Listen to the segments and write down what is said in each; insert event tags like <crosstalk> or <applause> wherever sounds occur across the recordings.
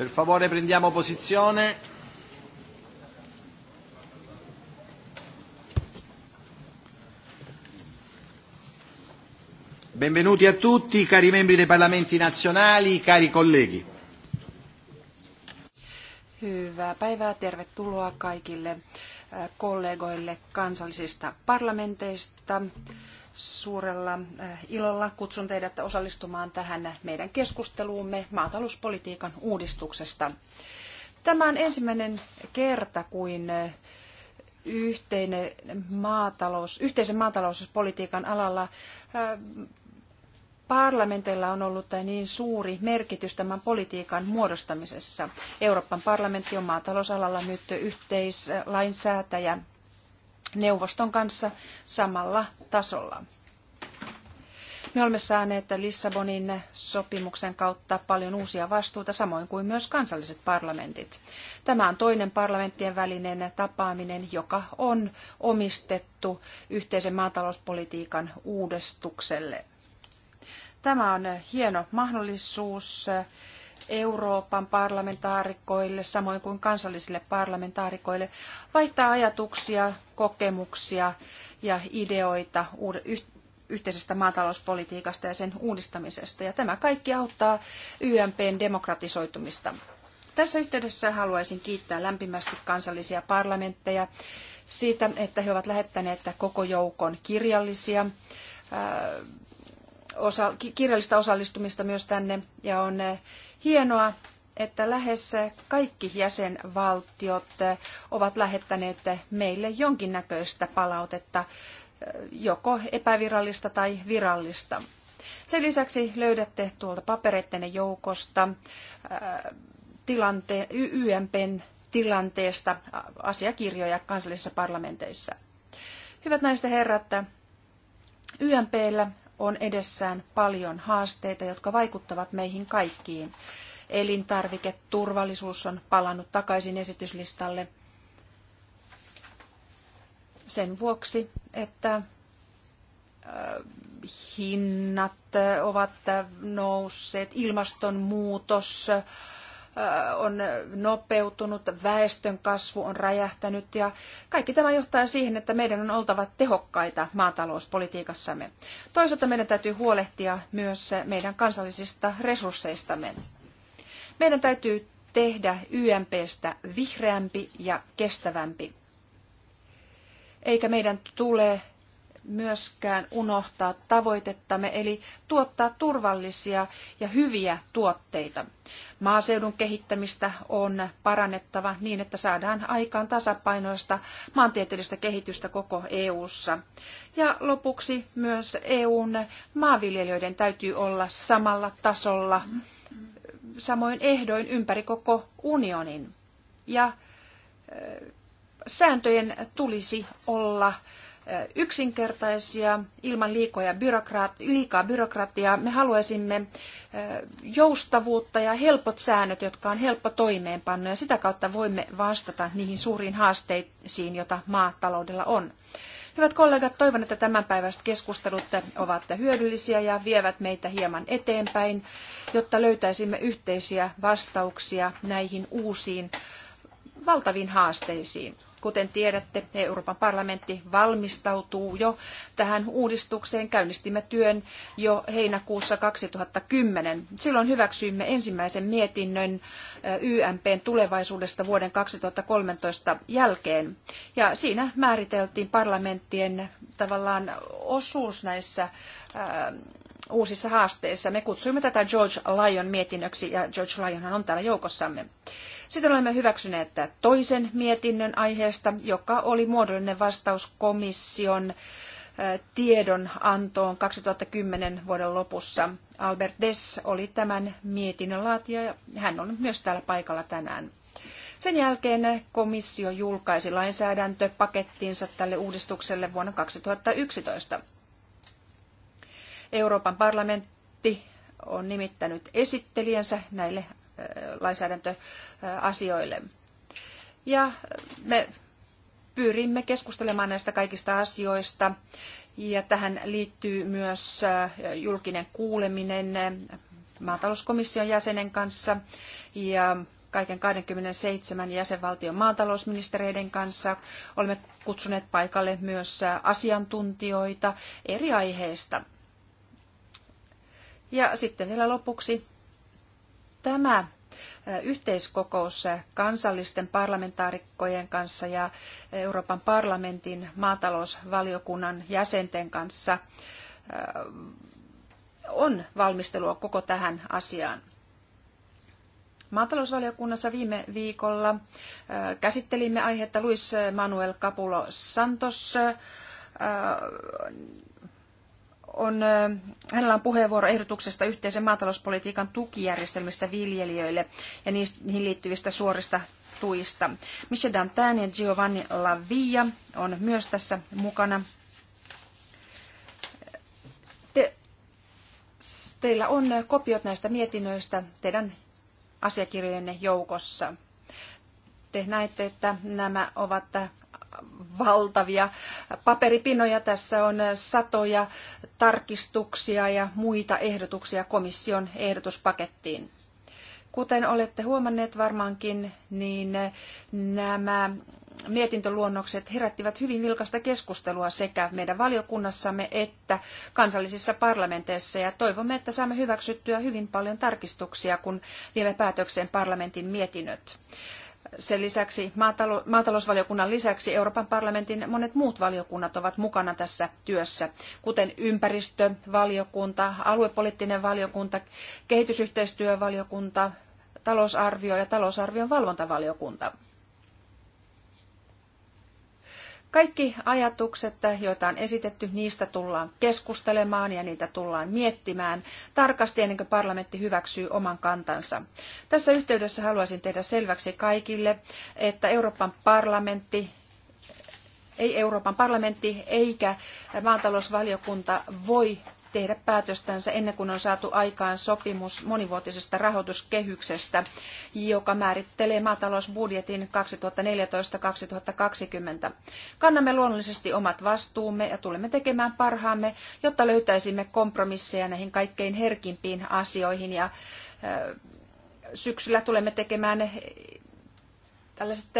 Per favore prendiamo posizione. Benvenuti a tutti, cari membri dei parlamenti nazionali, cari colleghi. Hyvää päivää, tervetuloa kaikille kollegoille kansallisista parlamenteista. Suurella eh, ilolla kutsun teidät osallistumaan tähän meidän keskusteluumme maatalouspolitiikan uudistuksesta. Tämä on ensimmäinen kerta, kuin eh, yhteinen maatalous, yhteisen maatalouspolitiikan alalla eh, parlamenteilla on ollut niin suuri merkitys tämän politiikan muodostamisessa. Euroopan parlamentti on maatalousalalla nyt yhteislainsäätäjä neuvoston kanssa samalla tasolla. Me olemme saaneet Lissabonin sopimuksen kautta paljon uusia vastuuta, samoin kuin myös kansalliset parlamentit. Tämä on toinen parlamenttien välinen tapaaminen, joka on omistettu yhteisen maatalouspolitiikan uudistukselle. Tämä on hieno mahdollisuus Euroopan parlamentaarikoille, samoin kuin kansallisille parlamentaarikoille, vaihtaa ajatuksia, kokemuksia ja ideoita yhteisestä maatalouspolitiikasta ja sen uudistamisesta. Ja tämä kaikki auttaa YMPn demokratisoitumista. Tässä yhteydessä haluaisin kiittää lämpimästi kansallisia parlamentteja siitä, että he ovat lähettäneet koko joukon kirjallisia osa, kirjallista osallistumista myös tänne ja on eh, hienoa, että lähes eh, kaikki jäsenvaltiot eh, ovat lähettäneet meille jonkinnäköistä palautetta, joko epävirallista tai virallista. Sen lisäksi löydätte tuolta papereittenne joukosta tilante, YMPn tilanteesta asiakirjoja kansallisissa parlamenteissa. Hyvät naiset ja herrat, YMPllä on edessään paljon haasteita, jotka vaikuttavat meihin kaikkiin. Elintarviketurvallisuus on palannut takaisin esityslistalle sen vuoksi, että äh, hinnat äh, ovat äh, nousseet, ilmastonmuutos, on nopeutunut, väestön kasvu on räjähtänyt ja kaikki tämä johtaa siihen, että meidän on oltava tehokkaita maatalouspolitiikassamme. Toisaalta meidän täytyy huolehtia myös meidän kansallisista resursseistamme. Meidän täytyy tehdä YMPstä vihreämpi ja kestävämpi. Eikä meidän tule myöskään unohtaa tavoitettamme, eli tuottaa turvallisia ja hyviä tuotteita. Maaseudun kehittämistä on parannettava niin, että saadaan aikaan tasapainoista maantieteellistä kehitystä koko EU:ssa. Ja lopuksi myös EUn maanviljelijöiden täytyy olla samalla tasolla, samoin ehdoin ympäri koko unionin. Ja sääntöjen tulisi olla yksinkertaisia ilman liikoja byrokraat, liikaa byrokratiaa. Me haluaisimme joustavuutta ja helpot säännöt, jotka on helppo toimeenpanna ja sitä kautta voimme vastata niihin suuriin haasteisiin, joita maataloudella on. Hyvät kollegat, toivon, että tämänpäiväiset keskustelut ovat hyödyllisiä ja vievät meitä hieman eteenpäin, jotta löytäisimme yhteisiä vastauksia näihin uusiin valtaviin haasteisiin. Kuten tiedätte, Euroopan parlamentti valmistautuu jo tähän uudistukseen. Käynnistimme työn jo heinäkuussa 2010. Silloin hyväksyimme ensimmäisen mietinnön eh, YMPn tulevaisuudesta vuoden 2013 jälkeen. Ja siinä määriteltiin parlamenttien tavallaan osuus näissä eh, uusissa haasteissa. Me kutsuimme tätä George Lyon mietinnöksi ja George Lyonhan on täällä joukossamme. Sitten olemme hyväksyneet toisen mietinnön aiheesta, joka oli muodollinen vastaus komission tiedonantoon 2010 vuoden lopussa. Albert Dess oli tämän mietinnön laatija ja hän on myös täällä paikalla tänään. Sen jälkeen komissio julkaisi lainsäädäntöpakettinsa tälle uudistukselle vuonna 2011. Euroopan parlamentti on nimittänyt esittelijänsä näille lainsäädäntöasioille. Ja me pyrimme keskustelemaan näistä kaikista asioista ja tähän liittyy myös julkinen kuuleminen maatalouskomission jäsenen kanssa ja kaiken 27 jäsenvaltion maatalousministereiden kanssa. Olemme kutsuneet paikalle myös asiantuntijoita eri aiheista. Ja sitten vielä lopuksi tämä yhteiskokous kansallisten parlamentaarikkojen kanssa ja Euroopan parlamentin maatalousvaliokunnan jäsenten kanssa on valmistelua koko tähän asiaan. Maatalousvaliokunnassa viime viikolla käsittelimme aihetta Luis Manuel Capulo Santos on, hänellä on puheenvuoro ehdotuksesta yhteisen maatalouspolitiikan tukijärjestelmistä viljelijöille ja niihin liittyvistä suorista tuista. Michel Dantin ja Giovanni Lavia on myös tässä mukana. Te, teillä on kopiot näistä mietinnöistä teidän asiakirjojenne joukossa. Te näette, että nämä ovat valtavia paperipinoja. Tässä on satoja tarkistuksia ja muita ehdotuksia komission ehdotuspakettiin. Kuten olette huomanneet varmaankin, niin nämä mietintöluonnokset herättivät hyvin vilkasta keskustelua sekä meidän valiokunnassamme että kansallisissa parlamenteissa ja toivomme, että saamme hyväksyttyä hyvin paljon tarkistuksia, kun viemme päätökseen parlamentin mietinnöt sen lisäksi, maatalousvaliokunnan lisäksi Euroopan parlamentin monet muut valiokunnat ovat mukana tässä työssä, kuten ympäristövaliokunta, aluepoliittinen valiokunta, kehitysyhteistyövaliokunta, talousarvio ja talousarvion valvontavaliokunta. Kaikki ajatukset, joita on esitetty, niistä tullaan keskustelemaan ja niitä tullaan miettimään tarkasti ennen kuin parlamentti hyväksyy oman kantansa. Tässä yhteydessä haluaisin tehdä selväksi kaikille, että Euroopan parlamentti ei Euroopan parlamentti eikä maatalousvaliokunta voi tehdä päätöstänsä ennen kuin on saatu aikaan sopimus monivuotisesta rahoituskehyksestä, joka määrittelee maatalousbudjetin 2014-2020. Kannamme luonnollisesti omat vastuumme ja tulemme tekemään parhaamme, jotta löytäisimme kompromisseja näihin kaikkein herkimpiin asioihin ja syksyllä tulemme tekemään tällaiset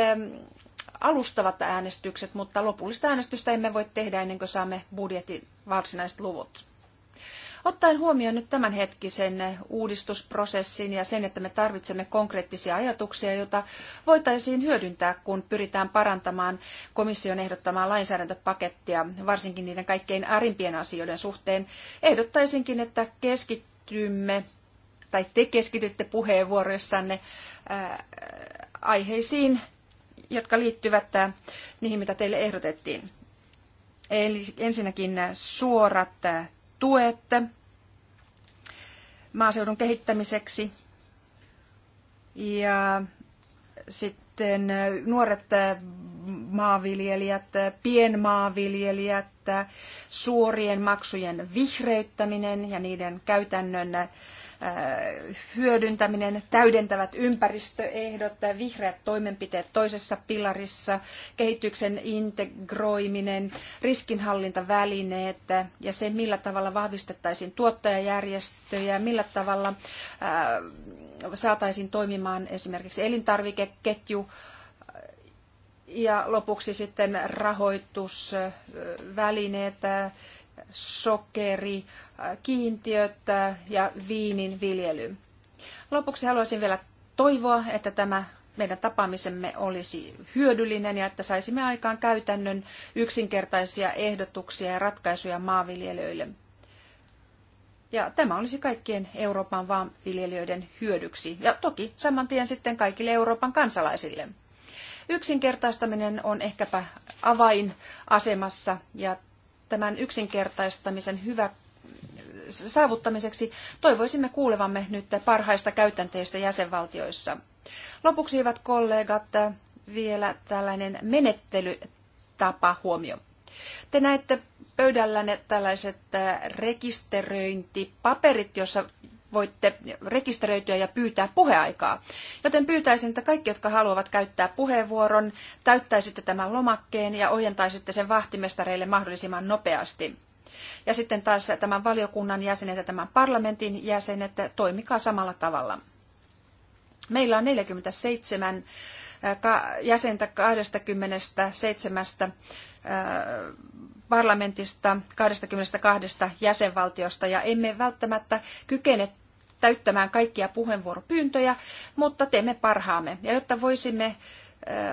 alustavat äänestykset, mutta lopullista äänestystä emme voi tehdä ennen kuin saamme budjetin varsinaiset luvut. Ottaen huomioon nyt tämänhetkisen uudistusprosessin ja sen, että me tarvitsemme konkreettisia ajatuksia, joita voitaisiin hyödyntää, kun pyritään parantamaan komission ehdottamaa lainsäädäntöpakettia, varsinkin niiden kaikkein arimpien asioiden suhteen, ehdottaisinkin, että keskittymme tai te keskitytte puheenvuoroissanne aiheisiin, jotka liittyvät ää, niihin, mitä teille ehdotettiin. Eli ensinnäkin suorat tuette maaseudun kehittämiseksi ja sitten nuoret maanviljelijät, pienmaanviljelijät, suorien maksujen vihreyttäminen ja niiden käytännön hyödyntäminen, täydentävät ympäristöehdot, vihreät toimenpiteet toisessa pilarissa, kehityksen integroiminen, riskinhallintavälineet ja se, millä tavalla vahvistettaisiin tuottajajärjestöjä, millä tavalla äh, saataisiin toimimaan esimerkiksi elintarvikeketju, ja lopuksi sitten rahoitusvälineet, äh, sokeri, äh, kiintiöt äh, ja viinin viljely. Lopuksi haluaisin vielä toivoa, että tämä meidän tapaamisemme olisi hyödyllinen ja että saisimme aikaan käytännön yksinkertaisia ehdotuksia ja ratkaisuja maanviljelijöille. Ja tämä olisi kaikkien Euroopan maanviljelijöiden hyödyksi ja toki saman tien sitten kaikille Euroopan kansalaisille. Yksinkertaistaminen on ehkäpä avainasemassa ja tämän yksinkertaistamisen hyvä saavuttamiseksi toivoisimme kuulevamme nyt parhaista käytänteistä jäsenvaltioissa. Lopuksi, hyvät kollegat, vielä tällainen menettelytapa huomio. Te näette pöydällänne tällaiset rekisteröintipaperit, jossa voitte rekisteröityä ja pyytää puheaikaa. Joten pyytäisin, että kaikki, jotka haluavat käyttää puheenvuoron, täyttäisitte tämän lomakkeen ja ojentaisitte sen vahtimestareille mahdollisimman nopeasti. Ja sitten taas tämän valiokunnan jäsenet ja tämän parlamentin jäsenet, toimikaa samalla tavalla. Meillä on 47 äh, jäsentä 27 äh, parlamentista, 22 jäsenvaltiosta ja emme välttämättä kykene täyttämään kaikkia puheenvuoropyyntöjä, mutta teemme parhaamme. Ja jotta voisimme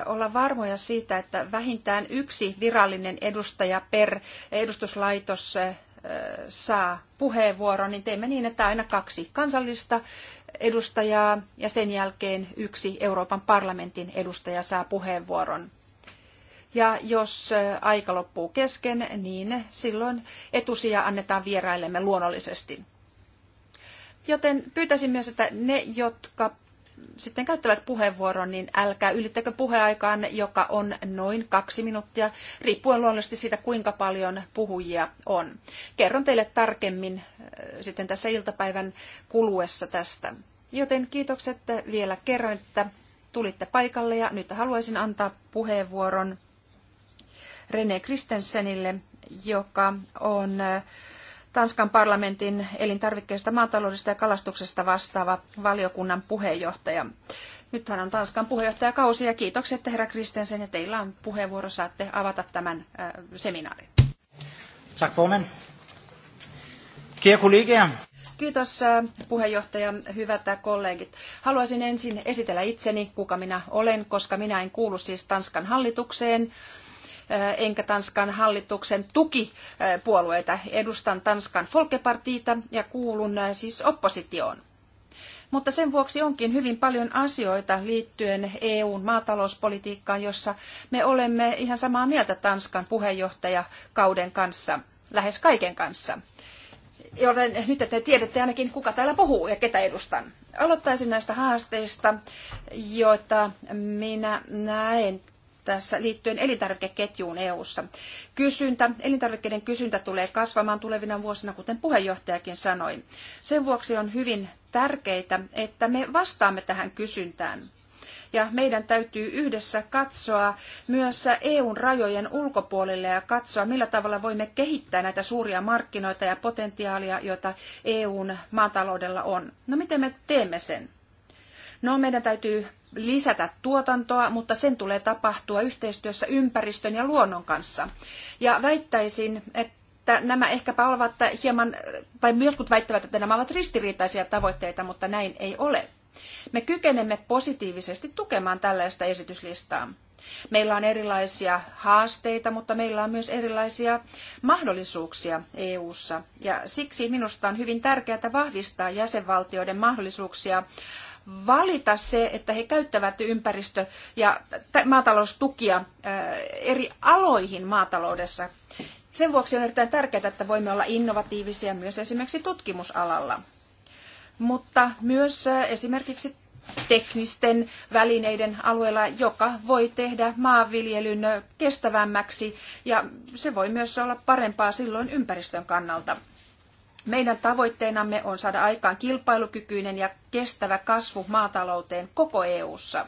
olla varmoja siitä, että vähintään yksi virallinen edustaja per edustuslaitos saa puheenvuoron, niin teemme niin, että aina kaksi kansallista edustajaa ja sen jälkeen yksi Euroopan parlamentin edustaja saa puheenvuoron. Ja jos aika loppuu kesken, niin silloin etusija annetaan vieraillemme luonnollisesti. Joten pyytäisin myös, että ne, jotka sitten käyttävät puheenvuoron, niin älkää ylittäkö puheaikaan, joka on noin kaksi minuuttia, riippuen luonnollisesti siitä, kuinka paljon puhujia on. Kerron teille tarkemmin äh, sitten tässä iltapäivän kuluessa tästä. Joten kiitokset vielä kerran, että tulitte paikalle ja nyt haluaisin antaa puheenvuoron Rene Kristensenille, joka on äh, Tanskan parlamentin elintarvikkeista, maataloudesta ja kalastuksesta vastaava valiokunnan puheenjohtaja. hän on Tanskan puheenjohtajakausi ja kiitokset herra Kristensen ja teillä on puheenvuoro, saatte avata tämän äh, seminaarin. Tack formen. Kiitos puheenjohtaja, hyvät kollegit. Haluaisin ensin esitellä itseni, kuka minä olen, koska minä en kuulu siis Tanskan hallitukseen enkä Tanskan hallituksen tukipuolueita. Edustan Tanskan Folkepartiita ja kuulun siis oppositioon. Mutta sen vuoksi onkin hyvin paljon asioita liittyen EUn maatalouspolitiikkaan, jossa me olemme ihan samaa mieltä Tanskan puheenjohtajakauden kanssa, lähes kaiken kanssa joten nyt te tiedätte ainakin, kuka täällä puhuu ja ketä edustan. Aloittaisin näistä haasteista, joita minä näen tässä liittyen elintarvikeketjuun EU:ssa. Kysyntä, elintarvikkeiden kysyntä tulee kasvamaan tulevina vuosina, kuten puheenjohtajakin sanoi. Sen vuoksi on hyvin tärkeää, että me vastaamme tähän kysyntään. Ja meidän täytyy yhdessä katsoa myös EUn rajojen ulkopuolelle ja katsoa, millä tavalla voimme kehittää näitä suuria markkinoita ja potentiaalia, joita EUn maataloudella on. No miten me teemme sen? No, meidän täytyy lisätä tuotantoa, mutta sen tulee tapahtua yhteistyössä ympäristön ja luonnon kanssa. Ja väittäisin, että nämä ehkäpä ovat hieman, tai jotkut väittävät, että nämä ovat ristiriitaisia tavoitteita, mutta näin ei ole. Me kykenemme positiivisesti tukemaan tällaista esityslistaa. Meillä on erilaisia haasteita, mutta meillä on myös erilaisia mahdollisuuksia EU:ssa ja siksi minusta on hyvin tärkeää vahvistaa jäsenvaltioiden mahdollisuuksia valita se, että he käyttävät ympäristö- ja maataloustukia eri aloihin maataloudessa. Sen vuoksi on erittäin tärkeää, että voimme olla innovatiivisia myös esimerkiksi tutkimusalalla, mutta myös esimerkiksi teknisten välineiden alueella, joka voi tehdä maanviljelyn kestävämmäksi ja se voi myös olla parempaa silloin ympäristön kannalta. Meidän tavoitteenamme on saada aikaan kilpailukykyinen ja kestävä kasvu maatalouteen koko EU:ssa.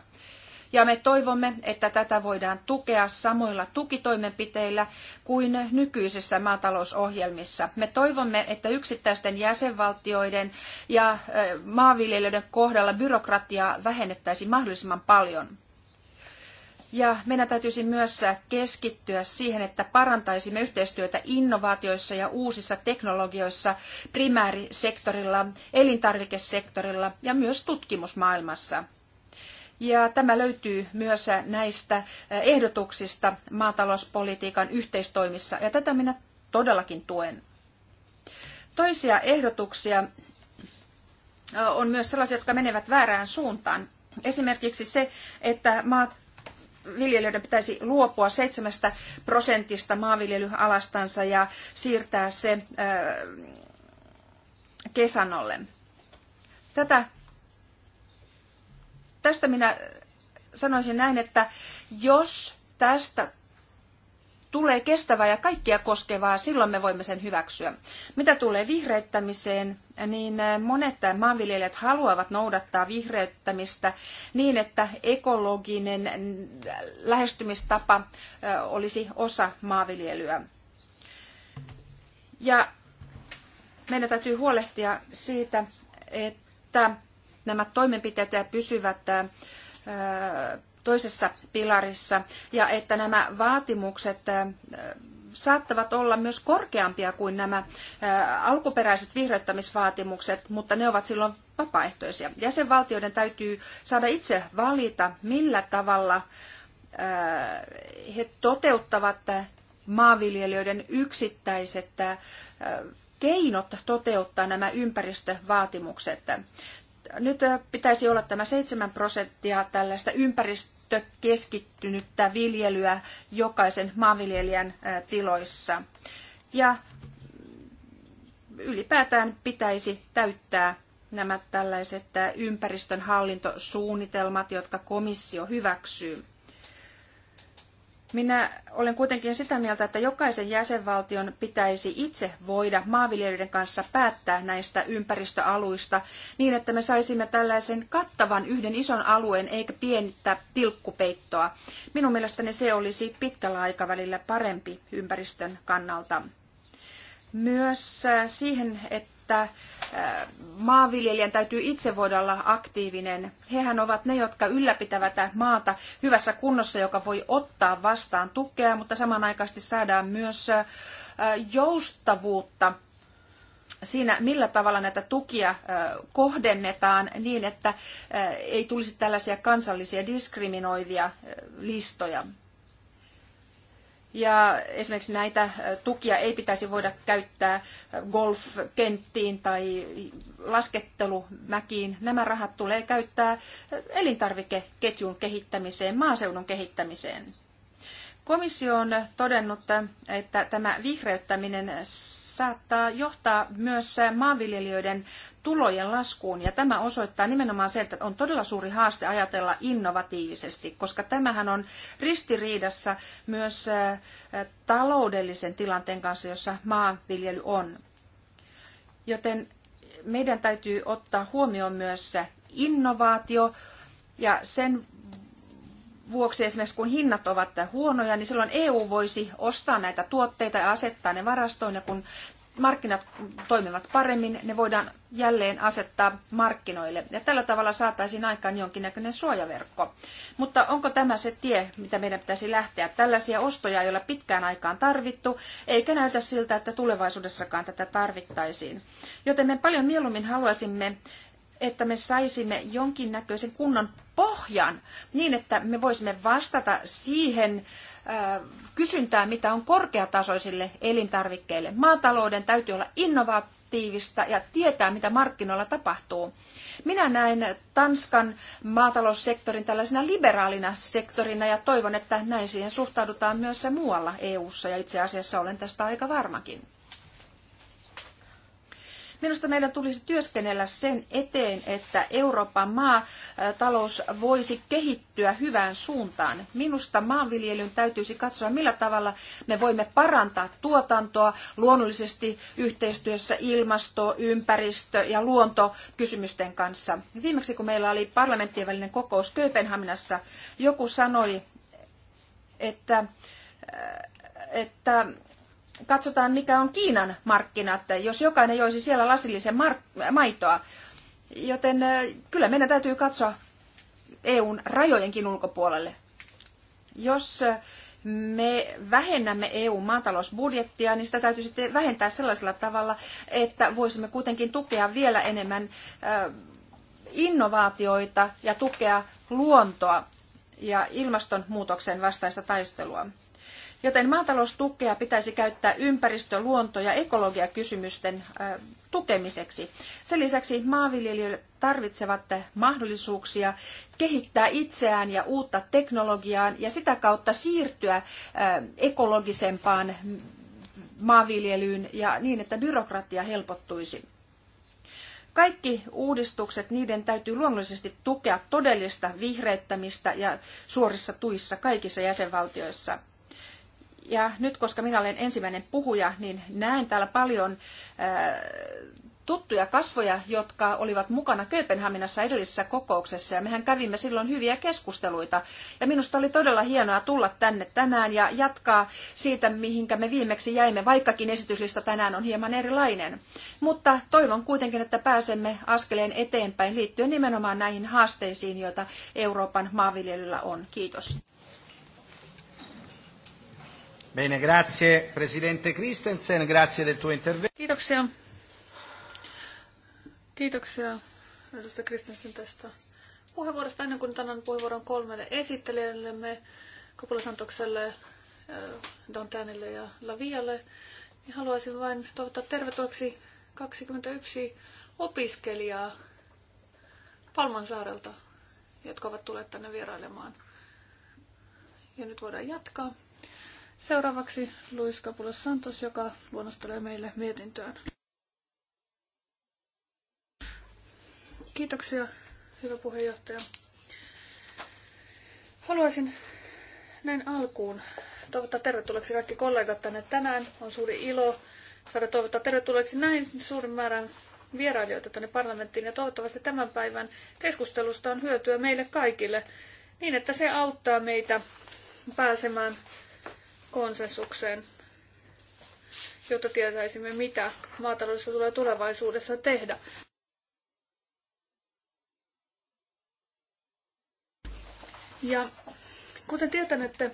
Ja me toivomme, että tätä voidaan tukea samoilla tukitoimenpiteillä kuin nykyisissä maatalousohjelmissa. Me toivomme, että yksittäisten jäsenvaltioiden ja maanviljelijöiden kohdalla byrokratiaa vähennettäisiin mahdollisimman paljon. Ja meidän täytyisi myös keskittyä siihen, että parantaisimme yhteistyötä innovaatioissa ja uusissa teknologioissa primäärisektorilla, elintarvikesektorilla ja myös tutkimusmaailmassa. Ja tämä löytyy myös näistä ehdotuksista maatalouspolitiikan yhteistoimissa, ja tätä minä todellakin tuen. Toisia ehdotuksia on myös sellaisia, jotka menevät väärään suuntaan. Esimerkiksi se, että maat viljelijöiden pitäisi luopua seitsemästä prosentista maanviljelyalastansa ja siirtää se kesanolle. Tätä, tästä minä sanoisin näin, että jos tästä tulee kestävää ja kaikkia koskevaa, silloin me voimme sen hyväksyä. Mitä tulee vihreyttämiseen, niin äh, monet maanviljelijät haluavat noudattaa vihreyttämistä niin, että ekologinen äh, lähestymistapa äh, olisi osa maanviljelyä. Ja meidän täytyy huolehtia siitä, että nämä toimenpiteet pysyvät toisessa pilarissa ja että nämä vaatimukset äh, saattavat olla myös korkeampia kuin nämä äh, alkuperäiset vihreyttämisvaatimukset, mutta ne ovat silloin vapaaehtoisia. Jäsenvaltioiden täytyy saada itse valita, millä tavalla äh, he toteuttavat maanviljelijöiden yksittäiset keinot toteuttaa nämä ympäristövaatimukset. Nyt äh, pitäisi olla tämä 7 prosenttia tällaista ympäristökeskittynyttä viljelyä jokaisen maanviljelijän äh, tiloissa. Ja ylipäätään pitäisi täyttää nämä tällaiset äh, ympäristönhallintosuunnitelmat, jotka komissio hyväksyy. Minä olen kuitenkin sitä mieltä, että jokaisen jäsenvaltion pitäisi itse voida maanviljelijöiden kanssa päättää näistä ympäristöaluista niin, että me saisimme tällaisen kattavan yhden ison alueen eikä pientä tilkkupeittoa. Minun mielestäni se olisi pitkällä aikavälillä parempi ympäristön kannalta. Myös äh, siihen, että että maanviljelijän täytyy itse voida olla aktiivinen. Hehän ovat ne, jotka ylläpitävät maata hyvässä kunnossa, joka voi ottaa vastaan tukea, mutta samanaikaisesti saadaan myös joustavuutta siinä, millä tavalla näitä tukia kohdennetaan niin, että ei tulisi tällaisia kansallisia diskriminoivia listoja. Ja esimerkiksi näitä tukia ei pitäisi voida käyttää golfkenttiin tai laskettelumäkiin. Nämä rahat tulee käyttää elintarvikeketjun kehittämiseen, maaseudun kehittämiseen. Komissio on todennut, että tämä vihreyttäminen saattaa johtaa myös maanviljelijöiden tulojen laskuun, ja tämä osoittaa nimenomaan se, että on todella suuri haaste ajatella innovatiivisesti, koska tämähän on ristiriidassa myös taloudellisen tilanteen kanssa, jossa maanviljely on. Joten meidän täytyy ottaa huomioon myös innovaatio, ja sen vuoksi esimerkiksi kun hinnat ovat huonoja, niin silloin EU voisi ostaa näitä tuotteita ja asettaa ne varastoon ja kun markkinat toimivat paremmin, ne voidaan jälleen asettaa markkinoille. Ja tällä tavalla saataisiin aikaan jonkinnäköinen suojaverkko. Mutta onko tämä se tie, mitä meidän pitäisi lähteä? Tällaisia ostoja ei ole pitkään aikaan tarvittu, eikä näytä siltä, että tulevaisuudessakaan tätä tarvittaisiin. Joten me paljon mieluummin haluaisimme, että me saisimme jonkinnäköisen kunnon pohjan niin, että me voisimme vastata siihen kysyntään, mitä on korkeatasoisille elintarvikkeille. Maatalouden täytyy olla innovatiivista ja tietää, mitä markkinoilla tapahtuu. Minä näen Tanskan maataloussektorin tällaisena liberaalina sektorina ja toivon, että näin siihen suhtaudutaan myös muualla EU-ssa ja itse asiassa olen tästä aika varmakin. Minusta meidän tulisi työskennellä sen eteen, että Euroopan maatalous voisi kehittyä hyvään suuntaan. Minusta maanviljelyn täytyisi katsoa, millä tavalla me voimme parantaa tuotantoa luonnollisesti yhteistyössä ilmasto, ympäristö ja luontokysymysten kanssa. Viimeksi kun meillä oli parlamenttien välinen kokous Kööpenhaminassa, joku sanoi, että että katsotaan, mikä on Kiinan markkinat, jos jokainen joisi siellä lasillisen maitoa. Joten kyllä meidän täytyy katsoa EUn rajojenkin ulkopuolelle. Jos me vähennämme EUn maatalousbudjettia, niin sitä täytyy sitten vähentää sellaisella tavalla, että voisimme kuitenkin tukea vielä enemmän innovaatioita ja tukea luontoa ja ilmastonmuutoksen vastaista taistelua. Joten maataloustukea pitäisi käyttää ympäristö-, luonto- ja ekologiakysymysten tukemiseksi. Sen lisäksi maanviljelijät tarvitsevat mahdollisuuksia kehittää itseään ja uutta teknologiaa ja sitä kautta siirtyä ekologisempaan maanviljelyyn ja niin, että byrokratia helpottuisi. Kaikki uudistukset, niiden täytyy luonnollisesti tukea todellista vihreyttämistä ja suorissa tuissa kaikissa jäsenvaltioissa. Ja nyt, koska minä olen ensimmäinen puhuja, niin näen täällä paljon tuttuja kasvoja, jotka olivat mukana Kööpenhaminassa edellisessä kokouksessa ja mehän kävimme silloin hyviä keskusteluita. Ja minusta oli todella hienoa tulla tänne tänään ja jatkaa siitä, mihinkä me viimeksi jäimme, vaikkakin esityslista tänään on hieman erilainen. Mutta toivon kuitenkin, että pääsemme askeleen eteenpäin liittyen nimenomaan näihin haasteisiin, joita Euroopan maanviljelyllä on. Kiitos. Bene, grazie Presidente Christensen, grazie del tuo intervento. Kiitoksia. Kiitoksia edustaja Christensen tästä puheenvuorosta. Ennen kuin annan puheenvuoron kolmelle esittelijällemme, kopulasantokselle, äh, Don Dantanille ja Lavialle, niin haluaisin vain toivottaa tervetulleeksi 21 opiskelijaa Palmansaarelta, jotka ovat tulleet tänne vierailemaan. Ja nyt voidaan jatkaa. Seuraavaksi Luis Capula Santos, joka luonnostelee meille mietintöön. Kiitoksia, hyvä puheenjohtaja. Haluaisin näin alkuun toivottaa tervetulleeksi kaikki kollegat tänne tänään. On suuri ilo saada toivottaa tervetulleeksi näin suurin määrän vierailijoita tänne parlamenttiin ja toivottavasti tämän päivän keskustelusta on hyötyä meille kaikille niin, että se auttaa meitä pääsemään konsensukseen, jotta tietäisimme, mitä maataloudessa tulee tulevaisuudessa tehdä. Ja kuten tietänette,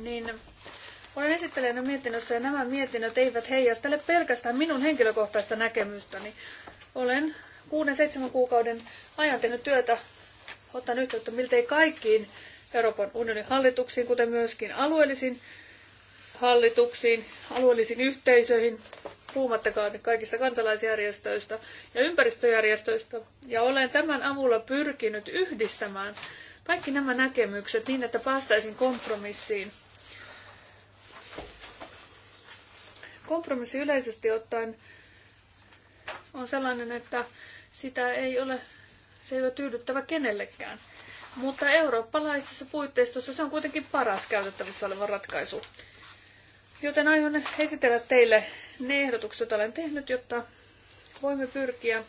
niin olen esittelijänä mietinnössä ja nämä mietinnöt eivät heijastele pelkästään minun henkilökohtaista näkemystäni. Olen 6 seitsemän kuukauden ajan tehnyt työtä, otan yhteyttä miltei kaikkiin Euroopan unionin hallituksiin, kuten myöskin alueellisiin hallituksiin, alueellisiin yhteisöihin, puhumattakaan kaikista kansalaisjärjestöistä ja ympäristöjärjestöistä. Ja olen tämän avulla pyrkinyt yhdistämään kaikki nämä näkemykset niin, että päästäisiin kompromissiin. Kompromissi yleisesti ottaen on sellainen, että sitä ei ole, se ei ole tyydyttävä kenellekään. Mutta eurooppalaisessa puitteistossa se on kuitenkin paras käytettävissä oleva ratkaisu. Joten aion esitellä teille ne ehdotukset, joita olen tehnyt, jotta voimme pyrkiä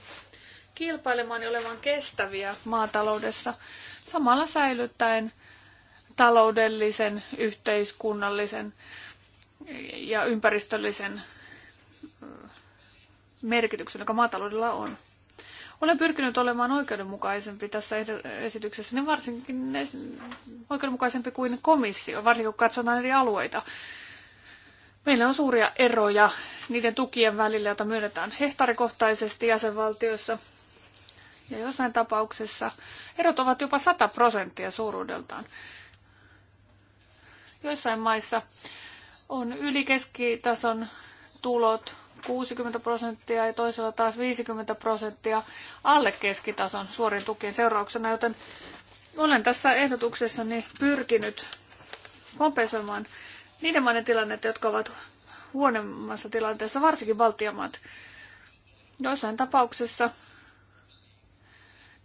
kilpailemaan ja olemaan kestäviä maataloudessa, samalla säilyttäen taloudellisen, yhteiskunnallisen ja ympäristöllisen merkityksen, joka maataloudella on. Olen pyrkinyt olemaan oikeudenmukaisempi tässä esityksessä, niin varsinkin oikeudenmukaisempi kuin komissio, varsinkin kun katsotaan eri alueita. Meillä on suuria eroja niiden tukien välillä, joita myönnetään hehtaarikohtaisesti jäsenvaltioissa. Ja jossain tapauksessa erot ovat jopa 100 prosenttia suuruudeltaan. Joissain maissa on ylikeskitason tulot 60 prosenttia ja toisella taas 50 prosenttia alle keskitason suorin tukien seurauksena, joten olen tässä ehdotuksessani pyrkinyt kompensoimaan niiden maiden tilannetta, jotka ovat huonommassa tilanteessa, varsinkin valtiomaat. Joissain tapauksissa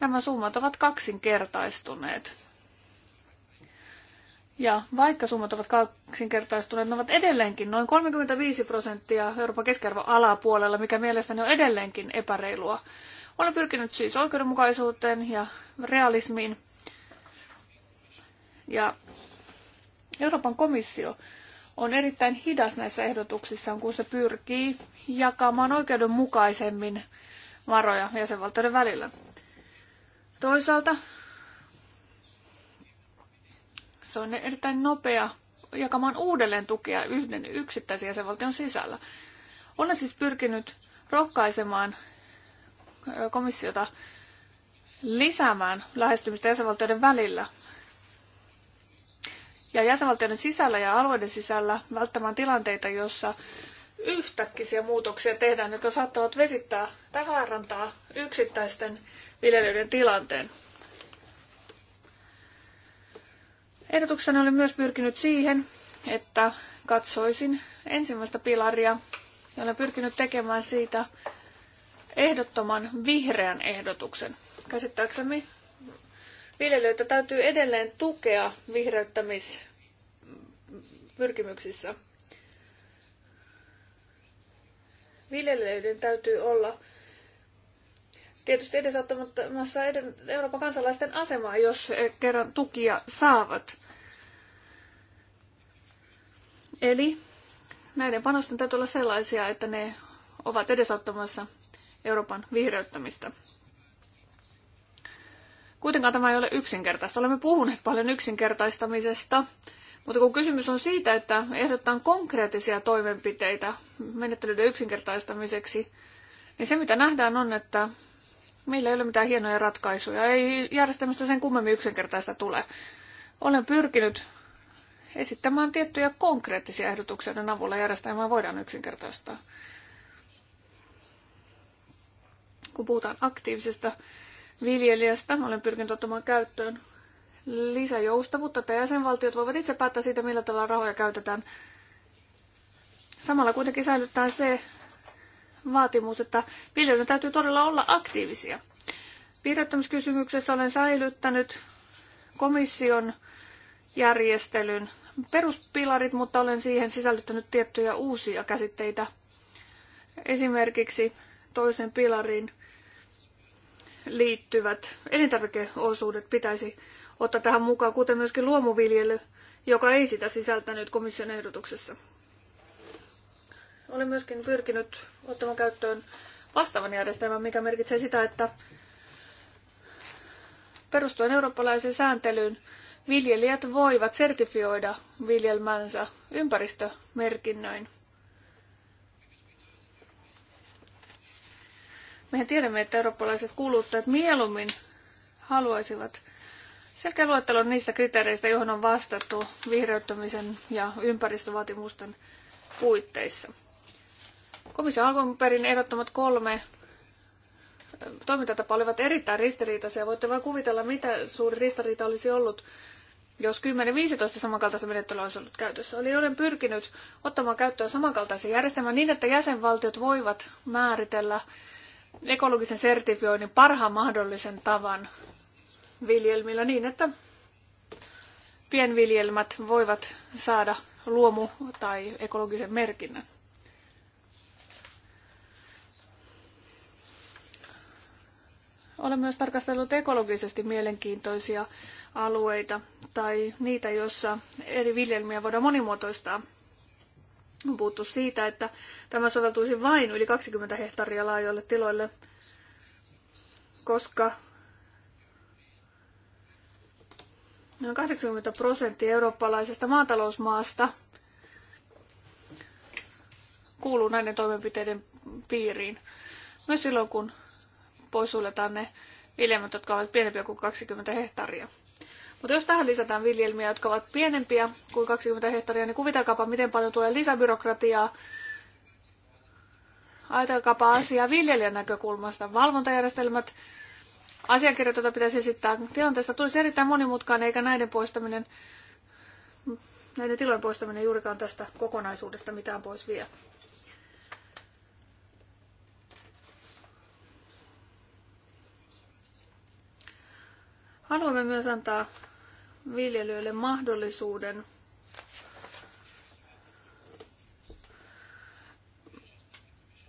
nämä summat ovat kaksinkertaistuneet ja vaikka summat ovat kaksinkertaistuneet, ne ovat edelleenkin noin 35 prosenttia Euroopan keskiarvon alapuolella, mikä mielestäni on edelleenkin epäreilua. Olen pyrkinyt siis oikeudenmukaisuuteen ja realismiin. Ja Euroopan komissio on erittäin hidas näissä ehdotuksissaan, kun se pyrkii jakamaan oikeudenmukaisemmin varoja jäsenvaltioiden välillä. Toisaalta se on erittäin nopea jakamaan uudelleen tukea yhden yksittäisen jäsenvaltion sisällä. Olen siis pyrkinyt rohkaisemaan komissiota lisäämään lähestymistä jäsenvaltioiden välillä ja jäsenvaltioiden sisällä ja alueiden sisällä välttämään tilanteita, joissa yhtäkkisiä muutoksia tehdään, jotka saattavat vesittää tai vaarantaa yksittäisten viljelijöiden tilanteen. Ehdotuksena olen myös pyrkinyt siihen, että katsoisin ensimmäistä pilaria ja olen pyrkinyt tekemään siitä ehdottoman vihreän ehdotuksen. Käsittääkseni viljelijöitä täytyy edelleen tukea vihreyttämispyrkimyksissä. Viljelijöiden täytyy olla tietysti edesauttamassa Euroopan kansalaisten asemaa, jos eh, kerran tukia saavat. Eli näiden panosten täytyy olla sellaisia, että ne ovat edesauttamassa Euroopan vihreyttämistä. Kuitenkaan tämä ei ole yksinkertaista. Olemme puhuneet paljon yksinkertaistamisesta, mutta kun kysymys on siitä, että ehdotetaan konkreettisia toimenpiteitä menettelyiden yksinkertaistamiseksi, niin se mitä nähdään on, että Meillä ei ole mitään hienoja ratkaisuja. Ei järjestelmästä sen kummemmin yksinkertaista tule. Olen pyrkinyt esittämään tiettyjä konkreettisia ehdotuksia, joiden avulla järjestelmää voidaan yksinkertaistaa. Kun puhutaan aktiivisesta viljelijästä, olen pyrkinyt ottamaan käyttöön lisäjoustavuutta, että jäsenvaltiot voivat itse päättää siitä, millä tavalla rahoja käytetään. Samalla kuitenkin säilyttää se vaatimus, että viljelijöiden täytyy todella olla aktiivisia. Viidettämiskysymyksessä olen säilyttänyt komission järjestelyn peruspilarit, mutta olen siihen sisällyttänyt tiettyjä uusia käsitteitä. Esimerkiksi toisen pilarin liittyvät elintarvikeosuudet pitäisi ottaa tähän mukaan, kuten myöskin luomuviljely, joka ei sitä sisältänyt komission ehdotuksessa. Olen myöskin pyrkinyt ottamaan käyttöön vastaavan järjestelmän, mikä merkitsee sitä, että perustuen eurooppalaiseen sääntelyyn viljelijät voivat sertifioida viljelmänsä ympäristömerkinnöin. Mehän tiedämme, että eurooppalaiset kuluttajat mieluummin haluaisivat selkeä luettelon niistä kriteereistä, johon on vastattu vihreyttämisen ja ympäristövaatimusten puitteissa. Komission alkuperin ehdottomat kolme toimintatapa olivat erittäin ristiriitaisia. Voitte vain kuvitella, mitä suuri ristiriita olisi ollut, jos 10-15 samankaltaista menettelyä olisi ollut käytössä. Oli olen pyrkinyt ottamaan käyttöön samankaltaisen järjestelmän niin, että jäsenvaltiot voivat määritellä ekologisen sertifioinnin parhaan mahdollisen tavan viljelmillä niin, että pienviljelmät voivat saada luomu- tai ekologisen merkinnän. Olen myös tarkastellut ekologisesti mielenkiintoisia alueita tai niitä, joissa eri viljelmiä voidaan monimuotoistaa. On puhuttu siitä, että tämä soveltuisi vain yli 20 hehtaaria laajoille tiloille, koska noin 80 prosenttia eurooppalaisesta maatalousmaasta kuuluu näiden toimenpiteiden piiriin. Myös silloin, kun poissuljetaan ne viljelmät, jotka ovat pienempiä kuin 20 hehtaaria. Mutta jos tähän lisätään viljelmiä, jotka ovat pienempiä kuin 20 hehtaaria, niin kuvitelkaapa, miten paljon tulee lisäbyrokratiaa. Ajatelkaapa asiaa viljelijän näkökulmasta. Valvontajärjestelmät, asiakirjat, joita pitäisi esittää tilanteesta, tulisi erittäin monimutkainen, eikä näiden poistaminen, näiden tilojen poistaminen juurikaan tästä kokonaisuudesta mitään pois vie. Haluamme myös antaa viljelijöille mahdollisuuden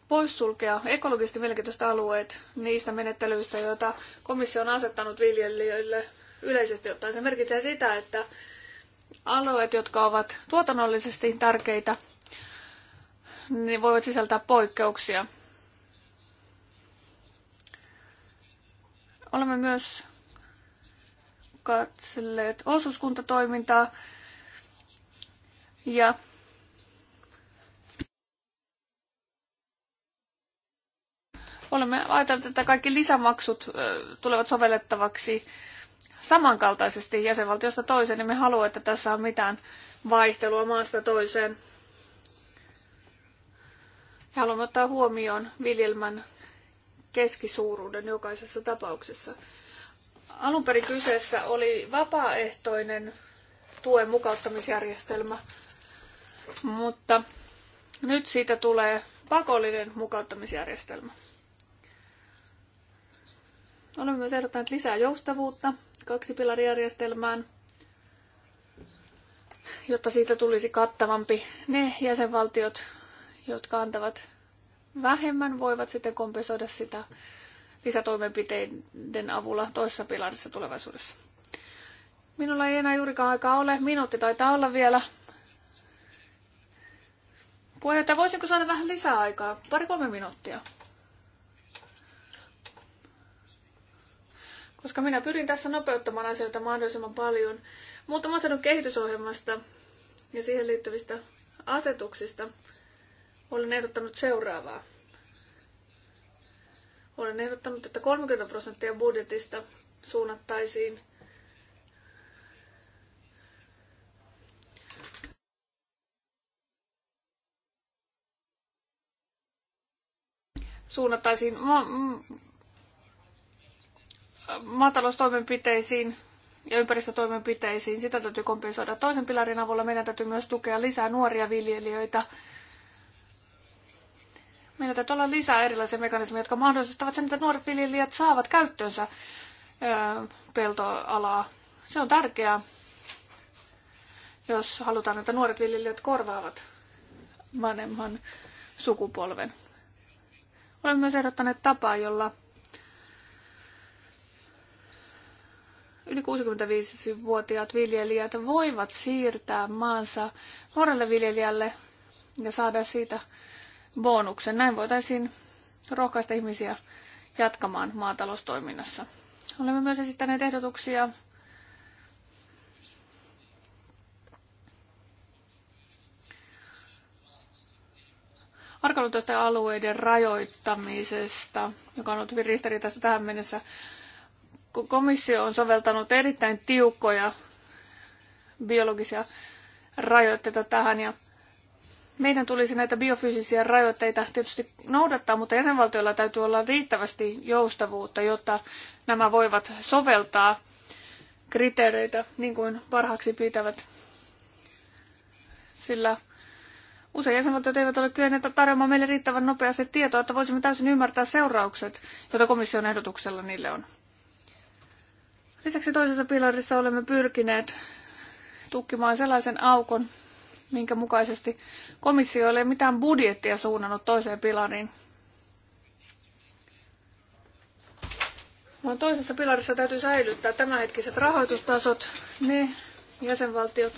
poissulkea ekologisesti merkitystä alueet niistä menettelyistä, joita komissio on asettanut viljelijöille yleisesti ottaen. Se merkitsee sitä, että alueet, jotka ovat tuotannollisesti tärkeitä, niin voivat sisältää poikkeuksia. Olemme myös katselleet osuuskuntatoimintaa ja olemme ajatelleet, että kaikki lisämaksut tulevat sovellettavaksi samankaltaisesti jäsenvaltiosta toiseen, niin me haluamme, että tässä on mitään vaihtelua maasta toiseen. Ja haluamme ottaa huomioon viljelmän keskisuuruuden jokaisessa tapauksessa. Alun perin kyseessä oli vapaaehtoinen tuen mukauttamisjärjestelmä, mutta nyt siitä tulee pakollinen mukauttamisjärjestelmä. Olemme myös ehdottaneet lisää joustavuutta kaksipilarijärjestelmään, jotta siitä tulisi kattavampi. Ne jäsenvaltiot, jotka antavat vähemmän, voivat sitten kompensoida sitä lisätoimenpiteiden avulla toisessa pilarissa tulevaisuudessa. Minulla ei enää juurikaan aikaa ole. Minuutti taitaa olla vielä. Puheenjohtaja, voisinko saada vähän lisää aikaa? Pari-kolme minuuttia. Koska minä pyrin tässä nopeuttamaan asioita mahdollisimman paljon. Muutama sanon kehitysohjelmasta ja siihen liittyvistä asetuksista olen ehdottanut seuraavaa. Olen ehdottanut, että 30 prosenttia budjetista suunnattaisiin suunnattaisiin ma- maataloustoimenpiteisiin ja ympäristötoimenpiteisiin. Sitä täytyy kompensoida toisen pilarin avulla. Meidän täytyy myös tukea lisää nuoria viljelijöitä Meillä täytyy olla lisää erilaisia mekanismeja, jotka mahdollistavat sen, että nuoret viljelijät saavat käyttöönsä peltoalaa. Se on tärkeää, jos halutaan, että nuoret viljelijät korvaavat vanhemman sukupolven. Olemme myös ehdottaneet tapaa, jolla yli 65-vuotiaat viljelijät voivat siirtää maansa nuorelle viljelijälle ja saada siitä bonuksen. Näin voitaisiin rohkaista ihmisiä jatkamaan maataloustoiminnassa. Olemme myös esittäneet ehdotuksia arkaluontoisten alueiden rajoittamisesta, joka on ollut hyvin ristiriitaista tähän mennessä. Komissio on soveltanut erittäin tiukkoja biologisia rajoitteita tähän ja meidän tulisi näitä biofyysisiä rajoitteita tietysti noudattaa, mutta jäsenvaltioilla täytyy olla riittävästi joustavuutta, jotta nämä voivat soveltaa kriteereitä niin kuin parhaaksi pitävät. Sillä usein jäsenvaltiot eivät ole kyenneet tarjoamaan meille riittävän nopeasti tietoa, että voisimme täysin ymmärtää seuraukset, joita komission ehdotuksella niille on. Lisäksi toisessa pilarissa olemme pyrkineet tukkimaan sellaisen aukon, minkä mukaisesti komissio ei ole mitään budjettia suunnannut toiseen pilariin. Vaan toisessa pilarissa täytyy säilyttää tämänhetkiset rahoitustasot, ne jäsenvaltiot,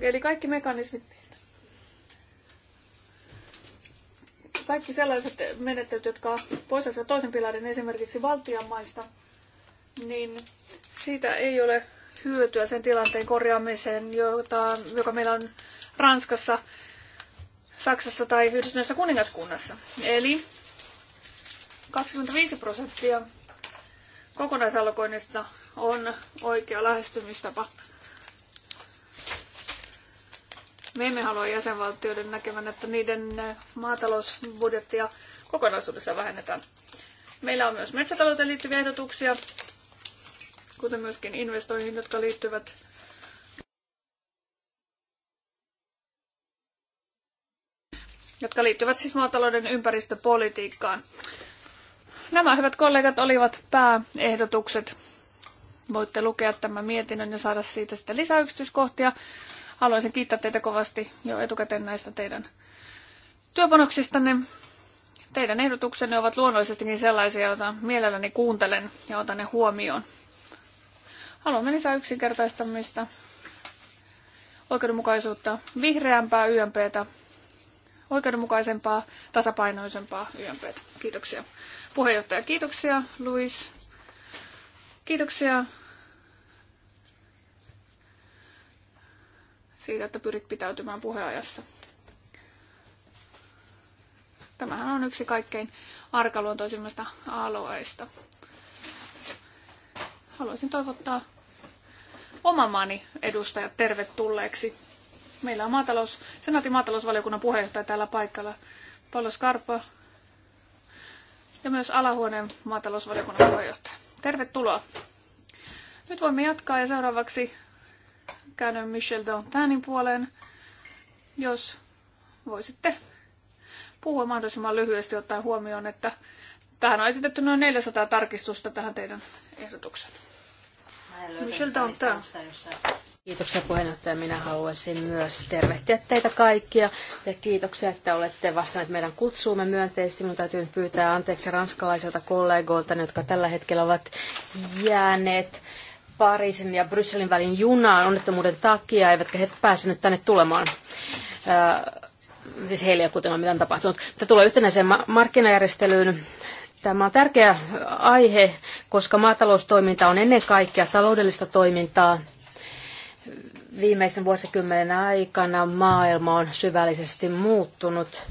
Eli kaikki mekanismit, kaikki sellaiset menettelyt, jotka pois toisen pilarin esimerkiksi valtion maista, niin siitä ei ole hyötyä sen tilanteen korjaamiseen, jota, joka meillä on Ranskassa, Saksassa tai Yhdistyneessä kuningaskunnassa. Eli 25 prosenttia kokonaisalkoinnista on oikea lähestymistapa. Me emme halua jäsenvaltioiden näkevän, että niiden eh, maatalousbudjettia kokonaisuudessaan vähennetään. Meillä on myös metsätalouteen liittyviä ehdotuksia, kuten myöskin investoihin, jotka liittyvät jotka liittyvät siis maatalouden ympäristöpolitiikkaan. Nämä hyvät kollegat olivat pääehdotukset. Voitte lukea tämän mietinnön ja saada siitä sitten lisäyksityiskohtia. Haluaisin kiittää teitä kovasti jo etukäteen näistä teidän työpanoksistanne. Teidän ehdotuksenne ovat luonnollisestikin sellaisia, joita mielelläni kuuntelen ja otan ne huomioon. Haluamme lisää yksinkertaistamista, oikeudenmukaisuutta, vihreämpää YMPtä, oikeudenmukaisempaa, tasapainoisempaa YMPtä. Kiitoksia. Puheenjohtaja, kiitoksia. Luis, kiitoksia siitä, että pyrit pitäytymään puheajassa. Tämähän on yksi kaikkein arkaluontoisimmista alueista. Haluaisin toivottaa oman maani edustajat tervetulleeksi. Meillä on maatalous, senaatin maatalousvaliokunnan puheenjohtaja täällä paikalla, Paolo Skarpa, ja myös alahuoneen maatalousvaliokunnan puheenjohtaja. Tervetuloa. Nyt voimme jatkaa ja seuraavaksi käännyn Michel Dantanin puoleen. Jos voisitte puhua mahdollisimman lyhyesti ottaen huomioon, että tähän on esitetty noin 400 tarkistusta tähän teidän ehdotukseen. Michel Dantan. Kiitoksia puheenjohtaja. Minä haluaisin myös tervehtiä teitä kaikkia ja kiitoksia, että olette vastanneet meidän kutsuumme myönteisesti. Minun täytyy pyytää anteeksi ranskalaisilta kollegoilta, jotka tällä hetkellä ovat jääneet Pariisin ja Brysselin välin junaan onnettomuuden takia, eivätkä he pääseneet tänne tulemaan. Äh, siis heille ei ole kuitenkaan mitään tapahtunut. Tämä tulee yhtenäiseen markkinajärjestelyyn. Tämä on tärkeä aihe, koska maataloustoiminta on ennen kaikkea taloudellista toimintaa. Viimeisen vuosikymmenen aikana maailma on syvällisesti muuttunut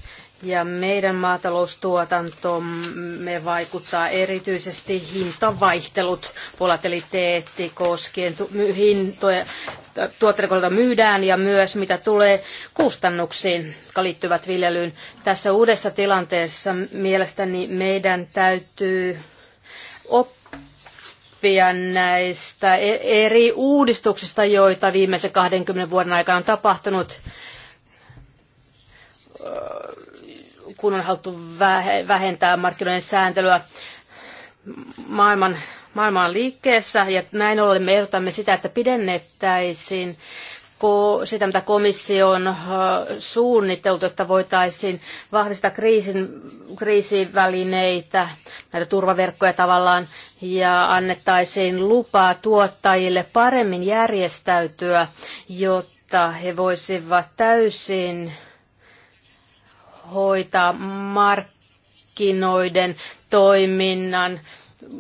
ja meidän maataloustuotantomme vaikuttaa erityisesti hintavaihtelut, volatiliteetti koskien hintoja, tuotteita myydään ja myös mitä tulee kustannuksiin, jotka liittyvät viljelyyn. Tässä uudessa tilanteessa mielestäni meidän täytyy oppia näistä e- eri uudistuksista, joita viimeisen 20 vuoden aikana on tapahtunut kun on haluttu vähentää markkinoiden sääntelyä maailman, maailman liikkeessä. Ja näin ollen me ehdotamme sitä, että pidennettäisiin sitä, mitä komissio on suunniteltu, että voitaisiin vahvistaa kriisin, kriisivälineitä, näitä turvaverkkoja tavallaan, ja annettaisiin lupaa tuottajille paremmin järjestäytyä, jotta he voisivat täysin hoitaa markkinoiden toiminnan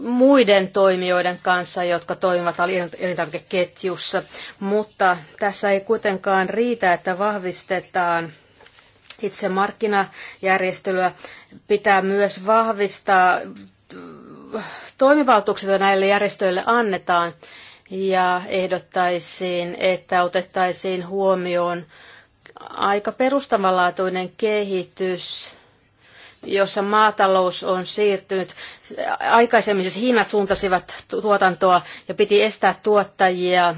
muiden toimijoiden kanssa, jotka toimivat elintarvikeketjussa. Mutta tässä ei kuitenkaan riitä, että vahvistetaan itse markkinajärjestelyä. Pitää myös vahvistaa toimivaltuuksia, joita näille järjestöille annetaan, ja ehdottaisiin, että otettaisiin huomioon aika perustavanlaatuinen kehitys, jossa maatalous on siirtynyt. Aikaisemmin siis hinnat suuntasivat tuotantoa ja piti estää tuottajia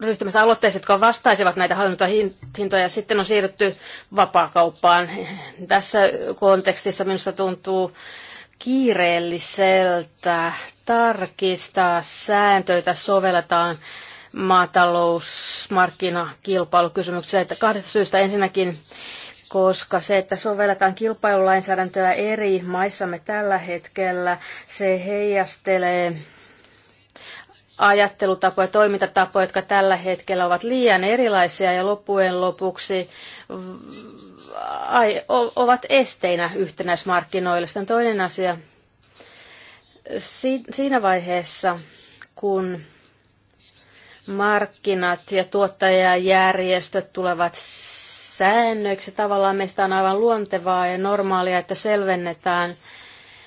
ryhtymässä aloitteisiin, jotka vastaisivat näitä hallintohintoja, hintoja. Sitten on siirrytty vapaakauppaan. Tässä kontekstissa minusta tuntuu, kiireelliseltä tarkistaa sääntöitä sovelletaan maatalousmarkkinakilpailukysymyksiä. Että kahdesta syystä ensinnäkin, koska se, että sovelletaan kilpailulainsäädäntöä eri maissamme tällä hetkellä, se heijastelee ajattelutapoja, toimintatapoja, jotka tällä hetkellä ovat liian erilaisia ja loppujen lopuksi ovat esteinä yhtenäismarkkinoille. Sitten toinen asia, siinä vaiheessa, kun markkinat ja tuottajajärjestöt tulevat säännöiksi, tavallaan meistä on aivan luontevaa ja normaalia, että selvennetään –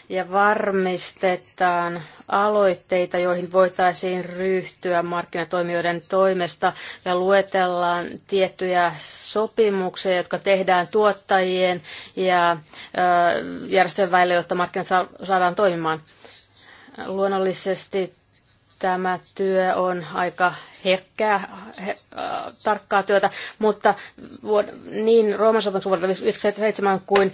ja varmistetaan aloitteita, joihin voitaisiin ryhtyä markkinatoimijoiden toimesta ja luetellaan tiettyjä sopimuksia, jotka tehdään tuottajien ja järjestöjen välillä, jotta markkinat saadaan toimimaan. Luonnollisesti Tämä työ on aika herkkää, he, äh, tarkkaa työtä, mutta vuod- niin Rooman sopimuksen vuodelta 1997 kuin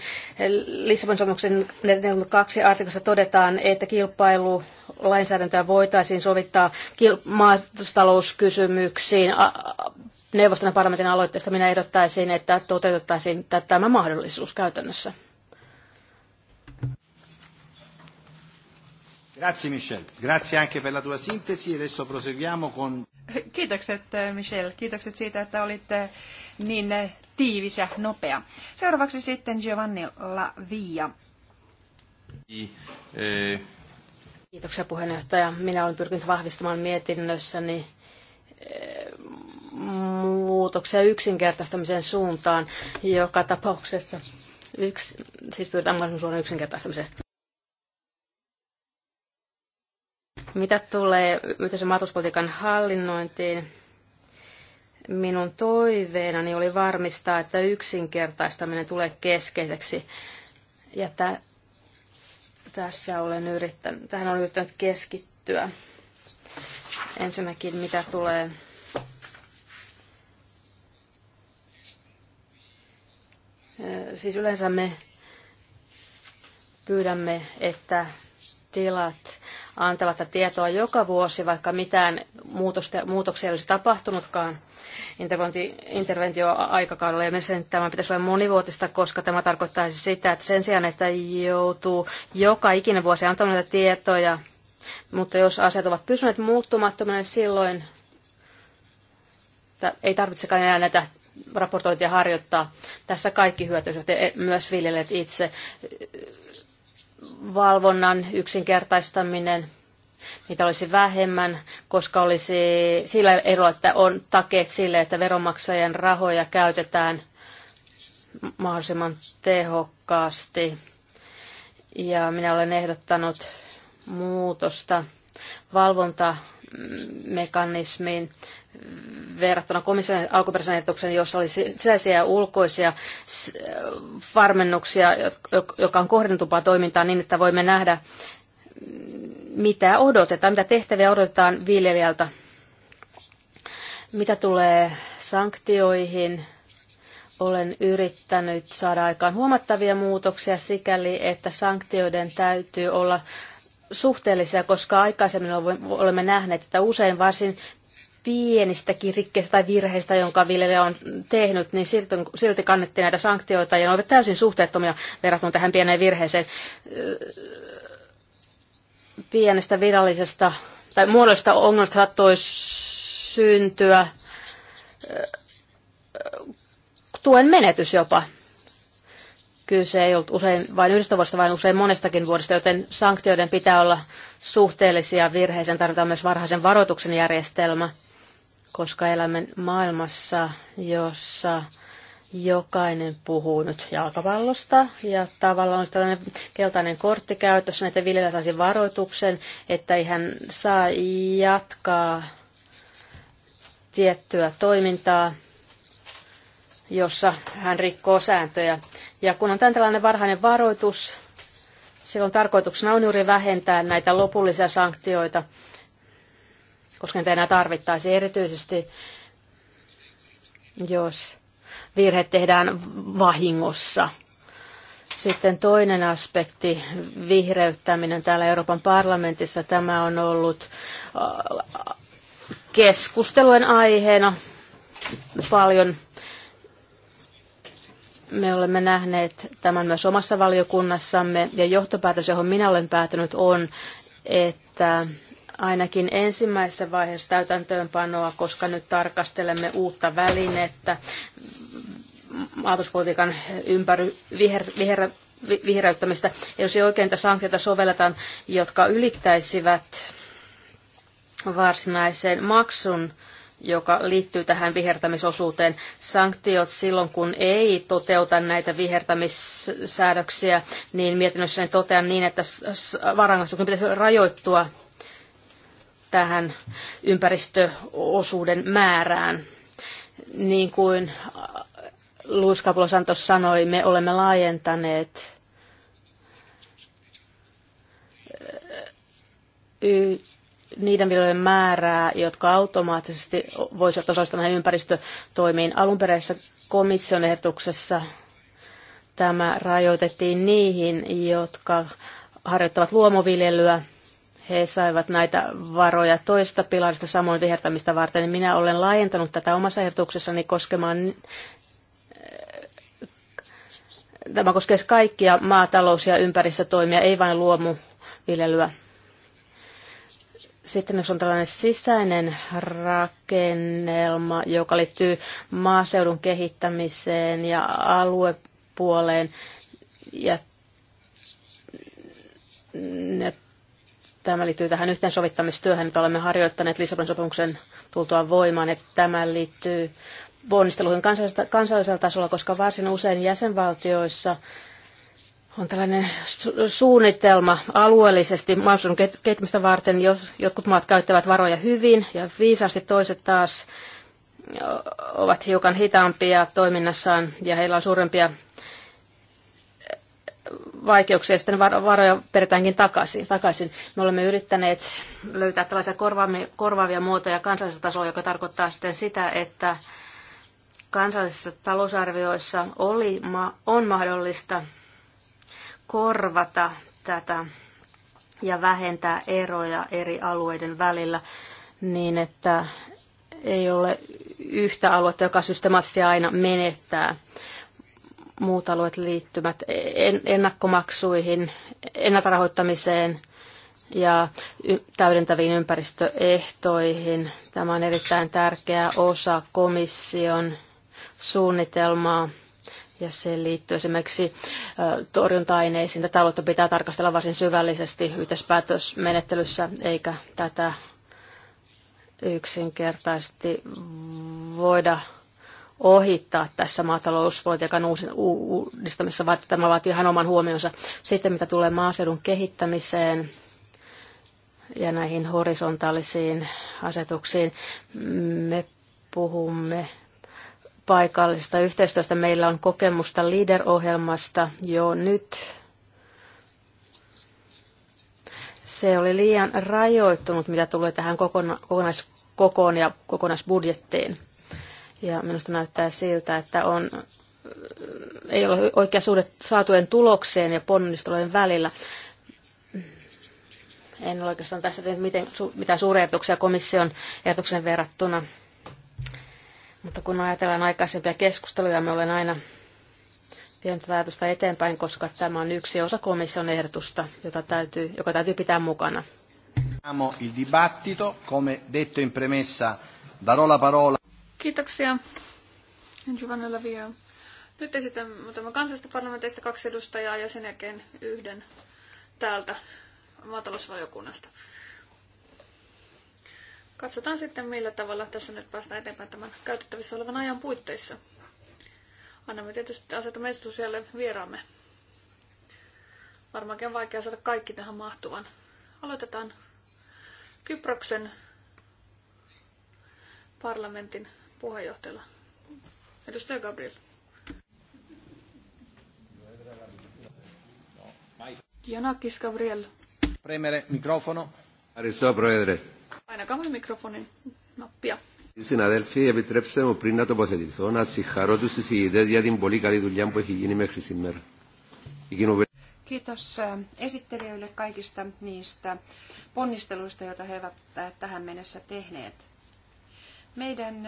Lissabon sopimuksen 42 artikossa todetaan, että kilpailu lainsäädäntöä voitaisiin sovittaa kil- maatalouskysymyksiin neuvoston ja parlamentin aloitteesta minä ehdottaisin, että toteutettaisiin tämä mahdollisuus käytännössä. Grazie Michel. Grazie anche per la tua sintesi. Adesso proseguiamo con... Kiitokset eh, Michel. Kiitokset siitä, että olitte niin eh, tiivis ja nopea. Seuraavaksi sitten Giovanni Lavia. Eh, Kiitoksia puheenjohtaja. Minä olen pyrkinyt vahvistamaan mietinnössäni muutoksia yksinkertaistamisen suuntaan joka tapauksessa. Yksi, siis pyritään mahdollisimman suoraan yksinkertaistamiseen. Mitä tulee yhteisen maatalouspolitiikan hallinnointiin, minun toiveenani oli varmistaa, että yksinkertaistaminen tulee keskeiseksi. Ja tä, tässä olen yrittänyt, tähän olen yrittänyt keskittyä. Ensinnäkin mitä tulee Siis yleensä me pyydämme, että tilat antavat tietoa joka vuosi, vaikka mitään muutosta, muutoksia ei olisi tapahtunutkaan interventioaikakaudella. Ja mielestäni tämä pitäisi olla monivuotista, koska tämä tarkoittaisi sitä, että sen sijaan, että joutuu joka ikinen vuosi antamaan näitä tietoja, mutta jos asiat ovat pysyneet muuttumattomina, niin silloin ei tarvitsekaan enää näitä raportointia harjoittaa. Tässä kaikki hyötyisivät, e, myös viljelijät itse valvonnan yksinkertaistaminen, niitä olisi vähemmän, koska olisi sillä erolla, että on takeet sille, että veronmaksajien rahoja käytetään mahdollisimman tehokkaasti. Ja minä olen ehdottanut muutosta valvontamekanismiin verrattuna komission alkuperäisen ehdotuksen, jossa oli sisäisiä ja ulkoisia varmennuksia, joka on kohdentumpaa toimintaa niin, että voimme nähdä, mitä odotetaan, mitä tehtäviä odotetaan viljelijältä, mitä tulee sanktioihin, olen yrittänyt saada aikaan huomattavia muutoksia sikäli, että sanktioiden täytyy olla suhteellisia, koska aikaisemmin olemme nähneet, että usein varsin pienistäkin rikkeistä tai virheistä, jonka viljelijä on tehnyt, niin silti, silti kannettiin näitä sanktioita ja ne olivat täysin suhteettomia verrattuna tähän pieneen virheeseen. Pienestä virallisesta tai muodollisesta ongelmasta saattoi syntyä äh, tuen menetys jopa. Kyse ei ollut usein vain yhdestä vuodesta, vaan usein monestakin vuodesta, joten sanktioiden pitää olla suhteellisia. Virheeseen tarvitaan myös varhaisen varoituksen järjestelmä koska elämme maailmassa, jossa jokainen puhuu nyt jalkapallosta ja tavallaan on tällainen keltainen kortti käytössä, että viljelijä saisi varoituksen, että ei hän saa jatkaa tiettyä toimintaa, jossa hän rikkoo sääntöjä. Ja kun on tämän tällainen varhainen varoitus, silloin tarkoituksena on juuri vähentää näitä lopullisia sanktioita, koska niitä enää tarvittaisi erityisesti, jos virhe tehdään vahingossa. Sitten toinen aspekti, vihreyttäminen täällä Euroopan parlamentissa, tämä on ollut äh, keskustelujen aiheena paljon. Me olemme nähneet tämän myös omassa valiokunnassamme ja johtopäätös, johon minä olen päätynyt, on, että ainakin ensimmäisessä vaiheessa täytäntöönpanoa, koska nyt tarkastelemme uutta välinettä maatalouspolitiikan ympäri viher, viher, vihreyttämistä. Ja jos ei oikeinta sanktioita sovelletaan, jotka ylittäisivät varsinaisen maksun, joka liittyy tähän vihertämisosuuteen. Sanktiot silloin, kun ei toteuta näitä vihertämissäädöksiä, niin mietinnössä totean niin, että varangaistuksen pitäisi rajoittua tähän ympäristöosuuden määrään. Niin kuin Luis Capulo Santos sanoi, me olemme laajentaneet niiden viljelijöiden määrää, jotka automaattisesti voisivat osallistua näihin ympäristötoimiin. Alunperäisessä komission ehdotuksessa tämä rajoitettiin niihin, jotka harjoittavat luomuviljelyä he saivat näitä varoja toista pilarista samoin vihertämistä varten. Minä olen laajentanut tätä omassa ehdotuksessani koskemaan eh, Tämä koskee kaikkia maatalous- ja ympäristötoimia, ei vain luomuviljelyä. Sitten jos on tällainen sisäinen rakennelma, joka liittyy maaseudun kehittämiseen ja aluepuoleen ja, ja Tämä liittyy tähän yhteensovittamistyöhön, mitä olemme harjoittaneet Lissabonin sopimuksen tultua voimaan, että tämä liittyy ponnisteluihin kansallisella tasolla, koska varsin usein jäsenvaltioissa on tällainen su- suunnitelma alueellisesti maailman kehittämistä varten. Jos jotkut maat käyttävät varoja hyvin ja viisaasti toiset taas ovat hiukan hitaampia toiminnassaan ja heillä on suurempia vaikeuksia ja sitten varoja peritäänkin takaisin. takaisin. Me olemme yrittäneet löytää tällaisia korvaavia, korvaavia muotoja kansallisella tasolla, joka tarkoittaa sitten sitä, että kansallisissa talousarvioissa oli, on mahdollista korvata tätä ja vähentää eroja eri alueiden välillä niin, että ei ole yhtä aluetta, joka systemaattisesti aina menettää muut alueet liittyvät ennakkomaksuihin, ennaltarahoittamiseen ja täydentäviin ympäristöehtoihin. Tämä on erittäin tärkeä osa komission suunnitelmaa ja se liittyy esimerkiksi torjunta-aineisiin. Tätä aluetta pitää tarkastella varsin syvällisesti yhteispäätösmenettelyssä, eikä tätä yksinkertaisesti voida ohittaa tässä maatalouspolitiikan uudistamisessa, vaan tämä vaatii ihan oman huomionsa. Sitten mitä tulee maaseudun kehittämiseen, ja näihin horisontaalisiin asetuksiin. Me puhumme paikallisesta yhteistyöstä. Meillä on kokemusta LEADER-ohjelmasta jo nyt. Se oli liian rajoittunut, mitä tulee tähän kokonaiskokoon ja kokonaisbudjettiin. Ja minusta näyttää siltä, että on, ei ole oikea suhde saatujen tulokseen ja ponnistelujen välillä. En ole oikeastaan tässä tehnyt miten, su, mitään suuria komission ehdotuksen verrattuna. Mutta kun ajatellaan aikaisempia keskusteluja, me olen aina vienyt tätä ajatusta eteenpäin, koska tämä on yksi osa komission ehdotusta, jota täytyy, joka täytyy pitää mukana. Il dibattito, come detto in premessa, darò la parola. Kiitoksia. Giovanna Lavia. Nyt esitän muutama kansallista parlamenteista kaksi edustajaa ja sen jälkeen yhden täältä maatalousvaliokunnasta. Katsotaan sitten, millä tavalla tässä nyt päästään eteenpäin tämän käytettävissä olevan ajan puitteissa. Annamme tietysti asetamme siellä vieraamme. Varmaankin on vaikea saada kaikki tähän mahtuvan. Aloitetaan Kyproksen parlamentin puheenjohtajalla. Edustaja Gabriel. Janakis Gabriel. Premere mikrofono. Ευχαριστώ, Πρόεδρε. Painakaa vain mikrofonin nappia. Συναδέλφοι, επιτρέψτε μου πριν να τοποθετηθώ να συγχαρώ τους συζητητές για την πολύ καλή δουλειά που έχει γίνει μέχρι σήμερα. Kiitos esittelijöille kaikista niistä ponnisteluista, joita he ovat tähän mennessä tehneet. Meidän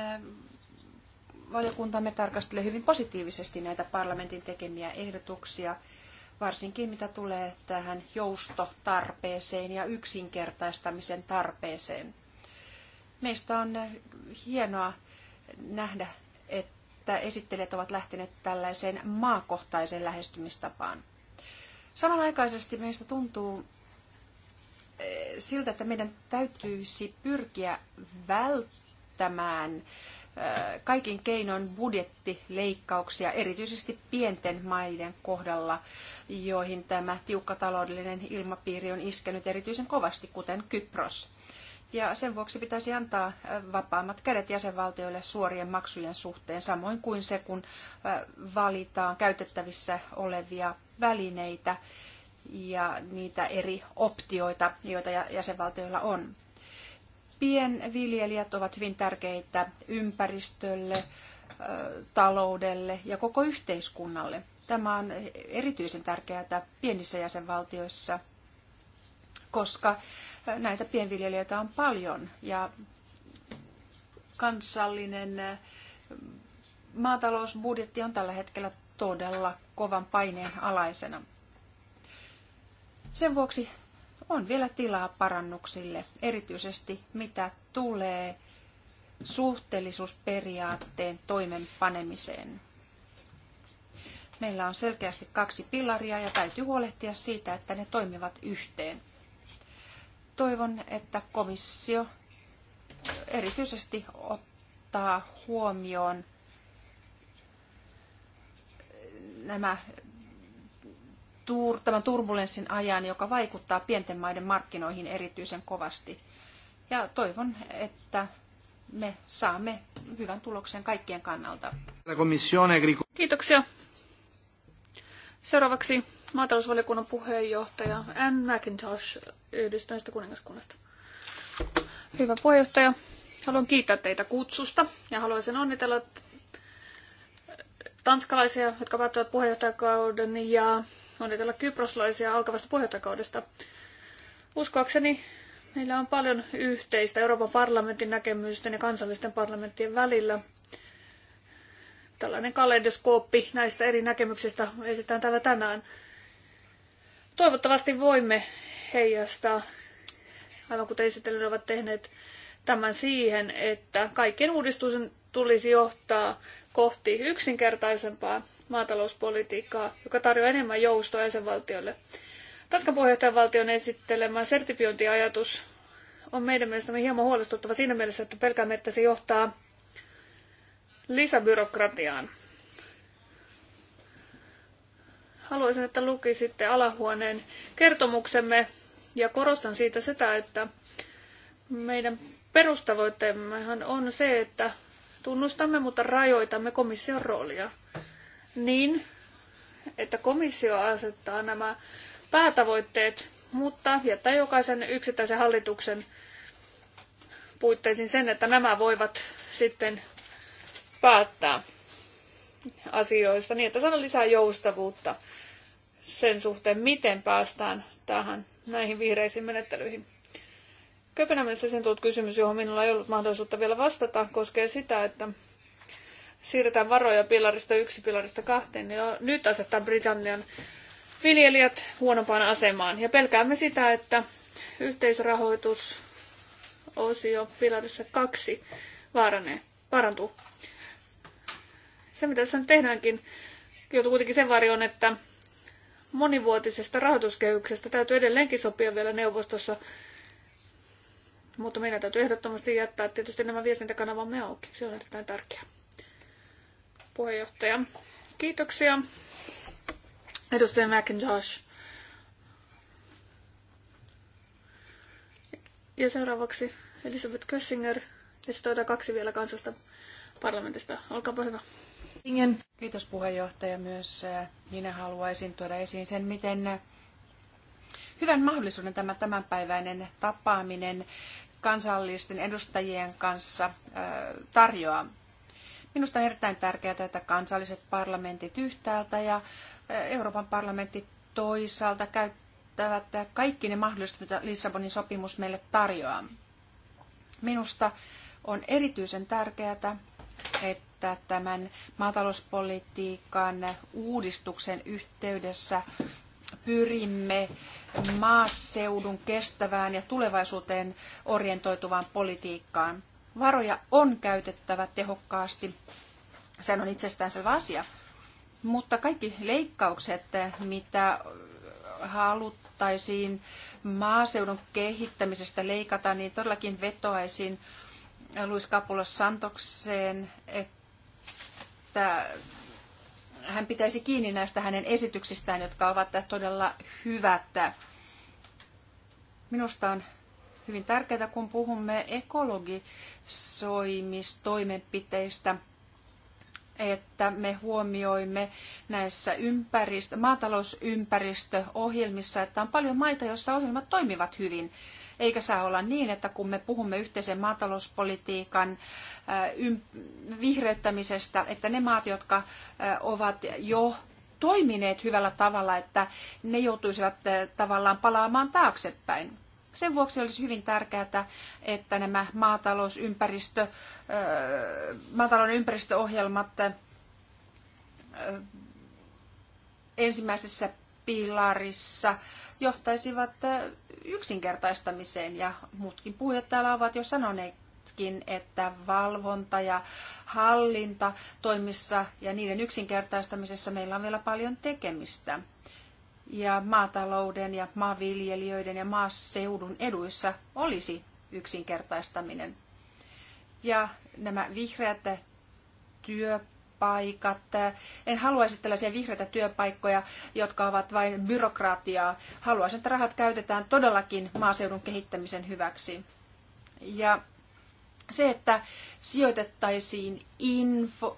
valiokuntamme tarkastelee hyvin positiivisesti näitä parlamentin tekemiä ehdotuksia, varsinkin mitä tulee tähän joustotarpeeseen ja yksinkertaistamisen tarpeeseen. Meistä on hienoa nähdä, että esittelijät ovat lähteneet tällaiseen maakohtaiseen lähestymistapaan. Samanaikaisesti meistä tuntuu siltä, että meidän täytyisi pyrkiä välttämään välttämään kaikin keinoin budjettileikkauksia, erityisesti pienten maiden kohdalla, joihin tämä tiukka taloudellinen ilmapiiri on iskenyt erityisen kovasti, kuten Kypros. Ja sen vuoksi pitäisi antaa vapaammat kädet jäsenvaltioille suorien maksujen suhteen, samoin kuin se, kun valitaan käytettävissä olevia välineitä ja niitä eri optioita, joita jäsenvaltioilla on. Pienviljelijät ovat hyvin tärkeitä ympäristölle, taloudelle ja koko yhteiskunnalle. Tämä on erityisen tärkeää pienissä jäsenvaltioissa, koska näitä pienviljelijöitä on paljon ja kansallinen maatalousbudjetti on tällä hetkellä todella kovan paineen alaisena. Sen vuoksi on vielä tilaa parannuksille, erityisesti mitä tulee suhteellisuusperiaatteen toimenpanemiseen. Meillä on selkeästi kaksi pilaria ja täytyy huolehtia siitä, että ne toimivat yhteen. Toivon, että komissio erityisesti ottaa huomioon nämä tur, tämän turbulenssin ajan, joka vaikuttaa pienten maiden markkinoihin erityisen kovasti. Ja toivon, että me saamme hyvän tuloksen kaikkien kannalta. Kiitoksia. Seuraavaksi maatalousvaliokunnan puheenjohtaja Anne McIntosh Yhdistyneestä kuningaskunnasta. Hyvä puheenjohtaja, haluan kiittää teitä kutsusta ja haluaisin onnitella tanskalaisia, jotka päättävät puheenjohtajakauden ja onnitella kyproslaisia alkavasta puheenjohtajakaudesta. Uskoakseni meillä on paljon yhteistä Euroopan parlamentin näkemysten ja kansallisten parlamenttien välillä. Tällainen kaleidoskooppi näistä eri näkemyksistä esitetään täällä tänään. Toivottavasti voimme heijastaa, aivan kuten esittelijät ovat tehneet, tämän siihen, että kaikkien uudistuksen tulisi johtaa kohti yksinkertaisempaa maatalouspolitiikkaa, joka tarjoaa enemmän joustoa jäsenvaltioille. Tanskan puheenjohtajavaltion esittelemä sertifiointiajatus on meidän mielestämme hieman huolestuttava siinä mielessä, että pelkäämme, että se johtaa lisäbyrokratiaan. Haluaisin, että lukisitte alahuoneen kertomuksemme ja korostan siitä sitä, että meidän perustavoitteemmehan on se, että Tunnustamme, mutta rajoitamme komission roolia niin, että komissio asettaa nämä päätavoitteet, mutta jättää jokaisen yksittäisen hallituksen puitteisiin sen, että nämä voivat sitten päättää asioista niin, että saadaan lisää joustavuutta sen suhteen, miten päästään tähän näihin vihreisiin menettelyihin. Kööpenhaminassa sen tullut kysymys, johon minulla ei ollut mahdollisuutta vielä vastata, koskee sitä, että siirretään varoja pilarista yksi pilarista kahteen, niin nyt asettaa Britannian viljelijät huonompaan asemaan. Ja pelkäämme sitä, että yhteisrahoitusosio pilarissa kaksi vaaranee, vaarantuu. Se, mitä tässä nyt tehdäänkin, joutuu kuitenkin sen varjon, että monivuotisesta rahoituskehyksestä täytyy edelleenkin sopia vielä neuvostossa mutta meidän täytyy ehdottomasti jättää tietysti nämä viestintäkanavamme auki. Se on erittäin tärkeä. Puheenjohtaja, kiitoksia. Edustaja McIntosh. Ja seuraavaksi Elisabeth Kössinger ja sitten kaksi vielä kansasta parlamentista. Olkaapa hyvä. Kiitos puheenjohtaja myös. Eh, minä haluaisin tuoda esiin sen, miten eh, hyvän mahdollisuuden tämä tämänpäiväinen tapaaminen kansallisten edustajien kanssa tarjoaa. Minusta on erittäin tärkeää, että kansalliset parlamentit yhtäältä ja Euroopan parlamentti toisaalta käyttävät kaikki ne mahdollisuudet, mitä Lissabonin sopimus meille tarjoaa. Minusta on erityisen tärkeää, että tämän maatalouspolitiikan uudistuksen yhteydessä pyrimme maaseudun kestävään ja tulevaisuuteen orientoituvaan politiikkaan. Varoja on käytettävä tehokkaasti. Sehän on itsestäänselvä asia. Mutta kaikki leikkaukset, mitä haluttaisiin maaseudun kehittämisestä leikata, niin todellakin vetoaisin Luis Kapulos Santokseen, että hän pitäisi kiinni näistä hänen esityksistään, jotka ovat todella hyvät. Minusta on hyvin tärkeää, kun puhumme ekologisoimistoimenpiteistä, että me huomioimme näissä ympäristö, maatalousympäristöohjelmissa, että on paljon maita, joissa ohjelmat toimivat hyvin. Eikä saa olla niin, että kun me puhumme yhteisen maatalouspolitiikan äh, vihreyttämisestä, että ne maat, jotka äh, ovat jo toimineet hyvällä tavalla, että ne joutuisivat äh, tavallaan palaamaan taaksepäin. Sen vuoksi olisi hyvin tärkeää, että nämä maatalousympäristö, maatalouden ympäristöohjelmat ensimmäisessä pilarissa – johtaisivat eh, yksinkertaistamiseen. Ja muutkin puhujat täällä ovat jo sanoneetkin, että valvonta ja hallinta toimissa ja niiden yksinkertaistamisessa meillä on vielä paljon tekemistä. Ja maatalouden ja maanviljelijöiden ja maaseudun eduissa olisi yksinkertaistaminen. Ja nämä vihreät työpaikat työpaikat. En haluaisi tällaisia vihreitä työpaikkoja, jotka ovat vain byrokratiaa. Haluaisin, että rahat käytetään todellakin maaseudun kehittämisen hyväksi. Ja se, että sijoitettaisiin info,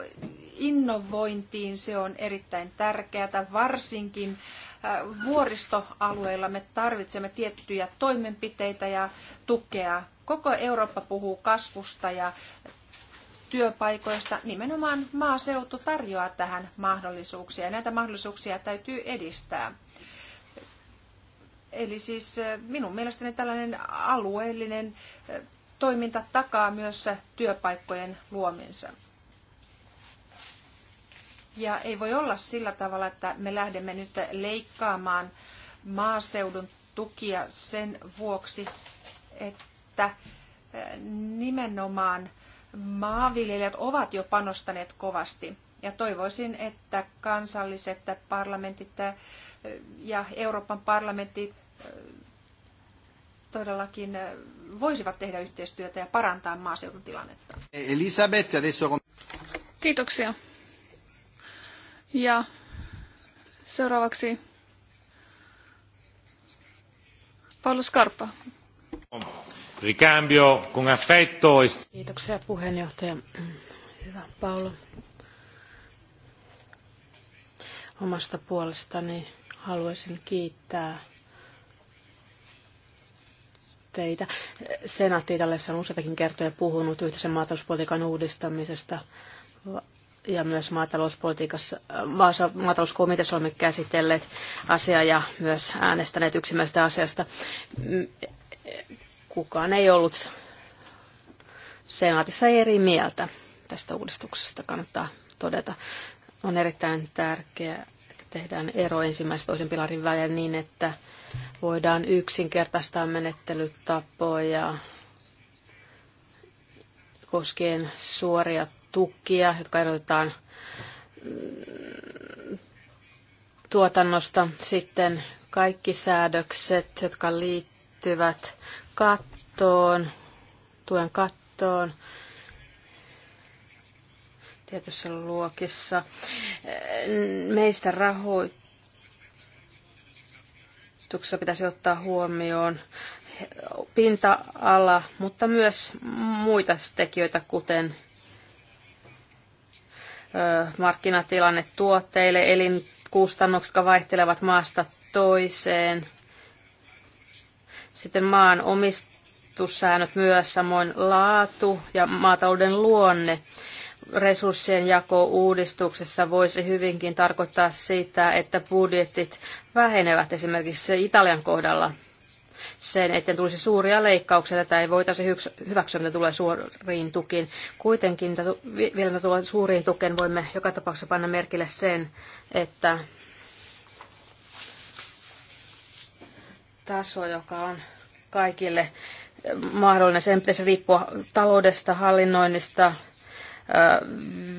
innovointiin, se on erittäin tärkeää, varsinkin äh, vuoristoalueilla me tarvitsemme tiettyjä toimenpiteitä ja tukea. Koko Eurooppa puhuu kasvusta ja työpaikoista, nimenomaan maaseutu tarjoaa tähän mahdollisuuksia. Ja näitä mahdollisuuksia täytyy edistää. Eli siis eh, minun mielestäni tällainen alueellinen eh, toiminta takaa myös työpaikkojen luomisen. Ja ei voi olla sillä tavalla, että me lähdemme nyt leikkaamaan maaseudun tukia sen vuoksi, että eh, nimenomaan maanviljelijät ovat jo panostaneet kovasti. Ja toivoisin, että kansalliset parlamentit äh, ja Euroopan parlamentti äh, todellakin äh, voisivat tehdä yhteistyötä ja parantaa maaseudun tilannetta. Elisabeth, adesso... Kiitoksia. Ja seuraavaksi Paolo Scarpa. Ricambio con affetto. E Kiitoksia puheenjohtaja. Hyvä Paolo. Omasta puolestani haluaisin kiittää teitä. Senaatti Italiassa on useitakin kertoja puhunut yhteisen maatalouspolitiikan uudistamisesta ja myös maatalouspolitiikassa, maatalouskomiteassa olemme käsitelleet asiaa ja myös äänestäneet yksimielistä asiasta kukaan ei ollut senaatissa eri mieltä tästä uudistuksesta, kannattaa todeta. On erittäin tärkeää, että tehdään ero ensimmäisen toisen pilarin välillä niin, että voidaan yksinkertaistaa menettelytapoja koskien suoria tukia, jotka erotetaan mm, tuotannosta. Sitten kaikki säädökset, jotka liittyvät kattoon, tuen kattoon tietyssä luokissa. Meistä rahoituksessa pitäisi ottaa huomioon pinta-ala, mutta myös muita tekijöitä, kuten markkinatilanne tuotteille, elinkustannukset, jotka vaihtelevat maasta toiseen – sitten maan omistussäännöt myös, samoin laatu ja maatalouden luonne resurssien jako-uudistuksessa voisi hyvinkin tarkoittaa sitä, että budjetit vähenevät esimerkiksi Italian kohdalla sen, että tulisi suuria leikkauksia, tätä ei voitaisi hyväksyä, mitä tulee suuriin tukiin. Kuitenkin vielä mitä tulee suuriin tukeen, voimme joka tapauksessa panna merkille sen, että taso, joka on kaikille mahdollinen. Sen pitäisi riippua taloudesta, hallinnoinnista,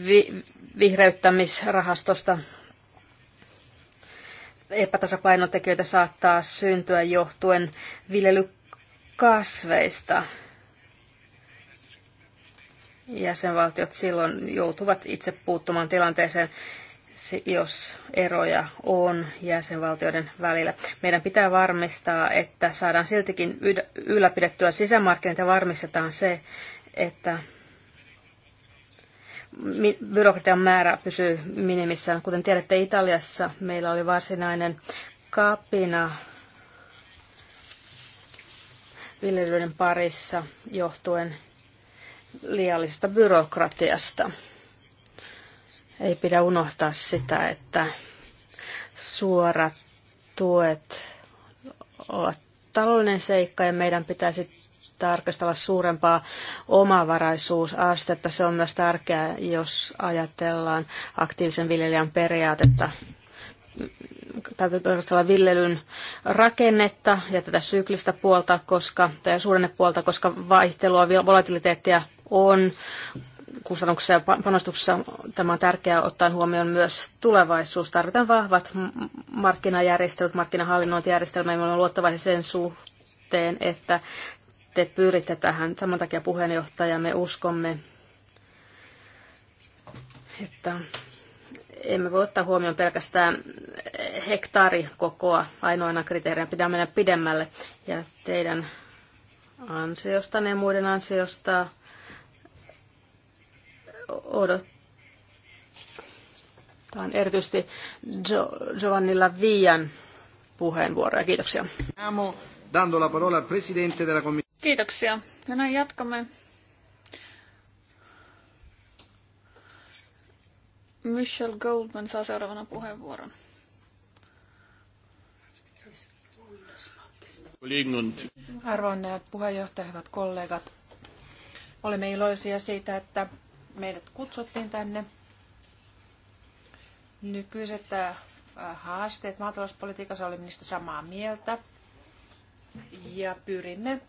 vi- vihreyttämisrahastosta. Epätasapainotekijöitä saattaa syntyä johtuen viljelykasveista. Jäsenvaltiot silloin joutuvat itse puuttumaan tilanteeseen jos eroja on jäsenvaltioiden välillä. Meidän pitää varmistaa, että saadaan siltikin ylläpidettyä sisämarkkinat ja varmistetaan se, että byrokratian määrä pysyy minimissään. Kuten tiedätte, Italiassa meillä oli varsinainen kapina viljelyiden parissa johtuen liiallisesta byrokratiasta. Ei pidä unohtaa sitä, että suorat tuet ovat taloudellinen seikka ja meidän pitäisi tarkastella suurempaa omavaraisuusastetta. Se on myös tärkeää, jos ajatellaan aktiivisen viljelijän periaatetta. Täytyy tarkastella viljelyn rakennetta ja tätä syklistä puolta koska, tai puolta, koska vaihtelua, volatiliteettia on kustannuksissa ja panostuksissa tämä on tärkeää ottaen huomioon myös tulevaisuus. Tarvitaan vahvat markkinajärjestelyt, markkinahallinnointijärjestelmä ja me olemme luottavaisia sen suhteen, että te pyritte tähän. Saman takia puheenjohtaja, me uskomme, että emme voi ottaa huomioon pelkästään hektaarikokoa ainoana kriteerinä. Pitää mennä pidemmälle ja teidän ansiostanne ja muiden ansiosta odottaa erityisesti jo- Giovannilla Vian puheenvuoroja. Kiitoksia. Dando la parola al presidente della Kiitoksia. Ja näin jatkamme. Michelle Goldman saa seuraavana puheenvuoron. Arvon puheenjohtaja, hyvät kollegat. Olemme iloisia siitä, että meidät kutsuttiin tänne. Nykyiset äh, haasteet maatalouspolitiikassa olivat niistä samaa mieltä ja pyrimme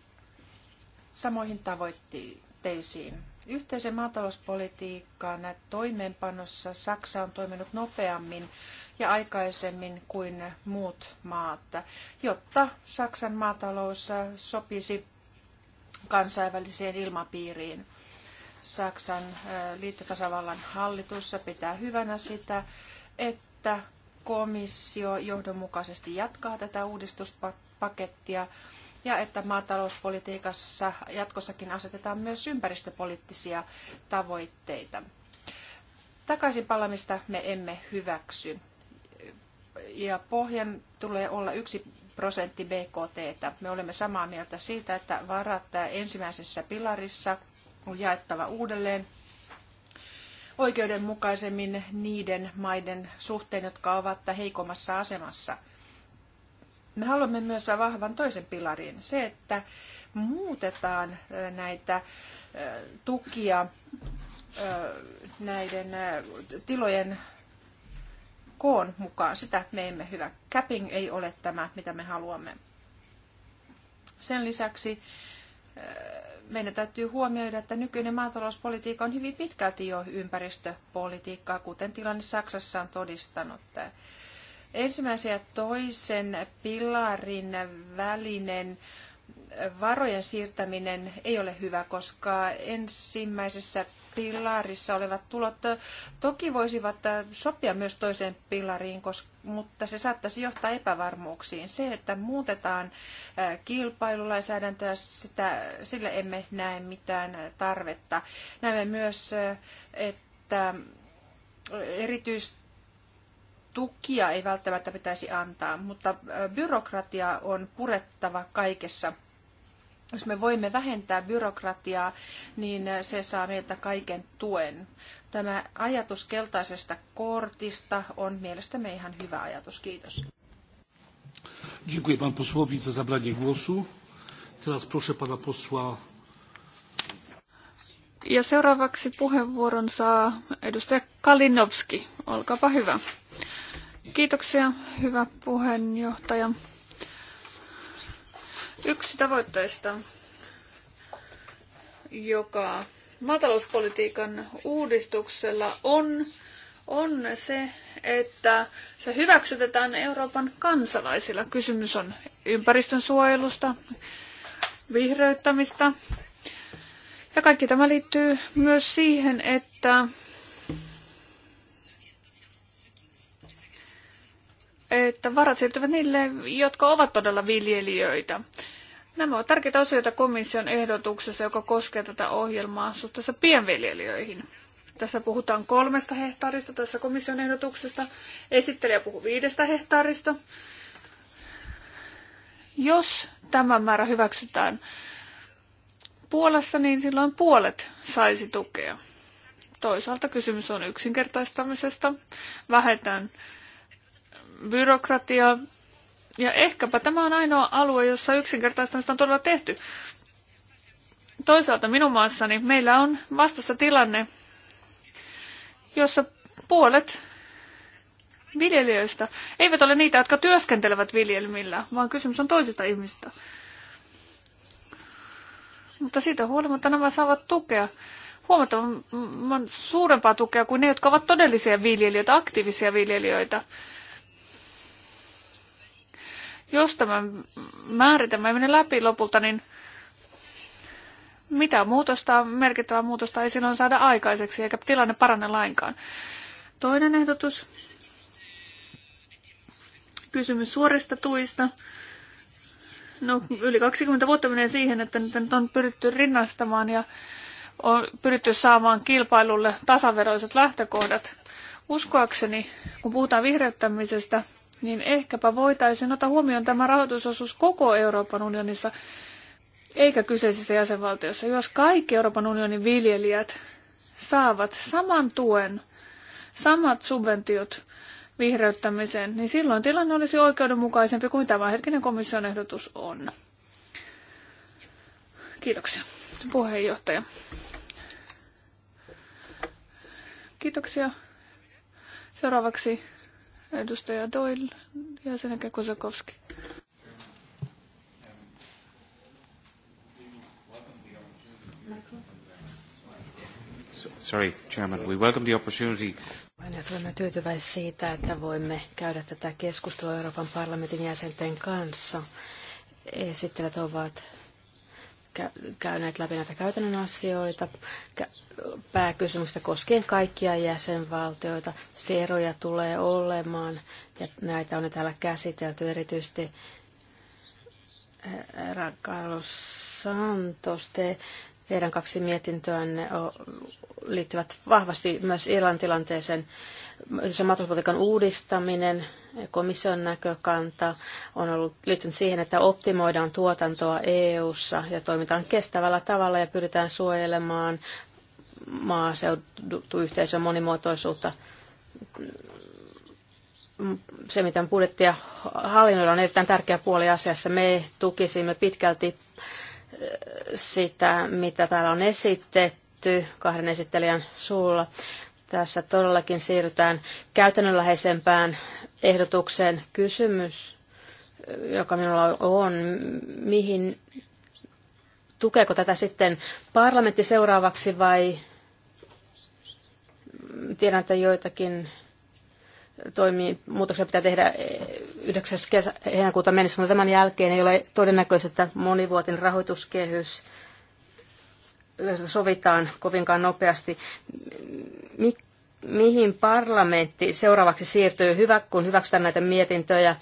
samoihin tavoitteisiin. Yhteisen maatalouspolitiikan toimeenpanossa Saksa on toiminut nopeammin ja aikaisemmin kuin muut maat, jotta Saksan maatalous sopisi kansainväliseen ilmapiiriin. Saksan liittotasavallan hallitus pitää hyvänä sitä, että komissio johdonmukaisesti jatkaa tätä uudistuspakettia ja että maatalouspolitiikassa jatkossakin asetetaan myös ympäristöpoliittisia tavoitteita. Takaisinpalamista me emme hyväksy. Ja pohjan tulee olla yksi prosentti BKT. Me olemme samaa mieltä siitä, että varat ensimmäisessä pilarissa on jaettava uudelleen oikeudenmukaisemmin niiden maiden suhteen, jotka ovat heikommassa asemassa. Me haluamme myös vahvan toisen pilarin, se, että muutetaan näitä tukia näiden tilojen koon mukaan. Sitä me emme hyvä. Capping ei ole tämä, mitä me haluamme. Sen lisäksi meidän täytyy huomioida, että nykyinen maatalouspolitiikka on hyvin pitkälti jo ympäristöpolitiikkaa, kuten tilanne Saksassa on todistanut. Ensimmäisen ja toisen pilarin välinen varojen siirtäminen ei ole hyvä, koska ensimmäisessä pilarissa olevat tulot toki voisivat sopia myös toiseen pilariin, mutta se saattaisi johtaa epävarmuuksiin. Se, että muutetaan kilpailulainsäädäntöä, sitä, sillä emme näe mitään tarvetta. Näemme myös, että erityisesti tukia ei välttämättä pitäisi antaa, mutta byrokratia on purettava kaikessa – jos me voimme vähentää byrokratiaa, niin se saa meiltä kaiken tuen. Tämä ajatus keltaisesta kortista on mielestämme ihan hyvä ajatus. Kiitos. Dziękuję pan posłowi za zabranie głosu. Teraz proszę pana posła. Ja seuraavaksi puheenvuoron saa edustaja Kalinowski. Olkaapa hyvä. Kiitoksia, hyvä puheenjohtaja. Yksi tavoitteista, joka maatalouspolitiikan uudistuksella on, on se, että se hyväksytetään Euroopan kansalaisilla. Kysymys on ympäristön suojelusta, vihreyttämistä. Ja kaikki tämä liittyy myös siihen, että että varat siirtyvät niille, jotka ovat todella viljelijöitä. Nämä ovat tärkeitä osioita komission ehdotuksessa, joka koskee tätä ohjelmaa suhteessa pienviljelijöihin. Tässä puhutaan kolmesta hehtaarista tässä komission ehdotuksesta. Esittelijä puhuu viidestä hehtaarista. Jos tämä määrä hyväksytään Puolassa, niin silloin puolet saisi tukea. Toisaalta kysymys on yksinkertaistamisesta. Vähetään byrokratia. Ja ehkäpä tämä on ainoa alue, jossa yksinkertaistamista on todella tehty. Toisaalta minun maassani meillä on vastassa tilanne, jossa puolet viljelijöistä eivät ole niitä, jotka työskentelevät viljelmillä, vaan kysymys on toisista ihmistä. Mutta siitä huolimatta nämä saavat tukea, huomattavan suurempaa tukea kuin ne, jotka ovat todellisia viljelijöitä, aktiivisia viljelijöitä. Jos tämä määritelmä ei mene läpi lopulta, niin mitä muutosta, merkittävää muutosta ei silloin saada aikaiseksi, eikä tilanne parane lainkaan. Toinen ehdotus. Kysymys suorista tuista. No, yli 20 vuotta menee siihen, että nyt on pyritty rinnastamaan ja on pyritty saamaan kilpailulle tasaveroiset lähtökohdat. Uskoakseni, kun puhutaan vihreyttämisestä, niin ehkäpä voitaisiin ottaa huomioon tämä rahoitusosuus koko Euroopan unionissa, eikä kyseisessä jäsenvaltiossa. Jos kaikki Euroopan unionin viljelijät saavat saman tuen, samat subventiot vihreyttämiseen, niin silloin tilanne olisi oikeudenmukaisempi kuin tämänhetkinen komission ehdotus on. Kiitoksia, puheenjohtaja. Kiitoksia. Seuraavaksi Edustaja Doyle ja sen jälkeen Kosakowski. Sorry, Chairman. We welcome the opportunity. olemme tyytyväisiä siitä, että voimme käydä tätä keskustelua Euroopan parlamentin jäsenten kanssa. Esittelijät ovat käyneet läpi näitä käytännön asioita, pääkysymystä koskien kaikkia jäsenvaltioita. Sitten eroja tulee olemaan, ja näitä on täällä käsitelty erityisesti Carlos Santos, te, teidän kaksi mietintöänne liittyvät vahvasti myös Irlannin tilanteeseen. Se maatalouspolitiikan uudistaminen, komission näkökanta on ollut liittynyt siihen, että optimoidaan tuotantoa EU-ssa ja toimitaan kestävällä tavalla ja pyritään suojelemaan maaseutuyhteisön monimuotoisuutta. Se, miten budjettia hallinnoidaan, on erittäin tärkeä puoli asiassa. Me tukisimme pitkälti eh, sitä, mitä täällä on esitetty kahden esittelijän suulla tässä todellakin siirrytään käytännönläheisempään ehdotukseen. Kysymys, joka minulla on, mihin tukeeko tätä sitten parlamentti seuraavaksi vai tiedän, että joitakin toimii, muutoksia pitää tehdä 9. Eh, kesä, heinäkuuta mennessä, mutta tämän jälkeen ei ole todennäköistä, että monivuotinen rahoituskehys sovitaan kovinkaan nopeasti. Mik, mihin parlamentti seuraavaksi siirtyy, hyvä, kun hyväksytään näitä mietintöjä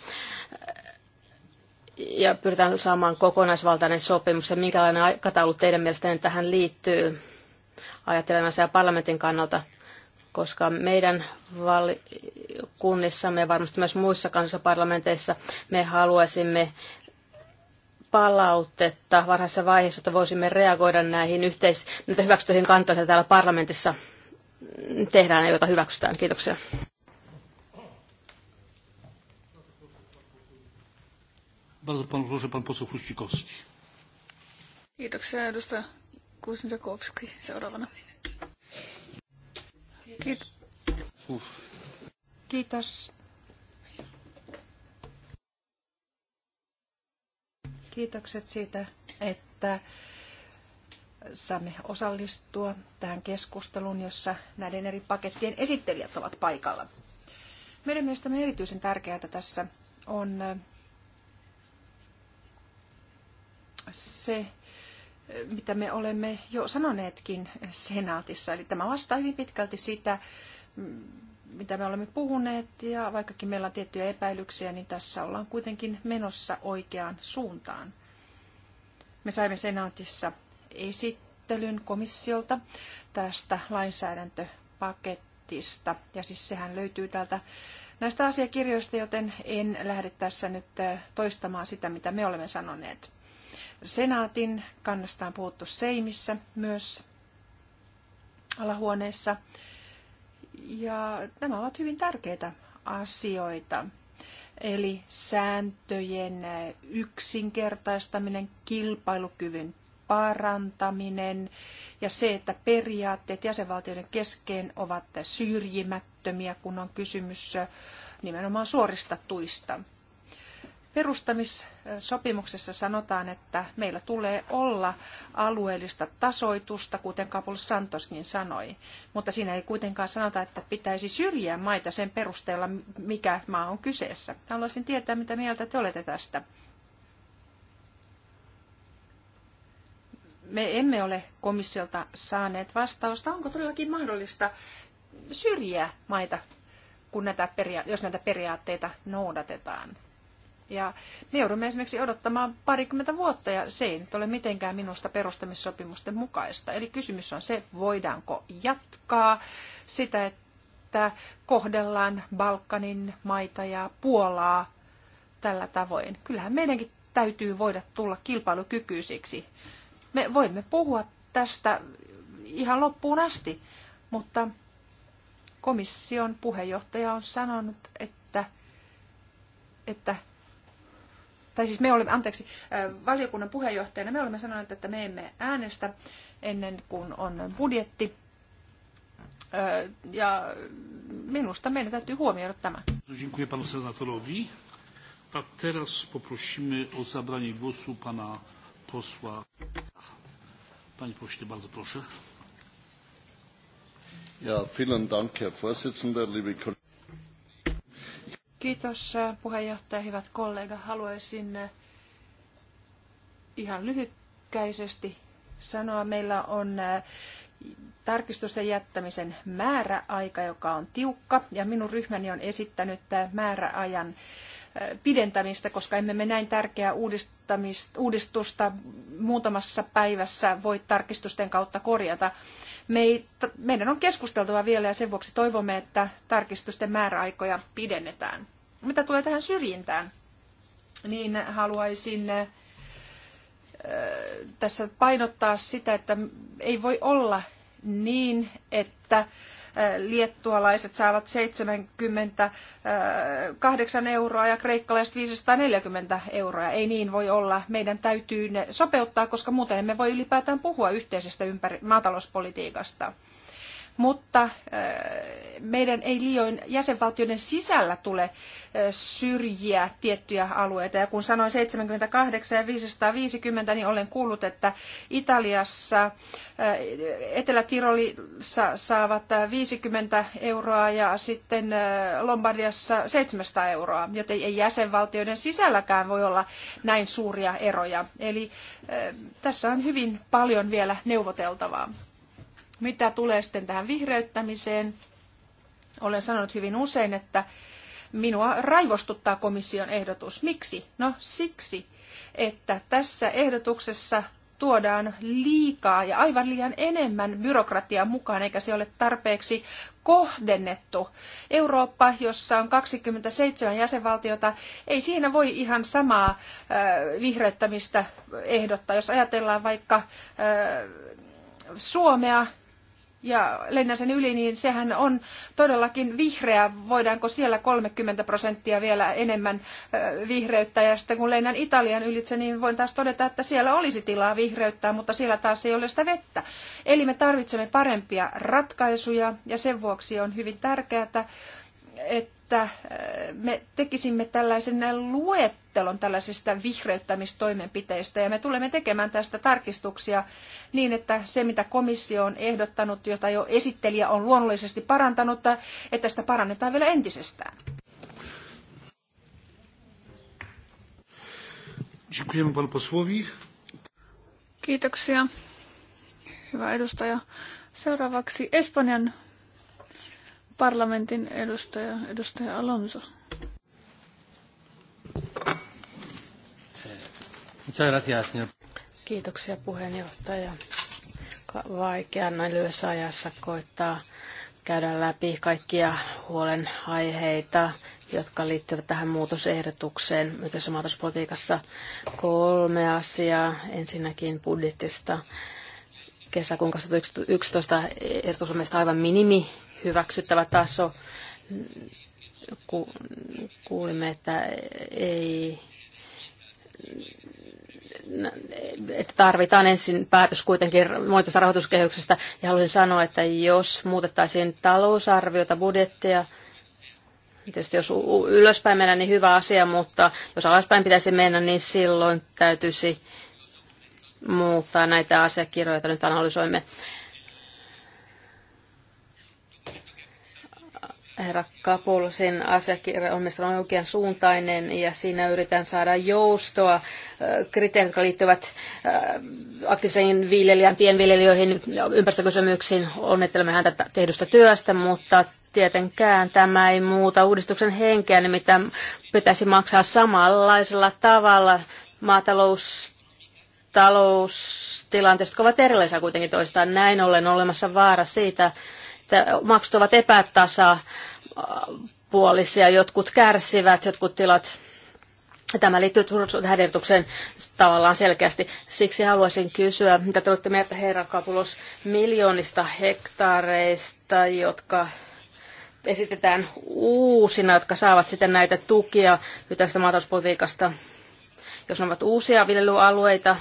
ja pyritään saamaan kokonaisvaltainen sopimus ja minkälainen aikataulu teidän mielestänne tähän liittyy ajattelemansa ja parlamentin kannalta, koska meidän kunnissamme ja varmasti myös muissa kansallisissa parlamenteissa me haluaisimme palautetta varhaisessa vaiheessa, että voisimme reagoida näihin yhteis- hyväksyttyihin kantoihin täällä parlamentissa tehdään ja joita hyväksytään. Kiitoksia. Kiitoksia, edustaja Kuznetsakowski. Seuraavana. Kiitos. Kiitos. Kiitokset siitä, että saamme osallistua tähän keskusteluun, jossa näiden eri pakettien esittelijät ovat paikalla. Meidän mielestämme erityisen tärkeää tässä on se, mitä me olemme jo sanoneetkin senaatissa. Eli tämä vastaa hyvin pitkälti sitä, mitä me olemme puhuneet, ja vaikkakin meillä on tiettyjä epäilyksiä, niin tässä ollaan kuitenkin menossa oikeaan suuntaan. Me saimme senaatissa esittelyn komissiolta tästä lainsäädäntöpakettista. Ja siis sehän löytyy täältä näistä asiakirjoista, joten en lähde tässä nyt toistamaan sitä, mitä me olemme sanoneet. Senaatin on puhuttu Seimissä myös alahuoneessa. Ja nämä ovat hyvin tärkeitä asioita. Eli sääntöjen yksinkertaistaminen, kilpailukyvyn parantaminen ja se, että periaatteet jäsenvaltioiden kesken ovat syrjimättömiä, kun on kysymys nimenomaan suorista tuista. Perustamissopimuksessa sanotaan, että meillä tulee olla alueellista tasoitusta, kuten Kapulus Santoskin sanoi, mutta siinä ei kuitenkaan sanota, että pitäisi syrjiä maita sen perusteella, mikä maa on kyseessä. Haluaisin tietää, mitä mieltä te olette tästä. me emme ole komissiolta saaneet vastausta, onko todellakin mahdollista syrjiä maita, kun näitä peria- jos näitä periaatteita noudatetaan. Ja me joudumme esimerkiksi odottamaan parikymmentä vuotta ja se ei nyt ole mitenkään minusta perustamissopimusten mukaista. Eli kysymys on se, voidaanko jatkaa sitä, että kohdellaan Balkanin maita ja Puolaa tällä tavoin. Kyllähän meidänkin täytyy voida tulla kilpailukykyisiksi. Me voimme puhua tästä ihan loppuun asti, mutta komission puheenjohtaja on sanonut, että, että tai siis me olemme, anteeksi, valiokunnan puheenjohtajana me olemme sanoneet, että me emme äänestä ennen kuin on budjetti. Ja minusta meidän täytyy huomioida tämä. Dziękuję panu senatorowi. A teraz poprosimy o zabranie głosu pana posła. Panie Pośle, bardzo proszę. Ja, vielen Dank, Herr Vorsitzender, liebe Kiitos äh, puheenjohtaja, hyvät kollega. Haluaisin äh, ihan lyhykkäisesti sanoa, meillä on äh, tarkistusten jättämisen määräaika, joka on tiukka, ja minun ryhmäni on esittänyt määräajan pidentämistä, koska emme me näin tärkeää uudistusta muutamassa päivässä voi tarkistusten kautta korjata. Me ei, meidän on keskusteltava vielä ja sen vuoksi toivomme, että tarkistusten määräaikoja pidennetään. Mitä tulee tähän syrjintään, niin haluaisin tässä painottaa sitä, että ei voi olla niin, että liettualaiset saavat 78 euroa ja kreikkalaiset 540 euroa. Ei niin voi olla. Meidän täytyy ne sopeuttaa, koska muuten emme voi ylipäätään puhua yhteisestä ympäri- maatalouspolitiikasta mutta äh, meidän ei liioin jäsenvaltioiden sisällä tule äh, syrjiä tiettyjä alueita. Ja kun sanoin 78 ja 550, niin olen kuullut, että Italiassa, äh, Etelä-Tirolissa saavat 50 euroa ja sitten Lombardiassa 700 euroa, joten ei jäsenvaltioiden sisälläkään voi olla näin suuria eroja. Eli tässä on hyvin paljon vielä neuvoteltavaa. Mitä tulee sitten tähän vihreyttämiseen, olen sanonut hyvin usein, että minua raivostuttaa komission ehdotus. Miksi? No siksi, että tässä ehdotuksessa tuodaan liikaa ja aivan liian enemmän byrokratiaa mukaan, eikä se ole tarpeeksi kohdennettu. Eurooppa, jossa on 27 jäsenvaltiota, ei siinä voi ihan samaa vihreyttämistä ehdottaa. Jos ajatellaan vaikka Suomea, ja lennän sen yli, niin sehän on todellakin vihreä. Voidaanko siellä 30 prosenttia vielä enemmän vihreyttä? Ja sitten kun lennän Italian ylitse, niin voin taas todeta, että siellä olisi tilaa vihreyttää, mutta siellä taas ei ole sitä vettä. Eli me tarvitsemme parempia ratkaisuja ja sen vuoksi on hyvin tärkeää, että että äh, me tekisimme tällaisen luettelon tällaisista vihreyttämistoimenpiteistä ja me tulemme tekemään tästä tarkistuksia niin, että se mitä komissio on ehdottanut, jota jo esittelijä on luonnollisesti parantanut, että sitä parannetaan vielä entisestään. Kiitoksia. Hyvä edustaja. Seuraavaksi Espanjan parlamentin edustaja, edustaja Alonso. Kiitoksia puheenjohtaja. Vaikea näin lyhyessä ajassa koittaa käydä läpi kaikkia huolenaiheita, jotka liittyvät tähän muutosehdotukseen yhteisessä maatalouspolitiikassa. Kolme asiaa. Ensinnäkin budjetista kesäkuun 2011 ehdotus on mielestäni aivan minimi hyväksyttävä taso. Ku, kuulimme, että ei että tarvitaan ensin päätös kuitenkin muotoisesta rahoituskehyksestä. Ja haluaisin sanoa, että jos muutettaisiin talousarviota, budjettia, tietysti jos ylöspäin mennään, niin hyvä asia, mutta jos alaspäin pitäisi mennä, niin silloin täytyisi muuttaa näitä asiakirjoja, joita nyt analysoimme. Herra sen asiakirja on mielestäni oikean suuntainen ja siinä yritetään saada joustoa kriteerit, jotka liittyvät aktiiviseen viljelijään, pienviljelijöihin, ympäristökysymyksiin. Onnittelemme häntä tehdystä työstä, mutta tietenkään tämä ei muuta uudistuksen henkeä, mitä pitäisi maksaa samanlaisella tavalla maatalous taloustilanteesta, jotka ovat erilaisia kuitenkin toistaan. Näin ollen olemassa vaara siitä, että maksut ovat epätasapuolisia, jotkut kärsivät, jotkut tilat Tämä liittyy turvallisuuden tavallaan selkeästi. Siksi haluaisin kysyä, mitä te olette mieltä, herra Kapulos, miljoonista hektaareista, jotka esitetään uusina, jotka saavat sitten näitä tukia tästä maatalouspolitiikasta. Jos ne ovat uusia viljelyalueita,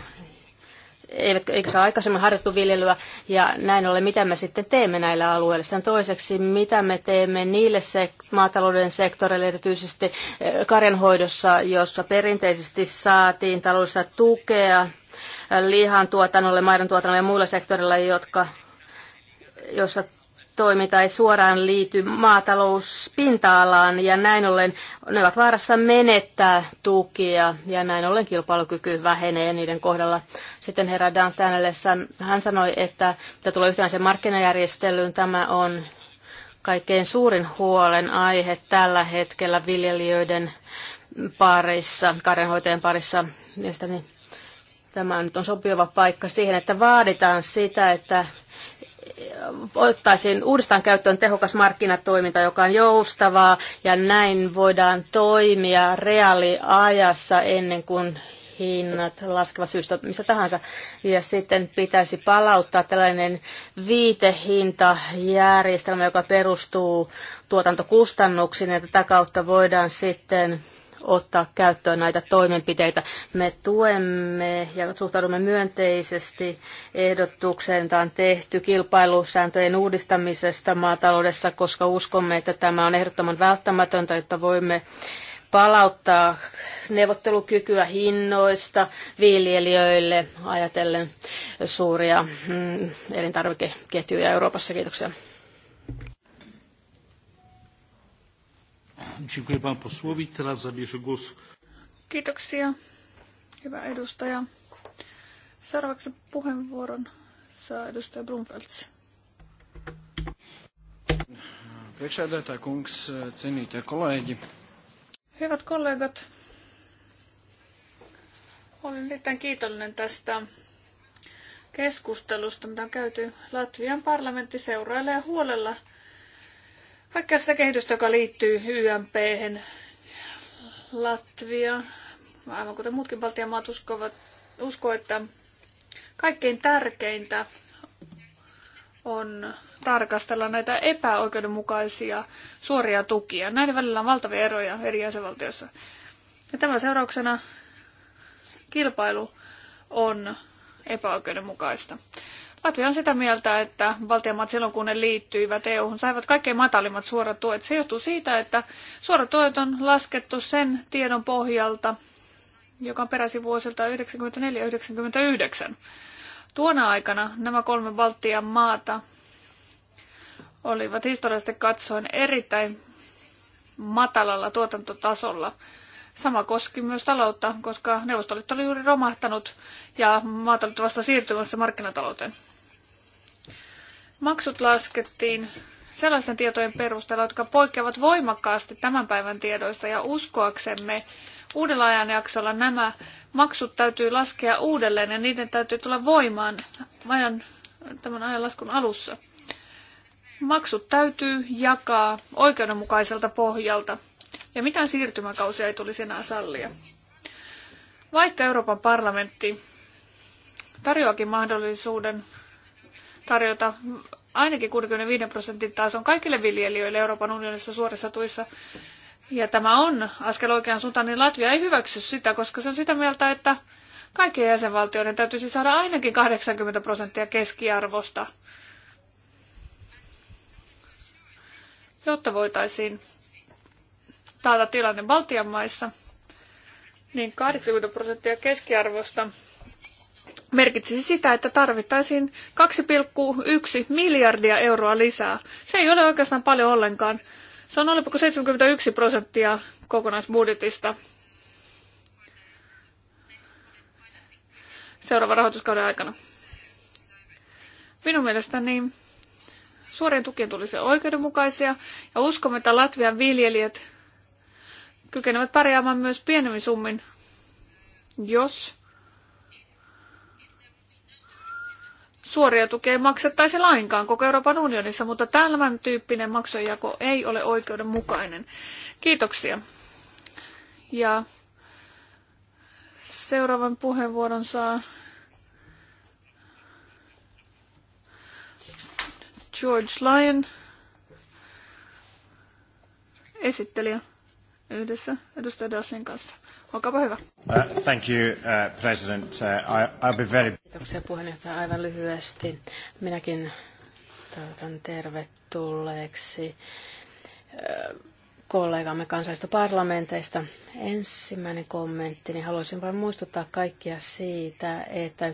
eivätkö, eikö saa aikaisemmin harjoittu viljelyä, ja näin ollen mitä me sitten teemme näillä alueilla. Sitten toiseksi, mitä me teemme niille se, maatalouden sektoreille, erityisesti eh, karjanhoidossa, jossa perinteisesti saatiin taloudellista tukea eh, lihan tuotannolle, maidon tuotannolle ja muilla sektorilla, jotka jossa toiminta ei suoraan liity maatalouspinta-alaan ja näin ollen ne ovat vaarassa menettää tukia ja näin ollen kilpailukyky vähenee niiden kohdalla. Sitten herra Dantanelle hän sanoi, että mitä tulee yhtenäisen markkinajärjestelyyn, tämä on kaikkein suurin huolen aihe tällä hetkellä viljelijöiden parissa, karjanhoitajien parissa. Mielestäni tämä nyt on sopiva paikka siihen, että vaaditaan sitä, että ottaisiin uudestaan käyttöön tehokas markkinatoiminta, joka on joustavaa ja näin voidaan toimia reaaliajassa ennen kuin hinnat laskevat syystä mistä tahansa. Ja sitten pitäisi palauttaa tällainen viitehintajärjestelmä, joka perustuu tuotantokustannuksiin ja tätä kautta voidaan sitten ottaa käyttöön näitä toimenpiteitä. Me tuemme ja suhtaudumme myönteisesti ehdotukseen, jota on tehty kilpailusääntöjen uudistamisesta maataloudessa, koska uskomme, että tämä on ehdottoman välttämätöntä, jotta voimme palauttaa neuvottelukykyä hinnoista viljelijöille ajatellen suuria mm, elintarvikeketjuja Euroopassa. Kiitoksia. Dziękuję panu posłowi. Teraz zabierze głos. Kiitoksia, hyvä edustaja. Seuraavaksi puheenvuoron saa edustaja Brunfelds. Priekšsēdētāji kungs, cienītie kolēģi. Hyvät kollegat, olen erittäin kiitollinen tästä keskustelusta, mitä on käyty. Latvian parlamentti seurailee huolella vaikka sitä kehitystä, joka liittyy YMP, Latvia, aivan kuten muutkin Baltian maat uskovat, uskoo, että kaikkein tärkeintä on tarkastella näitä epäoikeudenmukaisia suoria tukia. Näiden välillä on valtavia eroja eri jäsenvaltioissa. Ja tämän seurauksena kilpailu on epäoikeudenmukaista. Latvia on sitä mieltä, että valtiamat silloin kun ne liittyivät EU-hun saivat kaikkein matalimmat suorat tuet. Se johtuu siitä, että suorat tuet on laskettu sen tiedon pohjalta, joka on peräisin vuosilta 1994-1999. Tuona aikana nämä kolme Baltian maata olivat historiallisesti katsoen erittäin matalalla tuotantotasolla. Sama koski myös taloutta, koska Neuvostoliitto oli juuri romahtanut ja maat olivat vasta siirtymässä markkinatalouteen. Maksut laskettiin sellaisten tietojen perusteella, jotka poikkeavat voimakkaasti tämän päivän tiedoista ja uskoaksemme uudella ajanjaksolla nämä maksut täytyy laskea uudelleen ja niiden täytyy tulla voimaan ajan, tämän ajanlaskun alussa. Maksut täytyy jakaa oikeudenmukaiselta pohjalta ja mitään siirtymäkausia ei tulisi enää sallia. Vaikka Euroopan parlamentti tarjoakin mahdollisuuden tarjota ainakin 65 prosentin tason kaikille viljelijöille Euroopan unionissa suorissa tuissa. Ja tämä on askel oikeaan suuntaan, niin Latvia ei hyväksy sitä, koska se on sitä mieltä, että kaikkien jäsenvaltioiden täytyisi saada ainakin 80 prosenttia keskiarvosta, jotta voitaisiin taata tilanne Baltian maissa, niin 80 prosenttia keskiarvosta merkitsisi sitä, että tarvittaisiin 2,1 miljardia euroa lisää. Se ei ole oikeastaan paljon ollenkaan. Se on 0,71 prosenttia kokonaisbudjetista. seuraavan rahoituskauden aikana. Minun mielestäni suorien tukien tulisi olla oikeudenmukaisia ja uskomme, että Latvian viljelijät kykenevät pärjäämään myös pienemmin summin, jos suoria tukia ei maksettaisi lainkaan koko Euroopan unionissa, mutta tämän tyyppinen maksujako ei ole oikeudenmukainen. Kiitoksia. Ja seuraavan puheenvuoron saa George Lyon, esittelijä yhdessä edustaja Dassin kanssa. Olkaapa hyvä. Uh, thank you, uh, President. Uh, I, I'll be very... Kiitoksia puheenjohtaja aivan lyhyesti. Minäkin toivotan tervetulleeksi uh, kollegamme kansallisista parlamenteista. Ensimmäinen kommentti, niin haluaisin vain muistuttaa kaikkia siitä, että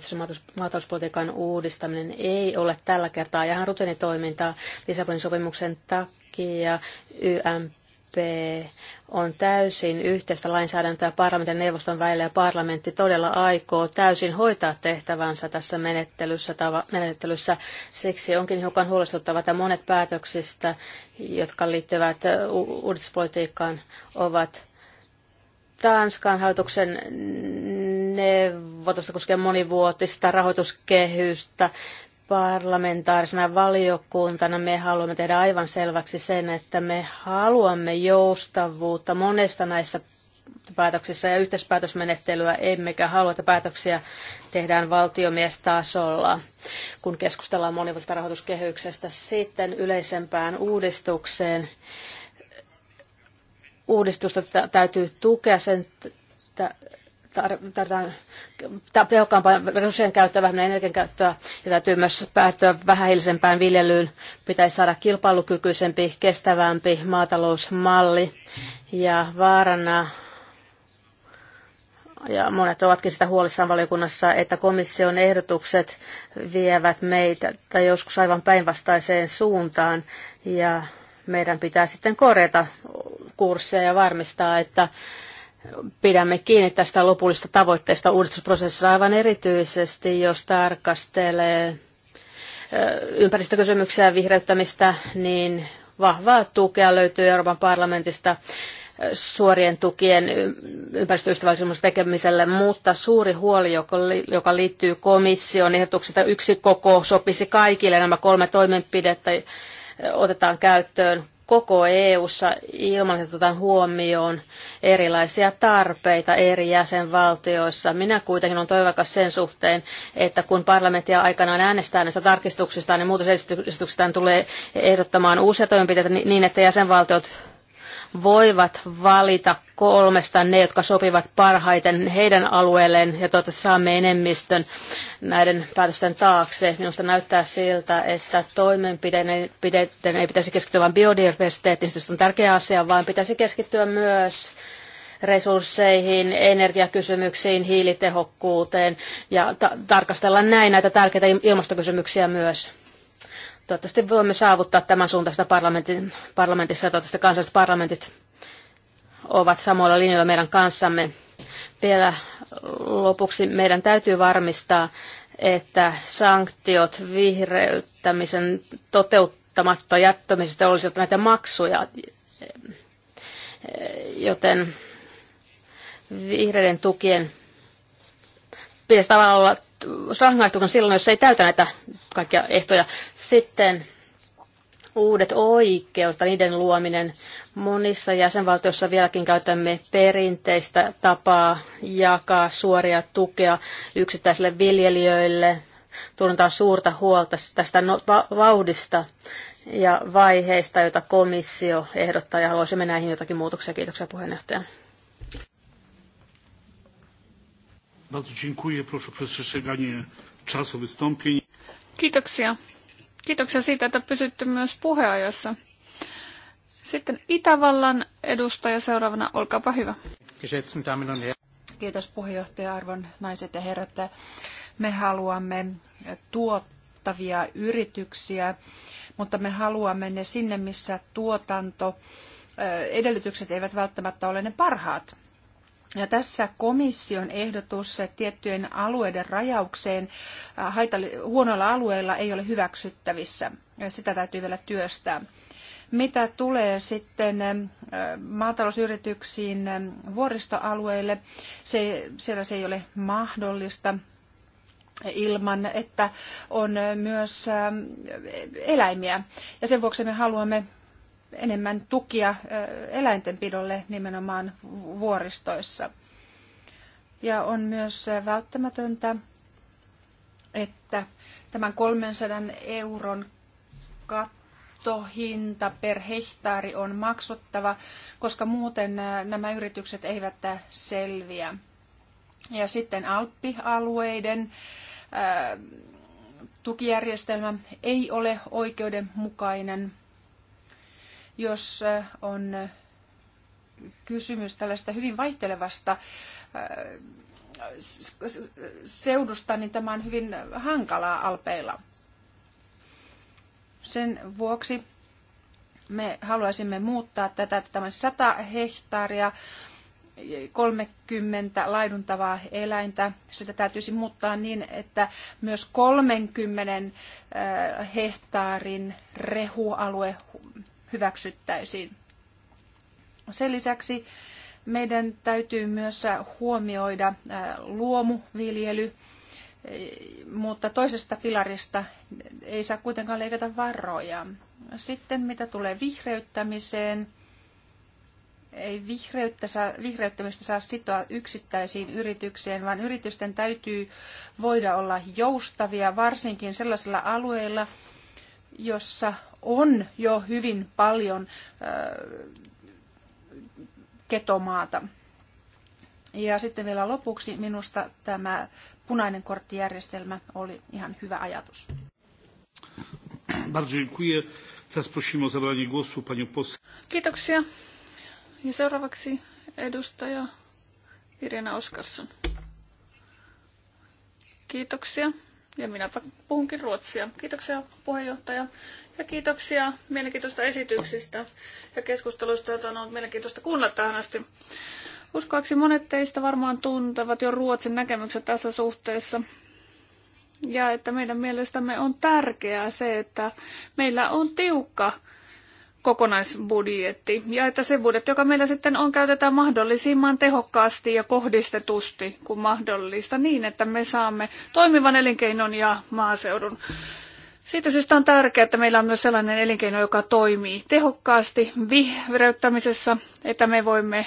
maatalouspolitiikan uudistaminen ei ole tällä kertaa ihan rutiinitoimintaa Lissabonin sopimuksen takia. YMP on täysin yhteistä lainsäädäntöä parlamentin neuvoston välillä ja parlamentti todella aikoo täysin hoitaa tehtävänsä tässä menettelyssä. Tava, menettelyssä. Siksi onkin hiukan huolestuttava, että monet päätöksistä, jotka liittyvät uudistuspolitiikkaan, ovat Tanskan hallituksen neuvotusta koskien monivuotista rahoituskehystä, Parlamentaarisena valiokuntana me haluamme tehdä aivan selväksi sen, että me haluamme joustavuutta monesta näissä päätöksissä ja yhteispäätösmenettelyä, emmekä halua, että päätöksiä tehdään valtiomiestasolla, kun keskustellaan monivuotisesta rahoituskehyksestä. Sitten yleisempään uudistukseen. Uudistusta täytyy tukea sen tarvitaan tehokkaampaa resurssien käyttöä, vähemmän energian käyttöä ja täytyy myös päätyä vähähiilisempään viljelyyn. Pitäisi saada kilpailukykyisempi, kestävämpi maatalousmalli ja vaarana ja monet ovatkin sitä huolissaan valiokunnassa, että komission ehdotukset vievät meitä tai joskus aivan päinvastaiseen suuntaan ja meidän pitää sitten korjata kurssia ja varmistaa, että pidämme kiinni tästä lopullisesta tavoitteesta uudistusprosessissa aivan erityisesti, jos tarkastelee ympäristökysymyksiä ja vihreyttämistä, niin vahvaa tukea löytyy Euroopan parlamentista suorien tukien ympäristöystävällisemmasta tekemiselle, mutta suuri huoli, joka liittyy komission ehdotuksesta, yksi koko sopisi kaikille nämä kolme toimenpidettä otetaan käyttöön koko EU-ssa ilman, huomioon erilaisia tarpeita eri jäsenvaltioissa. Minä kuitenkin olen toivokas sen suhteen, että kun parlamenttia aikanaan äänestää näistä tarkistuksista, niin muutosesityksistä tulee ehdottamaan uusia toimenpiteitä niin, että jäsenvaltiot voivat valita kolmesta ne, jotka sopivat parhaiten heidän alueelleen ja toivottavasti saamme enemmistön näiden päätösten taakse. Minusta näyttää siltä, että toimenpiteiden ei pitäisi keskittyä vain biodiversiteettiin, se siis on tärkeä asia, vaan pitäisi keskittyä myös resursseihin, energiakysymyksiin, hiilitehokkuuteen ja ta- tarkastella näin näitä tärkeitä ilmastokysymyksiä myös. Toivottavasti voimme saavuttaa tämän suuntaista parlamentin, parlamentissa ja toivottavasti kansalliset parlamentit ovat samoilla linjoilla meidän kanssamme. Vielä lopuksi meidän täytyy varmistaa, että sanktiot vihreyttämisen toteuttamatta jättämisestä olisivat näitä maksuja, joten vihreiden tukien pitäisi tavallaan olla rangaistuksen silloin, jos ei täytä näitä kaikkia ehtoja. Sitten uudet oikeudet, niiden luominen. Monissa jäsenvaltioissa vieläkin käytämme perinteistä tapaa jakaa suoria tukea yksittäisille viljelijöille. Tunnetaan suurta huolta tästä no- vauhdista ja vaiheista, joita komissio ehdottaa, ja haluaisimme näihin jotakin muutoksia. Kiitoksia puheenjohtaja. Bardzo dziękuję. Proszę przestrzeganie czasu wystąpień. Kiitoksia. Kiitoksia siitä, että pysytte myös puheajassa. Sitten Itävallan edustaja seuraavana, olkaapa hyvä. Kiitos puheenjohtaja, arvon naiset ja herrat. Me haluamme tuottavia yrityksiä, mutta me haluamme ne sinne, missä tuotanto edellytykset eivät välttämättä ole ne parhaat. Ja tässä komission ehdotus tiettyjen alueiden rajaukseen haitalli- huonoilla alueilla ei ole hyväksyttävissä. Sitä täytyy vielä työstää. Mitä tulee sitten maatalousyrityksiin vuoristoalueille, se, siellä se ei ole mahdollista ilman, että on myös eläimiä. Ja sen vuoksi me haluamme enemmän tukia eläintenpidolle nimenomaan vuoristoissa. Ja on myös välttämätöntä, että tämän 300 euron kattohinta per hehtaari on maksuttava, koska muuten nämä yritykset eivät selviä. Ja sitten Alppialueiden tukijärjestelmä ei ole oikeudenmukainen jos on kysymys tällaista hyvin vaihtelevasta seudusta, niin tämä on hyvin hankalaa alpeilla. Sen vuoksi me haluaisimme muuttaa tätä tämän 100 hehtaaria 30 laiduntavaa eläintä. Sitä täytyisi muuttaa niin, että myös 30 hehtaarin rehualue hyväksyttäisiin. Sen lisäksi meidän täytyy myös huomioida luomuviljely, mutta toisesta pilarista ei saa kuitenkaan leikata varoja. Sitten mitä tulee vihreyttämiseen, ei vihreyttä saa, vihreyttämistä saa sitoa yksittäisiin yritykseen, vaan yritysten täytyy voida olla joustavia, varsinkin sellaisilla alueilla, jossa on jo hyvin paljon ketomaata. Ja sitten vielä lopuksi minusta tämä punainen korttijärjestelmä oli ihan hyvä ajatus. Kiitoksia. Ja seuraavaksi edustaja Irina Oskarsson. Kiitoksia. Ja minäpä puhunkin ruotsia. Kiitoksia puheenjohtaja ja kiitoksia mielenkiintoista esityksistä ja keskusteluista, joita on ollut mielenkiintoista kuunnella tähän asti. Uskoaksi monet teistä varmaan tuntevat jo Ruotsin näkemykset tässä suhteessa. Ja että meidän mielestämme on tärkeää se, että meillä on tiukka kokonaisbudjetti ja että se budjetti, joka meillä sitten on, käytetään mahdollisimman tehokkaasti ja kohdistetusti kuin mahdollista niin, että me saamme toimivan elinkeinon ja maaseudun. Siitä syystä on tärkeää, että meillä on myös sellainen elinkeino, joka toimii tehokkaasti vihreyttämisessä, että me voimme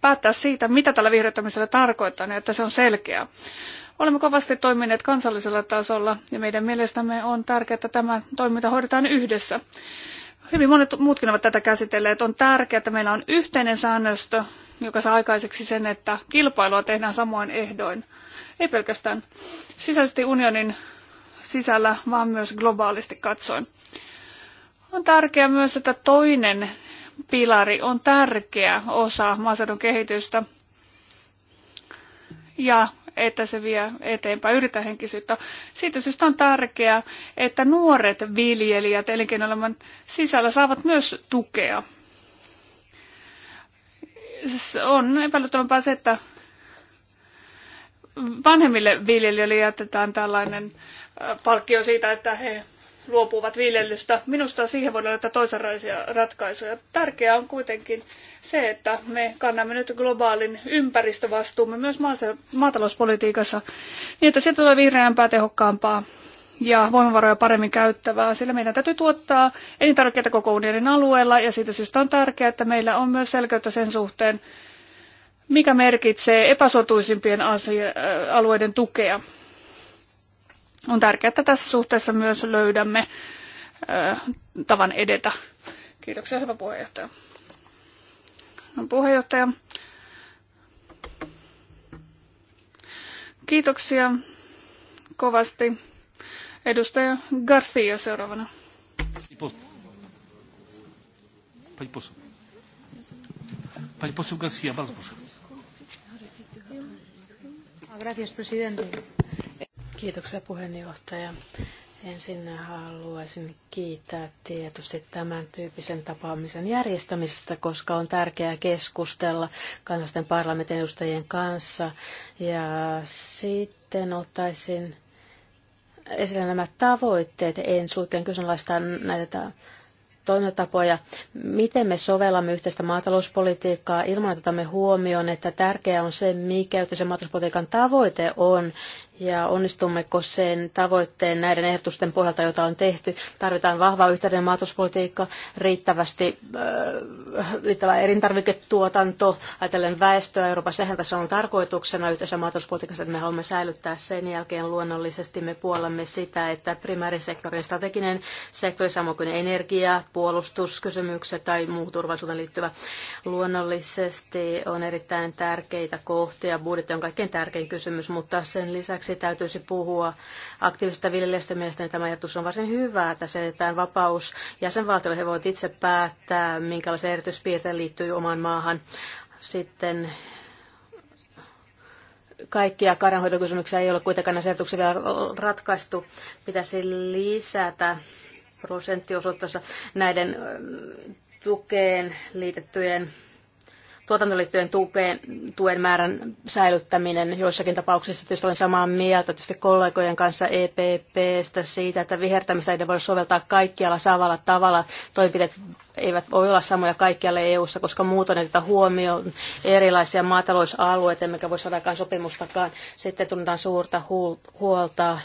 päättää siitä, mitä tällä vihreyttämisellä tarkoittaa, niin että se on selkeää. Olemme kovasti toimineet kansallisella tasolla ja meidän mielestämme on tärkeää, että tämä toiminta hoidetaan yhdessä hyvin monet muutkin ovat tätä käsitelleet. On tärkeää, että meillä on yhteinen säännöstö, joka saa aikaiseksi sen, että kilpailua tehdään samoin ehdoin. Ei pelkästään sisäisesti unionin sisällä, vaan myös globaalisti katsoen. On tärkeää myös, että toinen pilari on tärkeä osa maaseudun kehitystä ja että se vie eteenpäin yrittäjähenkisyyttä. Siitä syystä on tärkeää, että nuoret viljelijät elinkeinoelämän sisällä saavat myös tukea. On epäilyttävämpää se, että vanhemmille viljelijöille jätetään tällainen äh, palkkio siitä, että he luopuvat viljelystä. Minusta siihen voi löytää toisenlaisia ratkaisuja. Tärkeää on kuitenkin se, että me kannamme nyt globaalin ympäristövastuumme myös maatalouspolitiikassa niin, että siitä tulee vihreämpää, tehokkaampaa ja voimavaroja paremmin käyttävää, sillä meidän täytyy tuottaa elintarvikkeita koko unionin alueella ja siitä syystä on tärkeää, että meillä on myös selkeyttä sen suhteen, mikä merkitsee epäsuotuisimpien alueiden tukea. On tärkeää, että tässä suhteessa myös löydämme tavan edetä. Kiitoksia, hyvä puheenjohtaja. No, puheenjohtaja, kiitoksia kovasti. Edustaja Garcia seuraavana. Pani poseł. Garcia, bardzo proszę. Gracias, presidente. Kiitoksia puheenjohtaja. Ensin haluaisin kiittää tietysti tämän tyyppisen tapaamisen järjestämisestä, koska on tärkeää keskustella kansallisten parlamentin edustajien kanssa. Ja sitten ottaisin esille nämä tavoitteet. En suhteen kyseenalaista näitä toimintatapoja, miten me sovellamme yhteistä maatalouspolitiikkaa ilman, että otamme huomioon, että tärkeää on se, mikä yhteisen maatalouspolitiikan tavoite on ja onnistummeko sen tavoitteen näiden ehdotusten pohjalta, joita on tehty. Tarvitaan vahva yhteinen maatalouspolitiikka, riittävästi äh, riittävä elintarviketuotanto, ajatellen väestöä Euroopassa. Sehän tässä on tarkoituksena yhteisessä maatalouspolitiikassa, että me haluamme säilyttää sen jälkeen luonnollisesti. Me puolamme sitä, että primäärisektorin strateginen sektori, samoin kuin energia, puolustuskysymykset tai muu turvallisuuteen liittyvä luonnollisesti on erittäin tärkeitä kohtia. Budjetti on kaikkein tärkein kysymys, mutta sen lisäksi Siksi täytyisi puhua aktiivisesta viljelijästä. Mielestäni tämä ajatus on varsin hyvä, että se että vapaus jäsenvaltioille. He voivat itse päättää, minkälaisia erityispiirteitä liittyy omaan maahan. Sitten kaikkia karjanhoitokysymyksiä ei ole kuitenkaan asetuksia vielä ratkaistu. Pitäisi lisätä prosenttiosuutta näiden tukeen liitettyjen tuotantoliittojen tukeen, tuen määrän säilyttäminen joissakin tapauksissa. Tietysti olen samaa mieltä tietysti kollegojen kanssa EPPstä siitä, että vihertämistä ei voi soveltaa kaikkialla samalla tavalla. Toimenpiteet eivät voi olla samoja kaikkialle EU-ssa, koska muuten ei huomioon erilaisia maatalousalueita, emmekä voi saada sopimustakaan. Sitten tunnetaan suurta huolta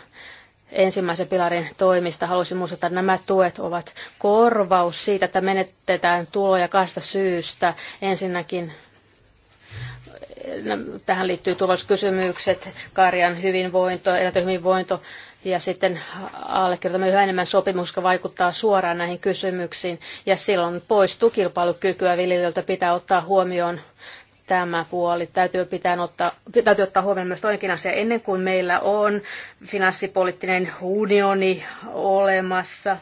ensimmäisen pilarin toimista. Haluaisin muistuttaa, että nämä tuet ovat korvaus siitä, että menetetään tuloja kahdesta syystä. Ensinnäkin eh, tähän liittyy turvallisuuskysymykset, karjan hyvinvointo, eläinten hyvinvointo, ja sitten allekirjoitamme yhä enemmän sopimus, joka vaikuttaa suoraan näihin kysymyksiin. Ja silloin poistuu kilpailukykyä viljelijöiltä pitää ottaa huomioon tämä puoli. Täytyy, pitää ottaa, täytyy ottaa huomioon myös toinenkin asia. Ennen kuin meillä on finanssipoliittinen unioni olemassa,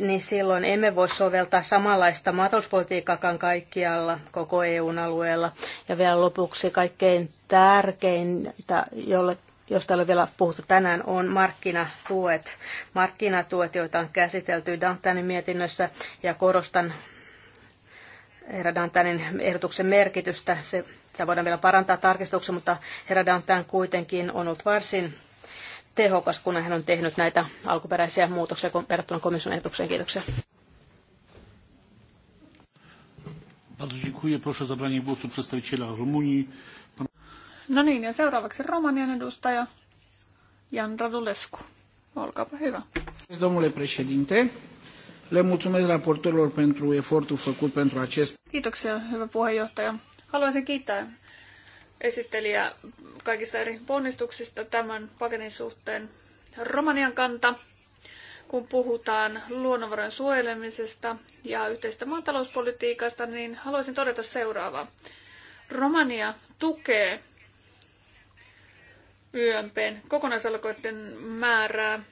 niin silloin emme voi soveltaa samanlaista maatalouspolitiikkaakaan kaikkialla koko eu alueella. Ja vielä lopuksi kaikkein tärkein, jolle josta ei ole vielä puhuttu tänään, on markkinatuet. Markkinatuet, joita on käsitelty Dantanin mietinnössä, ja korostan herra Dantanin ehdotuksen merkitystä. Se, sitä voidaan vielä parantaa tarkistuksen, mutta herra Dantan kuitenkin on ollut varsin tehokas, kun hän on tehnyt näitä alkuperäisiä muutoksia verrattuna komission ehdotukseen. Kiitoksia. No niin, ja seuraavaksi Romanian edustaja Jan Radulescu. Olkaapa hyvä. Domnule președinte, Le mulțumesc raportorilor pentru efortul făcut pentru acest... Kiitoksia, hyvä puheenjohtaja. Haluaisin kiittää esittelijä kaikista eri ponnistuksista tämän paketin suhteen. Romanian kanta, kun puhutaan luonnonvarojen suojelemisesta ja yhteistä maatalouspolitiikasta, niin haluaisin todeta seuraavaa. Romania tukee YMPn kokonaisalkoiden määrää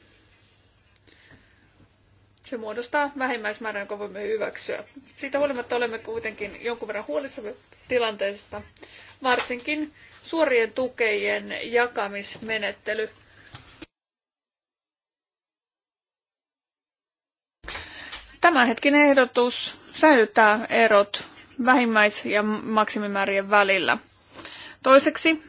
se muodostaa vähimmäismäärän, jonka voimme hyväksyä. Siitä huolimatta olemme kuitenkin jonkun verran huolissamme tilanteesta, varsinkin suorien tukien jakamismenettely tämänhetkinen ehdotus säilyttää erot vähimmäis- ja maksimimäärien välillä. Toiseksi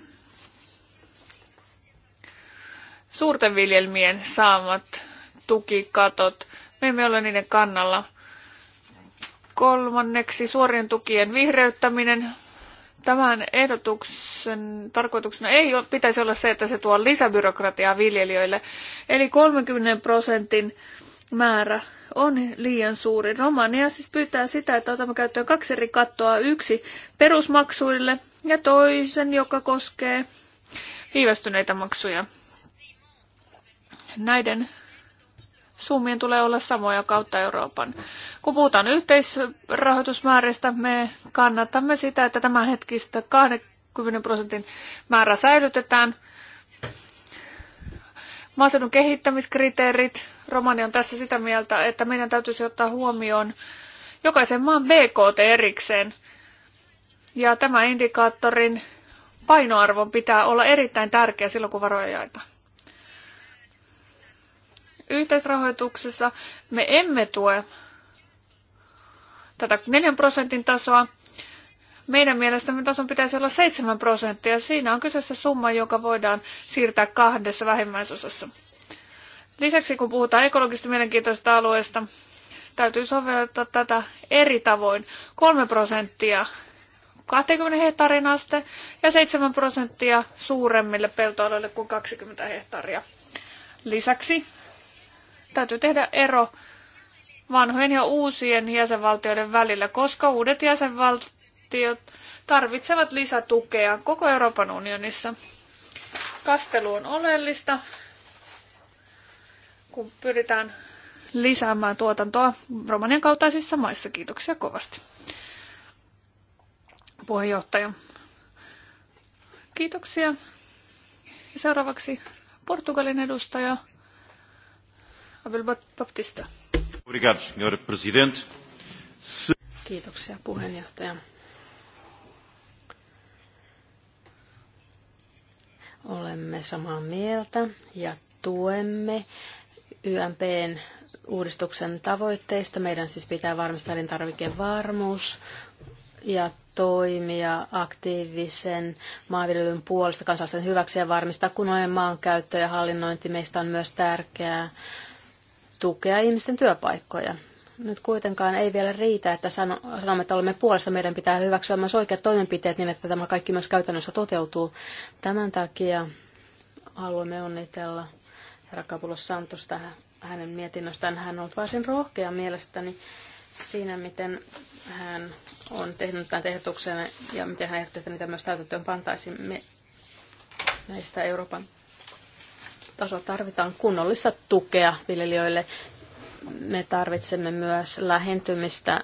suurten viljelmien saamat tukikatot me emme ole niiden kannalla. Kolmanneksi suorien tukien vihreyttäminen. Tämän ehdotuksen tarkoituksena ei pitäisi olla se, että se tuo lisäbyrokratiaa viljelijöille. Eli 30 prosentin määrä on liian suuri. Romania siis pyytää sitä, että otamme käyttöön kaksi eri kattoa. Yksi perusmaksuille ja toisen, joka koskee viivästyneitä maksuja. Näiden summien tulee olla samoja kautta Euroopan. Kun puhutaan yhteisrahoitusmääristä, me kannatamme sitä, että tämä hetkistä 20 prosentin määrä säilytetään. Maaseudun kehittämiskriteerit. Romani on tässä sitä mieltä, että meidän täytyisi ottaa huomioon jokaisen maan BKT erikseen. Ja tämä indikaattorin painoarvon pitää olla erittäin tärkeä silloin, kun varoja jaetaan. Yhteisrahoituksessa me emme tue tätä 4 prosentin tasoa. Meidän mielestämme tason pitäisi olla 7 prosenttia. Siinä on kyseessä summa, joka voidaan siirtää kahdessa vähimmäisosassa. Lisäksi kun puhutaan ekologisesti mielenkiintoisesta alueesta, täytyy soveltaa tätä eri tavoin. 3 prosenttia 20 hehtaarin aste ja 7 prosenttia suuremmille peltoaloille kuin 20 hehtaaria. Lisäksi täytyy tehdä ero vanhojen ja uusien jäsenvaltioiden välillä, koska uudet jäsenvaltiot tarvitsevat lisätukea koko Euroopan unionissa. Kastelu on oleellista, kun pyritään lisäämään tuotantoa Romanian kaltaisissa maissa. Kiitoksia kovasti. Puheenjohtaja. Kiitoksia. Seuraavaksi Portugalin edustaja Baptista. Obrigado, presidente. Kiitoksia puheenjohtaja. Olemme samaa mieltä ja tuemme YMPn uudistuksen tavoitteista. Meidän siis pitää varmistaa elintarvikevarmuus ja toimia aktiivisen maanviljelyn puolesta kansalaisten hyväksi ja varmistaa kunnollinen maankäyttö ja hallinnointi. Meistä on myös tärkeää tukea ihmisten työpaikkoja. Nyt kuitenkaan ei vielä riitä, että sanomme, että olemme puolesta. Meidän pitää hyväksyä myös oikeat toimenpiteet niin, että tämä kaikki myös käytännössä toteutuu. Tämän takia haluamme onnitella herra Kapulos Santosta hänen mietinnöstään. Hän on ollut varsin rohkea mielestäni siinä, miten hän on tehnyt tämän ehdotuksen ja miten hän ehdottaa, että niitä myös täytäntöön pantaisimme näistä Euroopan tasolla tarvitaan kunnollista tukea viljelijöille. Me tarvitsemme myös lähentymistä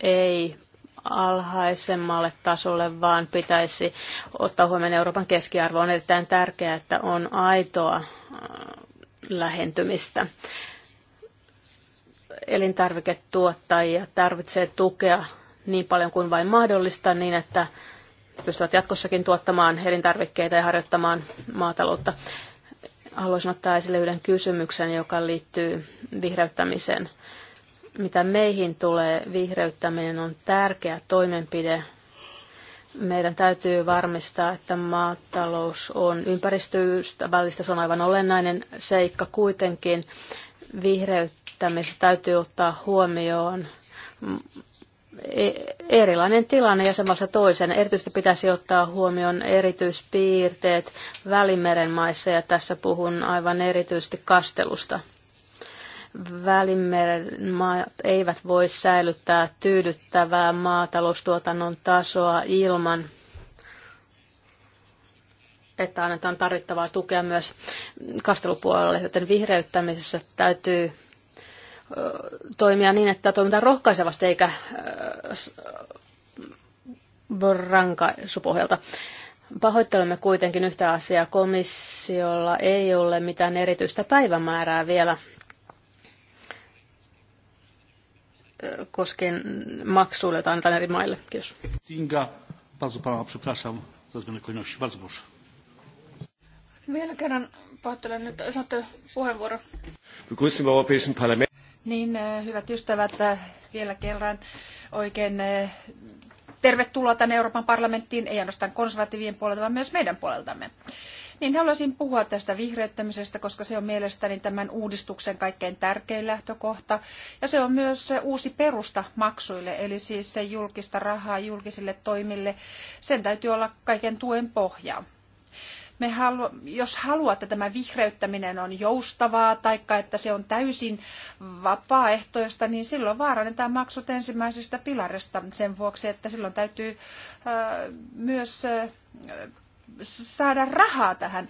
ei alhaisemmalle tasolle, vaan pitäisi ottaa huomioon Euroopan keskiarvo. On erittäin tärkeää, että on aitoa äh, lähentymistä. Elintarviketuottajia tarvitsee tukea niin paljon kuin vain mahdollista niin, että pystyvät jatkossakin tuottamaan elintarvikkeita ja harjoittamaan maataloutta. Haluaisin ottaa esille yhden kysymyksen, joka liittyy vihreyttämiseen. Mitä meihin tulee, vihreyttäminen on tärkeä toimenpide. Meidän täytyy varmistaa, että maatalous on ympäristöystävällistä. Se on aivan olennainen seikka kuitenkin. Vihreyttämisessä täytyy ottaa huomioon E, erilainen tilanne jäsenmaassa toisen. Erityisesti pitäisi ottaa huomioon erityispiirteet Välimeren maissa, ja tässä puhun aivan erityisesti kastelusta. Välimeren maat eivät voi säilyttää tyydyttävää maataloustuotannon tasoa ilman että annetaan tarvittavaa tukea myös kastelupuolelle, joten vihreyttämisessä täytyy toimia niin, että toimitaan rohkaisevasti eikä rankaisupohjalta. Pahoittelemme kuitenkin yhtä asiaa. Komissiolla ei ole mitään erityistä päivämäärää vielä koskien maksuille, tai annetaan eri maille. Kiitos. Inga, bardzo pana przepraszam za zmianę kolejności. Bardzo proszę. Vielä kerran pahoittelen nyt, saatte puheenvuoron. Begrüßen im Europäischen Parlament. Niin, äh, hyvät ystävät, äh, vielä kerran oikein äh, tervetuloa tänne Euroopan parlamenttiin, ei ainoastaan konservatiivien puolelta, vaan myös meidän puoleltamme. Niin haluaisin puhua tästä vihreyttämisestä, koska se on mielestäni tämän uudistuksen kaikkein tärkein lähtökohta. Ja se on myös uusi perusta maksuille, eli siis se julkista rahaa julkisille toimille. Sen täytyy olla kaiken tuen pohja. Me halu, jos haluaa, että tämä vihreyttäminen on joustavaa tai että se on täysin vapaaehtoista, niin silloin vaarannetaan maksut ensimmäisestä pilarista sen vuoksi, että silloin täytyy myös saada rahaa tähän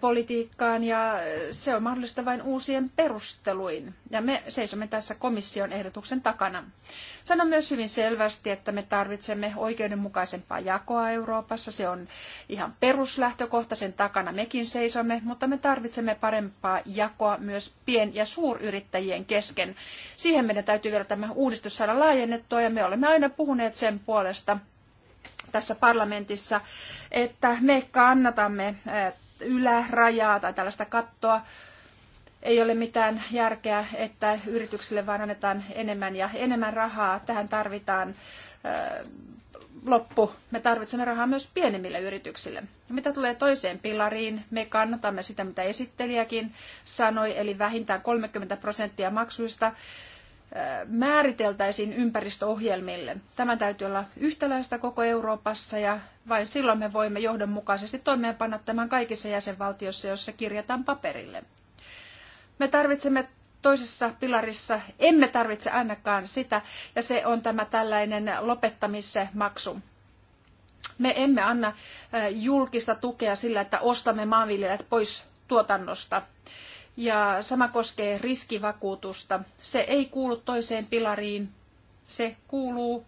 politiikkaan ja se on mahdollista vain uusien perusteluin. Ja me seisomme tässä komission ehdotuksen takana. Sanon myös hyvin selvästi, että me tarvitsemme oikeudenmukaisempaa jakoa Euroopassa. Se on ihan peruslähtökohta, sen takana mekin seisomme, mutta me tarvitsemme parempaa jakoa myös pien- ja suuryrittäjien kesken. Siihen meidän täytyy vielä tämä uudistus saada laajennettua ja me olemme aina puhuneet sen puolesta, tässä parlamentissa, että me kannatamme eh, ylärajaa tai tällaista kattoa. Ei ole mitään järkeä, että yrityksille vaan annetaan enemmän ja enemmän rahaa. Tähän tarvitaan eh, loppu. Me tarvitsemme rahaa myös pienemmille yrityksille. Ja mitä tulee toiseen pilariin, me kannatamme sitä, mitä esittelijäkin sanoi, eli vähintään 30 prosenttia maksuista määriteltäisiin ympäristöohjelmille. Tämä täytyy olla yhtäläistä koko Euroopassa ja vain silloin me voimme johdonmukaisesti toimeenpanna tämän kaikissa jäsenvaltioissa, se kirjataan paperille. Me tarvitsemme toisessa pilarissa, emme tarvitse ainakaan sitä, ja se on tämä tällainen lopettamismaksu. Me emme anna julkista tukea sillä, että ostamme maanviljelijät pois tuotannosta. Ja sama koskee riskivakuutusta. Se ei kuulu toiseen pilariin, se kuuluu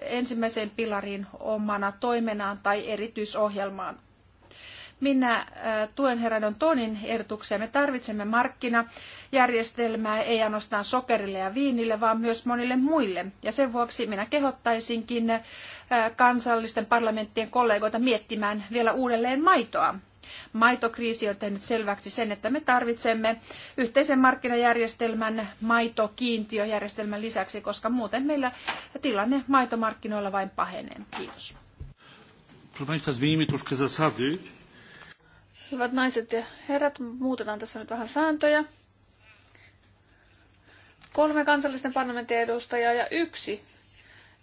ensimmäiseen pilariin omana toimenaan tai erityisohjelmaan. Minä tuen herran Tonin ehdotuksia. Me tarvitsemme markkinajärjestelmää ei ainoastaan sokerille ja viinille, vaan myös monille muille. Ja sen vuoksi minä kehottaisinkin kansallisten parlamenttien kollegoita miettimään vielä uudelleen maitoa. Maitokriisi on tehnyt selväksi sen, että me tarvitsemme yhteisen markkinajärjestelmän maitokiintiöjärjestelmän lisäksi, koska muuten meillä tilanne maitomarkkinoilla vain pahenee. Kiitos. Hyvät naiset ja herrat, muutetaan tässä nyt vähän sääntöjä. Kolme kansallisten parlamentin edustajaa ja yksi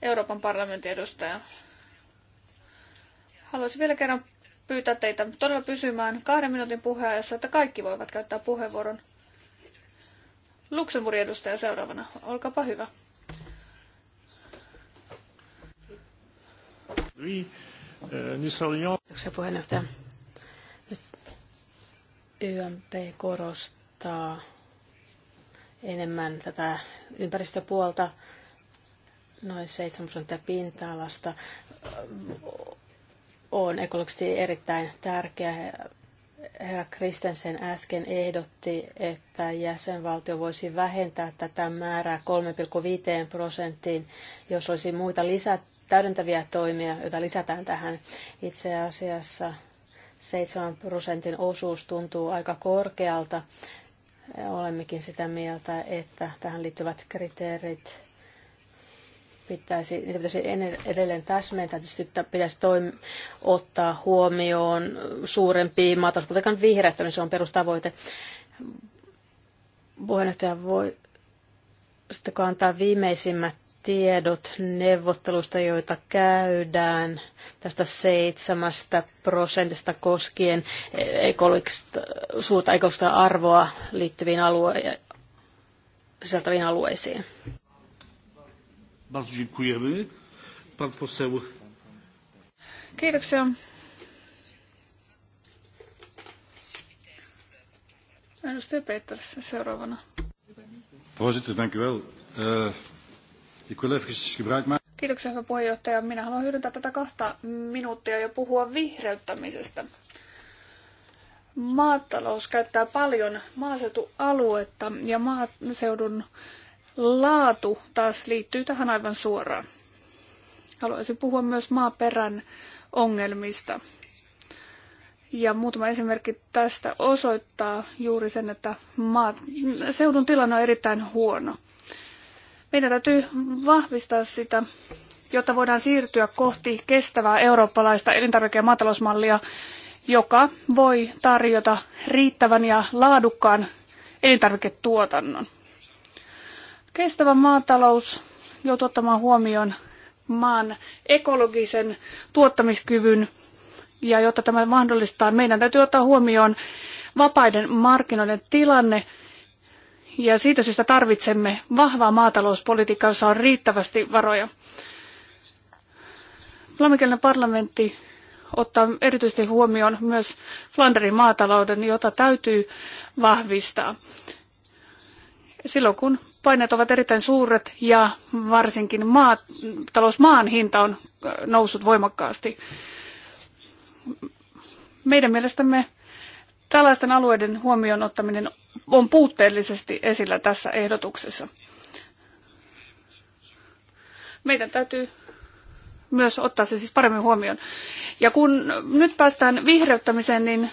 Euroopan parlamentin edustaja. Haluaisin vielä kerran pyytää teitä todella pysymään kahden minuutin puheajassa, että kaikki voivat käyttää puheenvuoron. Luxemburgin edustaja seuraavana. Olkaapa hyvä. Yksi euh, puheenjohtaja. YMP korostaa enemmän tätä ympäristöpuolta, noin 7 prosenttia pinta-alasta on ekologisesti erittäin tärkeä. Herra Kristensen äsken ehdotti, että jäsenvaltio voisi vähentää tätä määrää 3,5 prosenttiin, jos olisi muita lisä, täydentäviä toimia, joita lisätään tähän. Itse asiassa 7 prosentin osuus tuntuu aika korkealta. Olemmekin sitä mieltä, että tähän liittyvät kriteerit pitäisi, niitä pitäisi edelleen täsmentää. Tietysti pitäisi toim- ottaa huomioon suurempi maatalouspolitiikan vihreät, niin se on perustavoite. Puheenjohtaja voi sitten antaa viimeisimmät tiedot neuvottelusta, joita käydään tästä seitsemästä prosentista koskien ekologista, suurta ekologista arvoa liittyviin sisältäviin alueisiin. Bardzo dziękujemy. Pan poseł. Kiitoksia. Edustaja Peters seuraavana. Voorzitter, dank u wel. Uh, ik wil even gebruik maken. Kiitoksia, hyvä puheenjohtaja. Minä haluan hyödyntää tätä kahta minuuttia ja puhua vihreyttämisestä. Maatalous käyttää paljon maaseutualuetta ja maaseudun laatu taas liittyy tähän aivan suoraan. Haluaisin puhua myös maaperän ongelmista. Ja muutama esimerkki tästä osoittaa juuri sen, että maa, seudun tilanne on erittäin huono. Meidän täytyy vahvistaa sitä, jotta voidaan siirtyä kohti kestävää eurooppalaista elintarvike- ja maatalousmallia, joka voi tarjota riittävän ja laadukkaan elintarviketuotannon. Kestävä maatalous joutuu ottamaan huomioon maan ekologisen tuottamiskyvyn ja jotta tämä mahdollistaa, meidän täytyy ottaa huomioon vapaiden markkinoiden tilanne ja siitä syystä tarvitsemme vahvaa maatalouspolitiikkaa, jossa on riittävästi varoja. Flaminkielinen parlamentti ottaa erityisesti huomioon myös Flanderin maatalouden, jota täytyy vahvistaa silloin kun paineet ovat erittäin suuret ja varsinkin maatalousmaan hinta on äh, noussut voimakkaasti. Meidän mielestämme tällaisten alueiden huomioon ottaminen on puutteellisesti esillä tässä ehdotuksessa. Meidän täytyy myös ottaa se siis paremmin huomioon. Ja kun nyt päästään vihreyttämiseen, niin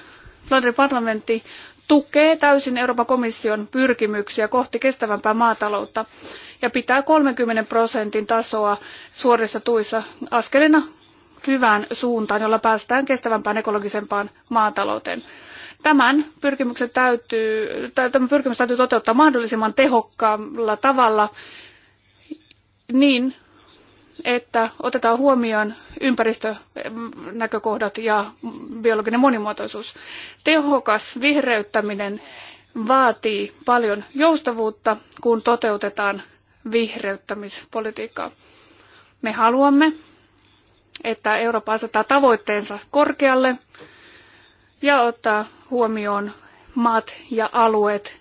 Flandrin parlamentti tukee täysin Euroopan komission pyrkimyksiä kohti kestävämpää maataloutta ja pitää 30 prosentin tasoa suorissa tuissa askelina hyvään suuntaan, jolla päästään kestävämpään ekologisempaan maatalouteen. Tämän pyrkimyksen täytyy, tämä pyrkimys täytyy toteuttaa mahdollisimman tehokkaalla tavalla niin, että otetaan huomioon ympäristönäkökohdat ja biologinen monimuotoisuus. Tehokas vihreyttäminen vaatii paljon joustavuutta, kun toteutetaan vihreyttämispolitiikkaa. Me haluamme, että Eurooppa asettaa tavoitteensa korkealle ja ottaa huomioon maat ja alueet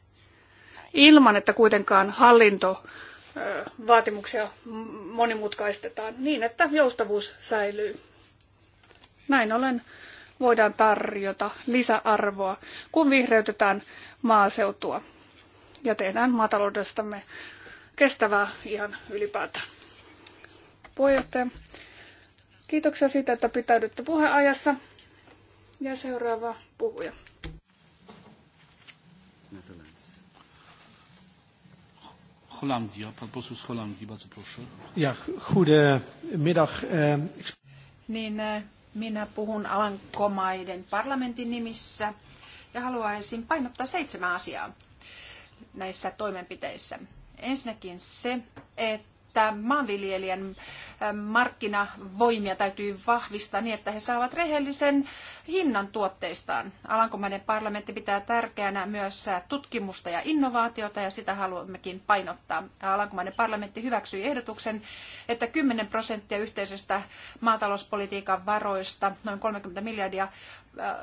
ilman, että kuitenkaan hallinto vaatimuksia monimutkaistetaan niin, että joustavuus säilyy. Näin ollen voidaan tarjota lisäarvoa, kun vihreytetään maaseutua ja tehdään maataloudestamme kestävää ihan ylipäätään. Puheenjohtaja, kiitoksia siitä, että pitäydytte puheajassa. Ja seuraava puhuja. Hollandia, pan poseł z Holandii, bardzo proszę. Ja, goedemiddag. Eh, niin, eh, minä puhun Alankomaiden parlamentin nimissä ja haluaisin painottaa seitsemän asiaa näissä toimenpiteissä. Ensinnäkin se, että että maanviljelijän äh, markkinavoimia täytyy vahvistaa niin, että he saavat rehellisen hinnan tuotteistaan. Alankomainen parlamentti pitää tärkeänä myös tutkimusta ja innovaatiota ja sitä haluammekin painottaa. Alankomainen parlamentti hyväksyi ehdotuksen, että 10 prosenttia yhteisestä maatalouspolitiikan varoista, noin 30 miljardia, äh,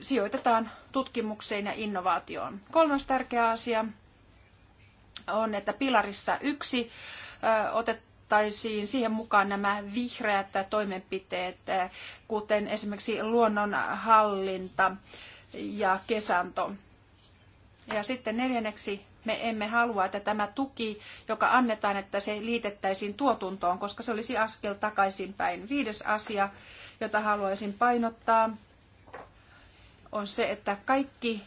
sijoitetaan tutkimukseen ja innovaatioon. Kolmas tärkeä asia on, että pilarissa yksi otettaisiin siihen mukaan nämä vihreät toimenpiteet, kuten esimerkiksi luonnonhallinta ja kesanto. Ja sitten neljänneksi me emme halua, että tämä tuki, joka annetaan, että se liitettäisiin tuotuntoon, koska se olisi askel takaisinpäin. Viides asia, jota haluaisin painottaa, on se, että kaikki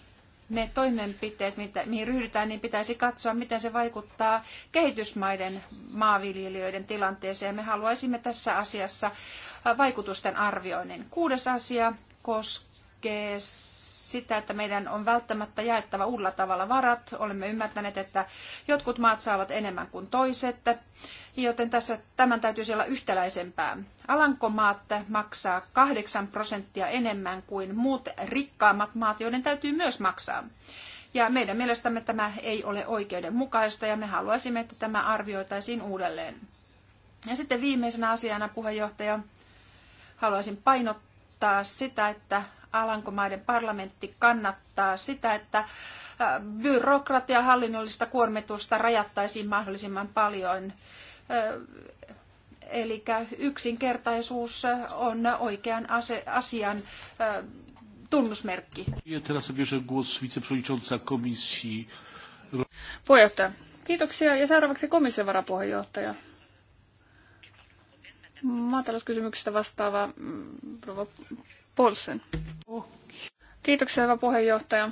ne toimenpiteet, mitä, mihin ryhdytään, niin pitäisi katsoa, miten se vaikuttaa kehitysmaiden maanviljelijöiden tilanteeseen. Me haluaisimme tässä asiassa vaikutusten arvioinnin. Kuudes asia koskee sitä, että meidän on välttämättä jaettava uudella tavalla varat. Olemme ymmärtäneet, että jotkut maat saavat enemmän kuin toiset, joten tässä tämän täytyisi olla yhtäläisempää. Alankomaat maksaa 8 prosenttia enemmän kuin muut rikkaammat maat, joiden täytyy myös maksaa. Ja meidän mielestämme tämä ei ole oikeudenmukaista ja me haluaisimme, että tämä arvioitaisiin uudelleen. Ja sitten viimeisenä asiana puheenjohtaja, haluaisin painottaa sitä, että Alankomaiden parlamentti kannattaa sitä, että äh, byrokratia hallinnollista kuormitusta rajattaisiin mahdollisimman paljon. Äh, eli yksinkertaisuus on oikean asian äh, tunnusmerkki. Puheenjohtaja, kiitoksia. Ja seuraavaksi komission varapuheenjohtaja. Maatalouskysymyksistä vastaava mm, rouva Polsen. Kiitoksia, hyvä puheenjohtaja.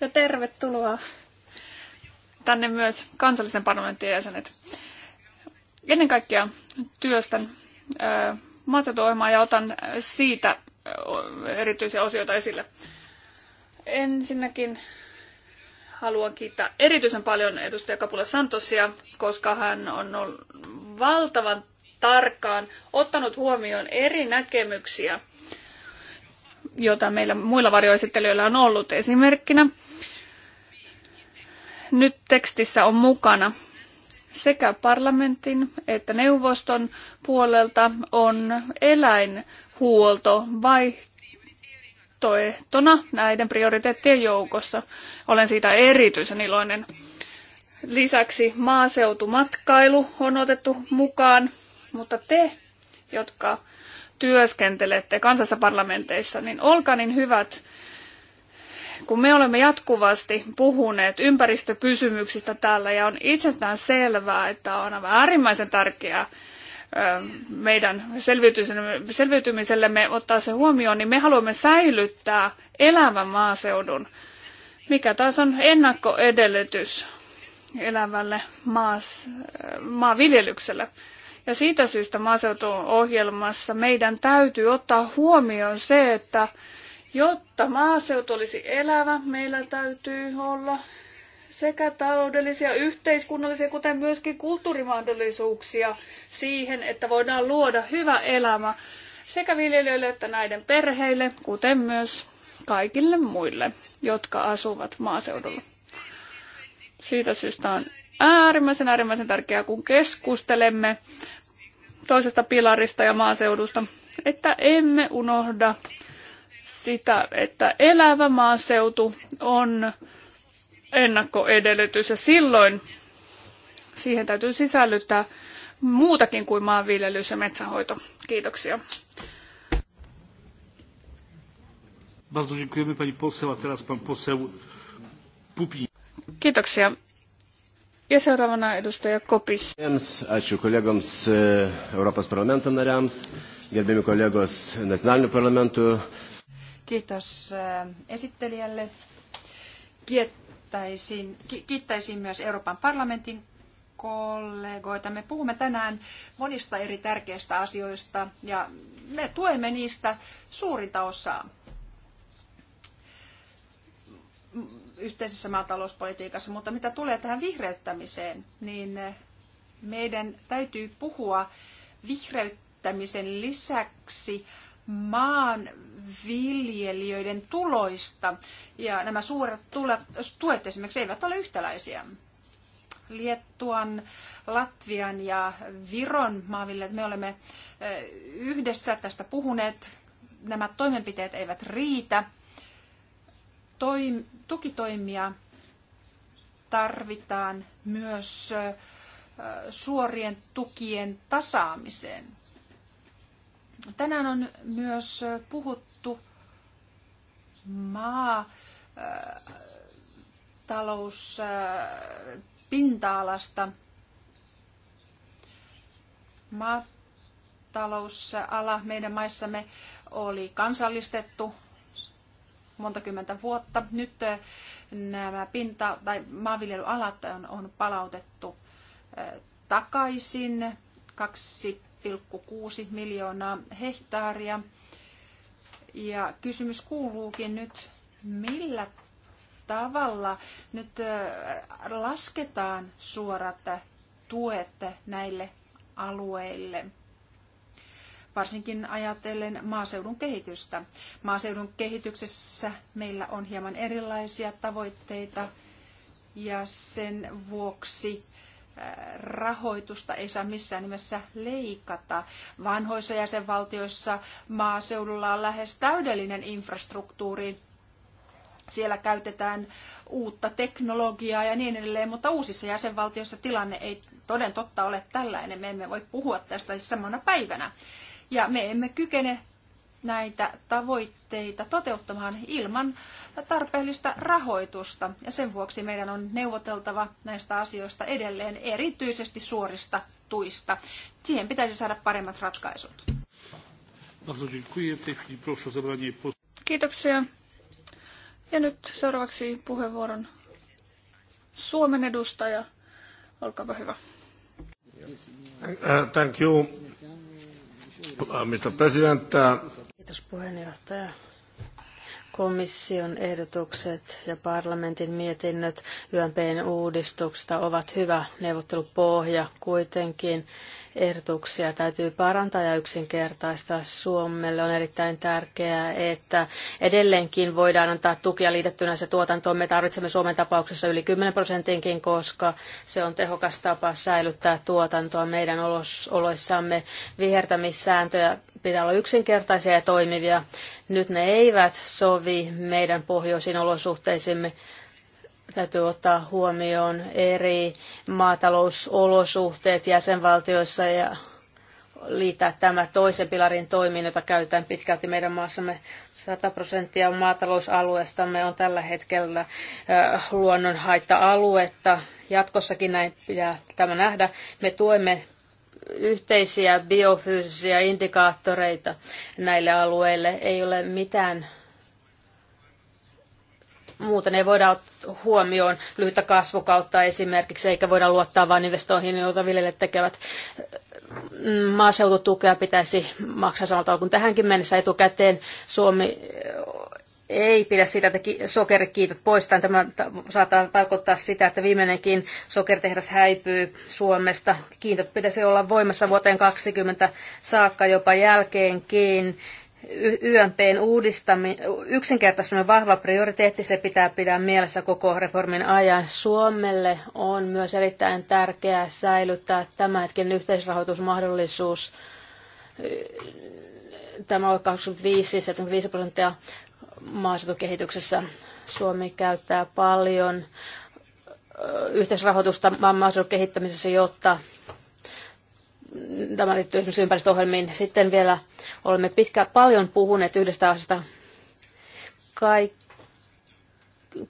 Ja tervetuloa tänne myös kansallisen parlamentin jäsenet. Ennen kaikkea työstän maaseutuohjelmaa ja otan siitä erityisiä osioita esille. Ensinnäkin haluan kiittää erityisen paljon edustaja Kapula Santosia, koska hän on ollut valtavan tarkkaan, ottanut huomioon eri näkemyksiä, joita meillä muilla varjoesittelijöillä on ollut esimerkkinä. Nyt tekstissä on mukana sekä parlamentin että neuvoston puolelta on eläinhuolto vaihtoehtona näiden prioriteettien joukossa. Olen siitä erityisen iloinen. Lisäksi maaseutumatkailu on otettu mukaan mutta te, jotka työskentelette kansassa parlamenteissa, niin olkaa niin hyvät, kun me olemme jatkuvasti puhuneet ympäristökysymyksistä täällä ja on itsestään selvää, että on aivan äärimmäisen tärkeää meidän selviytymisellemme ottaa se huomioon, niin me haluamme säilyttää elävän maaseudun, mikä taas on ennakkoedellytys elävälle maas, maanviljelykselle. Ja siitä syystä maaseutuohjelmassa meidän täytyy ottaa huomioon se, että jotta maaseutu olisi elävä, meillä täytyy olla sekä taloudellisia, yhteiskunnallisia, kuten myöskin kulttuurimahdollisuuksia siihen, että voidaan luoda hyvä elämä sekä viljelijöille että näiden perheille, kuten myös kaikille muille, jotka asuvat maaseudulla. Siitä syystä on äärimmäisen äärimmäisen tärkeää, kun keskustelemme toisesta pilarista ja maaseudusta, että emme unohda sitä, että elävä maaseutu on ennakkoedellytys ja silloin siihen täytyy sisällyttää muutakin kuin maanviljelys ja metsähoito. Kiitoksia. Bardzo dziękujemy pani poseł, a teraz pan poseł Pupi. Kiitoksia. Ja seuraavana edustaja Kopis. Ačiū kollegoms Euroopan parlamentin nariams, gerbiami kollegos nacionalinių parlamentų. Kiitos e, esittelijälle. Kiittäisin, kiittäisin myös Euroopan parlamentin kollegoita. Me puhumme tänään monista eri tärkeistä asioista ja me tuemme niistä suurinta osaa yhteisessä maatalouspolitiikassa, mutta mitä tulee tähän vihreyttämiseen, niin eh, meidän täytyy puhua vihreyttämisen lisäksi maanviljelijöiden tuloista. Ja nämä suuret tuet esimerkiksi eivät ole yhtäläisiä. Liettuan, Latvian ja Viron maanviljelijät, me olemme eh, yhdessä tästä puhuneet. Nämä toimenpiteet eivät riitä toim, tukitoimia tarvitaan myös suorien tukien tasaamiseen. Tänään on myös puhuttu maa talouspinta-alasta. Maatalousala meidän maissamme oli kansallistettu monta kymmentä vuotta. Nyt eh, nämä pinta- tai maanviljelyalat on, on palautettu eh, takaisin 2,6 miljoonaa hehtaaria. Ja kysymys kuuluukin nyt, millä tavalla nyt eh, lasketaan suorat tuet näille alueille – varsinkin ajatellen maaseudun kehitystä. Maaseudun kehityksessä meillä on hieman erilaisia tavoitteita ja sen vuoksi rahoitusta ei saa missään nimessä leikata. Vanhoissa jäsenvaltioissa maaseudulla on lähes täydellinen infrastruktuuri. Siellä käytetään uutta teknologiaa ja niin edelleen, mutta uusissa jäsenvaltioissa tilanne ei toden totta ole tällainen. Me emme voi puhua tästä samana päivänä. Ja me emme kykene näitä tavoitteita toteuttamaan ilman tarpeellista rahoitusta. Ja sen vuoksi meidän on neuvoteltava näistä asioista edelleen, erityisesti suorista tuista. Siihen pitäisi saada paremmat ratkaisut. Kiitoksia. Ja nyt seuraavaksi puheenvuoron Suomen edustaja. Olkaapa hyvä. Uh, thank you. Äh, Mr. President. Äh, Kiitos puheenjohtaja. Komission ehdotukset ja parlamentin mietinnöt YMPn uudistuksesta ovat hyvä neuvottelupohja kuitenkin ehdotuksia täytyy parantaa ja yksinkertaistaa. Suomelle on erittäin tärkeää, että edelleenkin voidaan antaa tukia liitettynä se tuotantoon. Me tarvitsemme Suomen tapauksessa yli 10 prosentinkin, koska se on tehokas tapa säilyttää tuotantoa meidän oloissamme. Vihertämissääntöjä pitää olla yksinkertaisia ja toimivia. Nyt ne eivät sovi meidän pohjoisiin olosuhteisiimme Täytyy ottaa huomioon eri maatalousolosuhteet jäsenvaltioissa ja liittää tämä toisen pilarin toimiin, jota käytetään pitkälti meidän maassamme. 100 prosenttia maatalousalueestamme on tällä hetkellä luonnonhaitta-aluetta. Jatkossakin näin pitää tämä nähdä. Me tuemme yhteisiä biofyysisiä indikaattoreita näille alueille. Ei ole mitään muuten ei voida ottaa huomioon lyhyttä kasvukautta esimerkiksi, eikä voida luottaa vain investoihin, joita viljelijät tekevät. Mm, maaseututukea pitäisi maksaa samalta kuin tähänkin mennessä etukäteen. Suomi ei pidä sitä, että sokerikiitot poistetaan. Tämä saattaa tarkoittaa sitä, että viimeinenkin sokeritehdas häipyy Suomesta. Kiintot pitäisi olla voimassa vuoteen 2020 saakka jopa jälkeenkin. YMPn uudistaminen, yksinkertaistaminen vahva prioriteetti, se pitää pitää mielessä koko reformin ajan. Suomelle on myös erittäin tärkeää säilyttää tämä hetken yhteisrahoitusmahdollisuus. Tämä on 25-75 prosenttia maaseutukehityksessä. Suomi käyttää paljon yhteisrahoitusta maaseudun kehittämisessä, jotta tämä liittyy esimerkiksi ympäristöohjelmiin. Sitten vielä olemme pitkä, paljon puhuneet yhdestä asiasta. Kaik,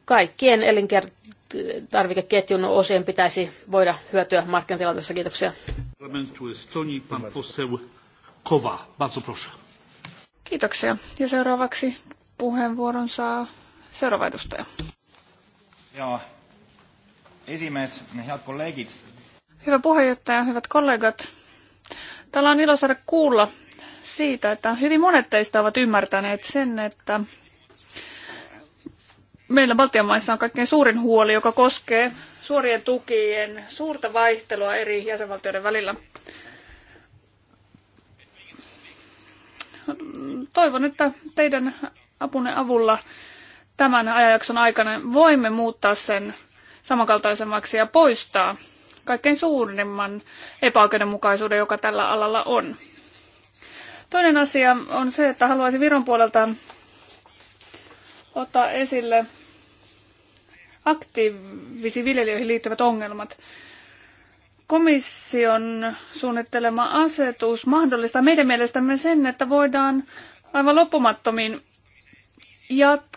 kaikkien elintarvikeketjun osien pitäisi voida hyötyä markkinatilanteessa. Kiitoksia. Kiitoksia. Ja seuraavaksi puheenvuoron saa seuraava edustaja. Ja Esimies, hyvät kollegit. Hyvä puheenjohtaja, hyvät kollegat. Täällä on ilo saada kuulla siitä, että hyvin monet teistä ovat ymmärtäneet sen, että meillä Baltian maissa on kaikkein suurin huoli, joka koskee suorien tukien suurta vaihtelua eri jäsenvaltioiden välillä. Toivon, että teidän apunne avulla tämän ajanjakson aikana voimme muuttaa sen samankaltaisemmaksi ja poistaa kaikkein suurimman epäoikeudenmukaisuuden, joka tällä alalla on. Toinen asia on se, että haluaisin Viron puolelta ottaa esille aktiivisiin viljelijöihin liittyvät ongelmat. Komission suunnittelema asetus mahdollistaa meidän mielestämme sen, että voidaan aivan loppumattomiin jatkaa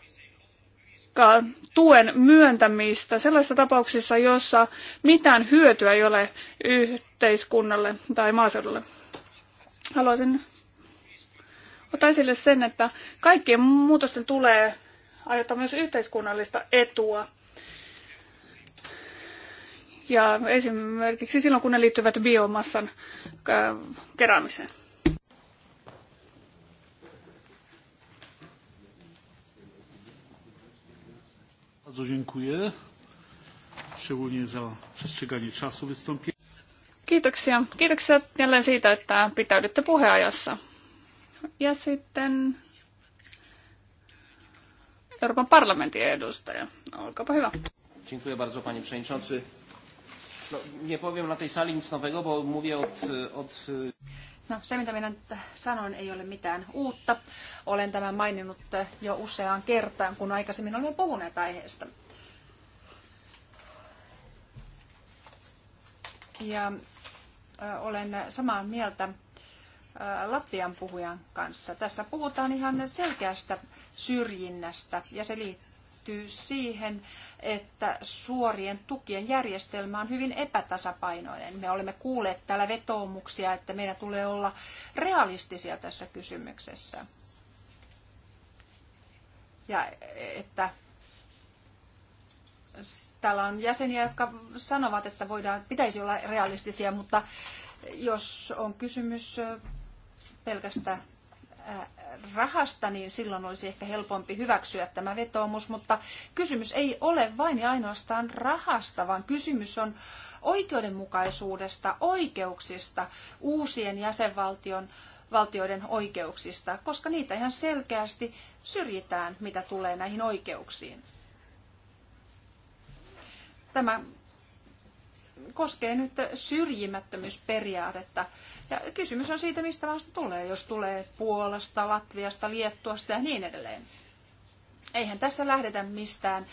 jatkaa tuen myöntämistä sellaisissa tapauksissa, joissa mitään hyötyä ei ole yhteiskunnalle tai maaseudulle. Haluaisin ottaa esille sen, että kaikkien muutosten tulee aiheuttaa myös yhteiskunnallista etua. Ja esimerkiksi silloin, kun ne liittyvät biomassan äh, keräämiseen. Bardzo dziękuję, szczególnie za przestrzeganie czasu wystąpienia. Kiitoksia. Kiitoksia jälleen siitä, että pitäydytte puheajassa. Ja sitten Euroopan parlamentin edustaja. Olkaapa hyvä. Dziękuję bardzo, panie przewodniczący. No, nie powiem na tej sali nic nowego, bo mówię od... od... No se, mitä minä nyt sanon, ei ole mitään uutta. Olen tämän maininnut jo useaan kertaan, kun aikaisemmin olemme puhuneet aiheesta. Ja olen samaa mieltä Latvian puhujan kanssa. Tässä puhutaan ihan selkeästä syrjinnästä ja se liittyy liittyy siihen, että suorien tukien järjestelmä on hyvin epätasapainoinen. Me olemme kuulleet täällä vetoomuksia, että meidän tulee olla realistisia tässä kysymyksessä. Ja että täällä on jäseniä, jotka sanovat, että voidaan, pitäisi olla realistisia, mutta jos on kysymys pelkästä rahasta, niin silloin olisi ehkä helpompi hyväksyä tämä vetoomus, mutta kysymys ei ole vain ja ainoastaan rahasta, vaan kysymys on oikeudenmukaisuudesta, oikeuksista, uusien jäsenvaltion valtioiden oikeuksista, koska niitä ihan selkeästi syrjitään, mitä tulee näihin oikeuksiin. Tämä koskee nyt syrjimättömyysperiaatetta. Ja kysymys on siitä, mistä maasta tulee, jos tulee Puolasta, Latviasta, Liettuasta ja niin edelleen. Eihän tässä lähdetä mistään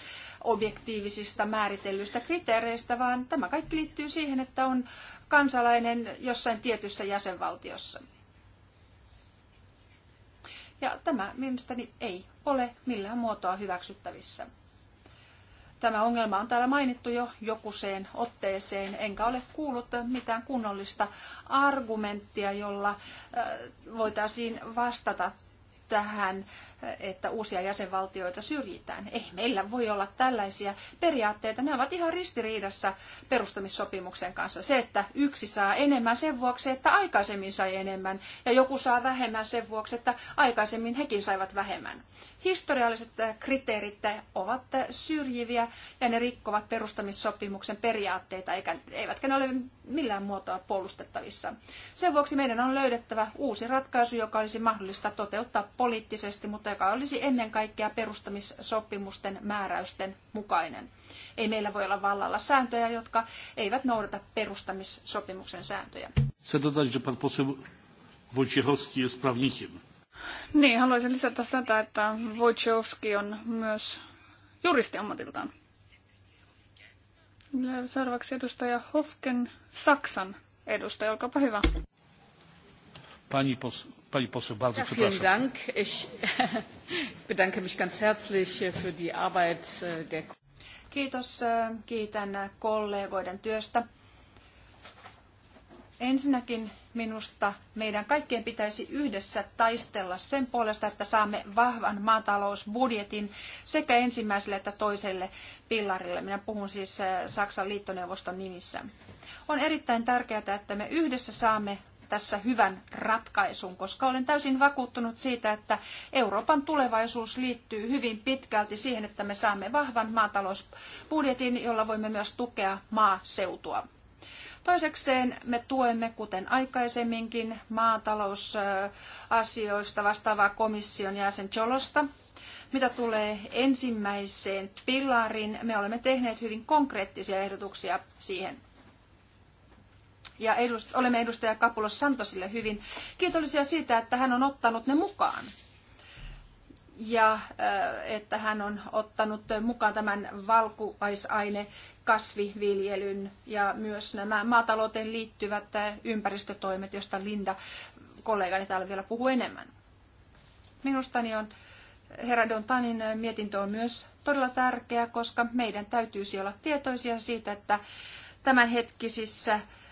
objektiivisista määritellyistä kriteereistä, vaan tämä kaikki liittyy siihen, että on kansalainen jossain tietyssä jäsenvaltiossa. Ja tämä mielestäni ei ole millään muotoa hyväksyttävissä. Tämä ongelma on täällä mainittu jo jokuseen otteeseen, enkä ole kuullut mitään kunnollista argumenttia, jolla äh, voitaisiin vastata tähän että uusia jäsenvaltioita syrjitään. Ei meillä voi olla tällaisia periaatteita. Ne ovat ihan ristiriidassa perustamissopimuksen kanssa. Se, että yksi saa enemmän sen vuoksi, että aikaisemmin sai enemmän, ja joku saa vähemmän sen vuoksi, että aikaisemmin hekin saivat vähemmän. Historialliset kriteerit ovat syrjiviä ja ne rikkovat perustamissopimuksen periaatteita, eikä, eivätkä ne ole millään muotoa puolustettavissa. Sen vuoksi meidän on löydettävä uusi ratkaisu, joka olisi mahdollista toteuttaa poliittisesti, mutta joka olisi ennen kaikkea perustamissopimusten määräysten mukainen. Ei meillä voi olla vallalla sääntöjä, jotka eivät noudata perustamissopimuksen sääntöjä. Se Wojciechowski jest prawnikiem. Niin, haluaisin lisätä sitä, että Wojciechowski on myös juristi ammatiltaan. Seuraavaksi edustaja Hofken Saksan edustaja, olkaapa hyvä. Pani posu. Pani poseł, bardzo ja, przepraszam. Vielen Dank. Ich <laughs> bedanke mich ganz herzlich äh, für die Arbeit äh, der Kiitos, äh, kiitän kollegoiden työstä. Ensinnäkin minusta meidän kaikkien pitäisi yhdessä taistella sen puolesta, että saamme vahvan maatalousbudjetin sekä ensimmäiselle että toiselle pillarille. Minä puhun siis Saksan liittoneuvoston nimissä. On erittäin tärkeää, että me yhdessä saamme tässä hyvän ratkaisun, koska olen täysin vakuuttunut siitä, että Euroopan tulevaisuus liittyy hyvin pitkälti siihen, että me saamme vahvan maatalousbudjetin, jolla voimme myös tukea maaseutua. Toisekseen me tuemme, kuten aikaisemminkin, maatalousasioista vastaavaa komission jäsen Cholosta. Mitä tulee ensimmäiseen pilariin, me olemme tehneet hyvin konkreettisia ehdotuksia siihen ja edust, olemme edustaja Kapulos Santosille hyvin kiitollisia siitä, että hän on ottanut ne mukaan. Ja äh, että hän on ottanut mukaan tämän valkuaisaine kasviviljelyn ja myös nämä maatalouteen liittyvät äh, ympäristötoimet, joista Linda kollegani täällä vielä puhuu enemmän. Minustani on Herra Dontanin äh, mietintö on myös todella tärkeä, koska meidän täytyisi olla tietoisia siitä, että tämänhetkisissä hetkisissä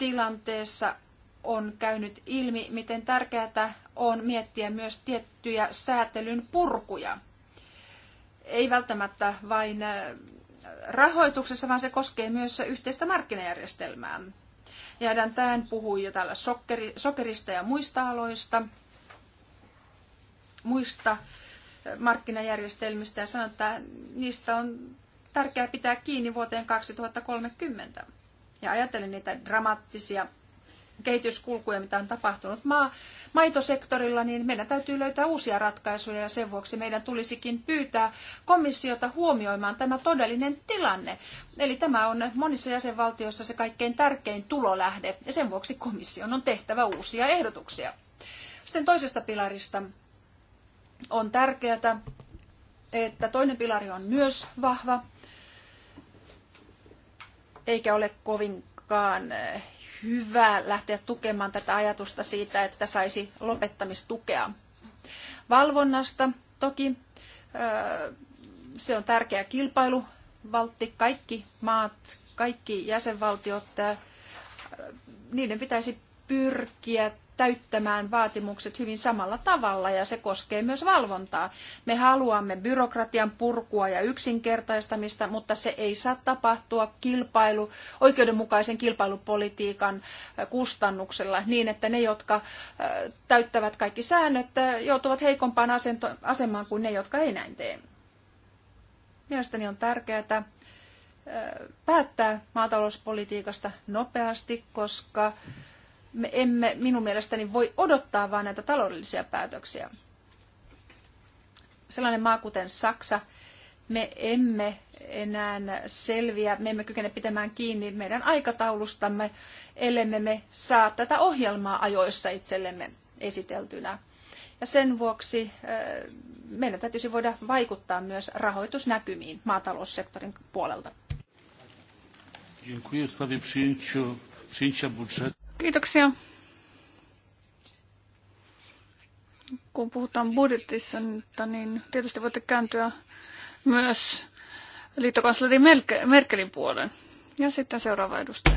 tilanteessa on käynyt ilmi, miten tärkeää on miettiä myös tiettyjä säätelyn purkuja. Ei välttämättä vain äh, rahoituksessa, vaan se koskee myös yhteistä markkinajärjestelmää. Ja tämän puhui jo täällä sokerista ja muista aloista, muista äh, markkinajärjestelmistä ja sanon, että niistä on tärkeää pitää kiinni vuoteen 2030. Ja ajattelen niitä dramaattisia kehityskulkuja, mitä on tapahtunut maa, maitosektorilla, niin meidän täytyy löytää uusia ratkaisuja ja sen vuoksi meidän tulisikin pyytää komissiota huomioimaan tämä todellinen tilanne. Eli tämä on monissa jäsenvaltioissa se kaikkein tärkein tulolähde ja sen vuoksi komission on tehtävä uusia ehdotuksia. Sitten toisesta pilarista on tärkeää, että toinen pilari on myös vahva eikä ole kovinkaan eh, hyvä lähteä tukemaan tätä ajatusta siitä, että saisi lopettamistukea. Valvonnasta toki eh, se on tärkeä kilpailuvaltti. Kaikki maat, kaikki jäsenvaltiot, eh, niiden pitäisi pyrkiä täyttämään vaatimukset hyvin samalla tavalla ja se koskee myös valvontaa. Me haluamme byrokratian purkua ja yksinkertaistamista, mutta se ei saa tapahtua kilpailu, oikeudenmukaisen kilpailupolitiikan äh, kustannuksella niin, että ne, jotka äh, täyttävät kaikki säännöt, äh, joutuvat heikompaan asento, asemaan kuin ne, jotka ei näin tee. Mielestäni on tärkeää, päättää maatalouspolitiikasta nopeasti, koska me emme minun mielestäni voi odottaa vain näitä taloudellisia päätöksiä. Sellainen maa kuten Saksa, me emme enää selviä, me emme kykene pitämään kiinni meidän aikataulustamme, ellemme me saa tätä ohjelmaa ajoissa itsellemme esiteltynä. Ja sen vuoksi eh, meidän täytyisi voida vaikuttaa myös rahoitusnäkymiin maataloussektorin puolelta. Dziękuję w sprawie przyjęcia budżetu. Kiitoksia. Kun puhutaan budjetissa, niin-, niin tietysti voitte kääntyä myös liittokansleri Merkelin puolen. Ja sitten seuraava edustaja.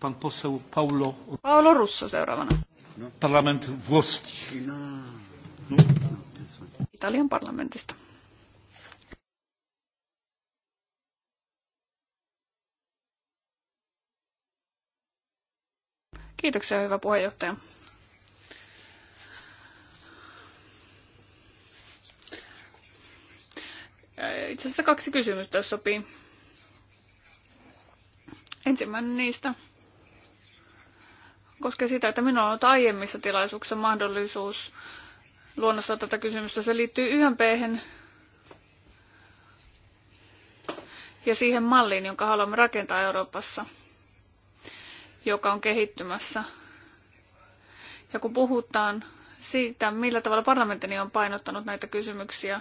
Pan poseł Paulo... Paolo Russo seuraavana. Parlament włoski. Italian parlamentista. Kiitoksia, hyvä puheenjohtaja. Äh, itse asiassa kaksi kysymystä, jos sopii. Ensimmäinen niistä koskee sitä, että minulla on ollut aiemmissa tilaisuuksissa mahdollisuus luonnostaa tätä kysymystä. Se liittyy ymp pehen ja siihen malliin, jonka haluamme rakentaa Euroopassa – joka on kehittymässä. Ja kun puhutaan siitä, millä tavalla parlamentti on painottanut näitä kysymyksiä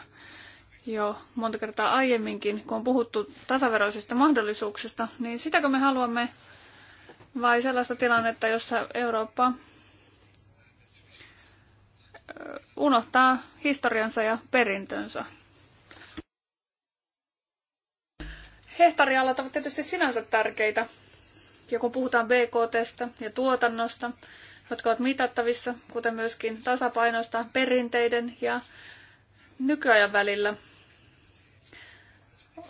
jo monta kertaa aiemminkin, kun on puhuttu tasaveroisista mahdollisuuksista, niin sitäkö me haluamme vai sellaista tilannetta, jossa Eurooppa unohtaa historiansa ja perintönsä. Hehtaarialat ovat tietysti sinänsä tärkeitä, ja kun puhutaan BKTstä ja tuotannosta, jotka ovat mitattavissa, kuten myöskin tasapainosta perinteiden ja nykyajan välillä,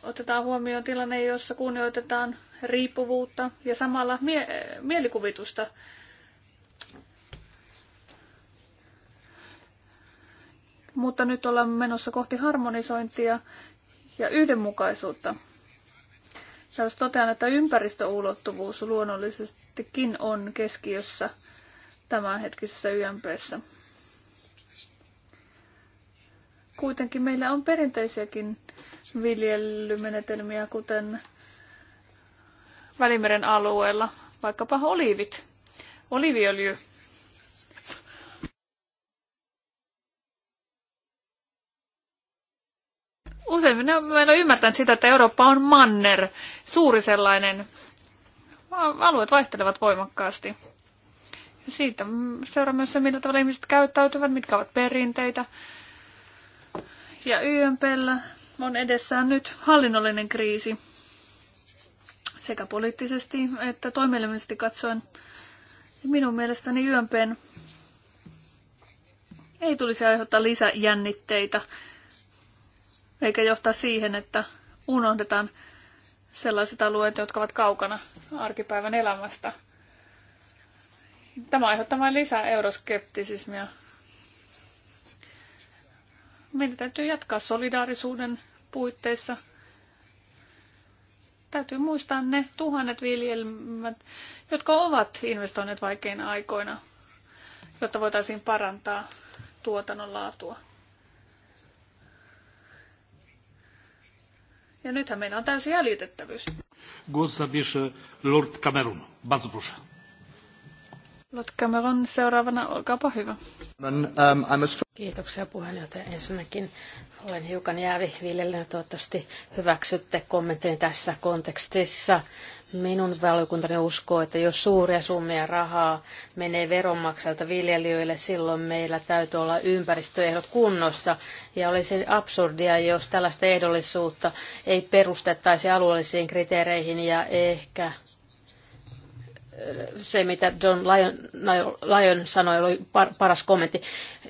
otetaan huomioon tilanne, jossa kunnioitetaan riippuvuutta ja samalla mie- mielikuvitusta. Mutta nyt ollaan menossa kohti harmonisointia ja yhdenmukaisuutta. Ja jos totean, että ympäristöulottuvuus luonnollisestikin on keskiössä tämänhetkisessä YMPssä. Kuitenkin meillä on perinteisiäkin viljelymenetelmiä, kuten Välimeren alueella, vaikkapa oliivit, oliiviöljy Usein minä, minä ymmärtän sitä, että Eurooppa on manner, suuri sellainen. Alueet vaihtelevat voimakkaasti. Ja siitä seuraa myös se, millä tavalla ihmiset käyttäytyvät, mitkä ovat perinteitä. Ja YMPllä on edessään nyt hallinnollinen kriisi sekä poliittisesti että toimielimisesti katsoen. Minun mielestäni YMPn ei tulisi aiheuttaa lisäjännitteitä eikä johtaa siihen, että unohdetaan sellaiset alueet, jotka ovat kaukana arkipäivän elämästä. Tämä aiheuttaa vain lisää euroskeptisismia. Meidän täytyy jatkaa solidaarisuuden puitteissa. Täytyy muistaa ne tuhannet viljelmät, jotka ovat investoineet vaikeina aikoina, jotta voitaisiin parantaa tuotannon laatua. Ja nythän meillä on täysi jäljitettävyys. Głos Lord Cameron. Bardzo proszę. Lord Cameron, seuraavana olkaapa hyvä. Um, Kiitoksia puheenjohtaja. Ensinnäkin olen hiukan jäävi viljelijänä. Toivottavasti hyväksytte kommentteja tässä kontekstissa. Minun valiokuntani uskoo, että jos suuria summia rahaa menee veronmaksajalta viljelijöille, silloin meillä täytyy olla ympäristöehdot kunnossa. Ja olisi absurdia, jos tällaista ehdollisuutta ei perustettaisi alueellisiin kriteereihin ja ehkä äh, se, mitä John Lyon, Lyon sanoi, oli par, paras kommentti.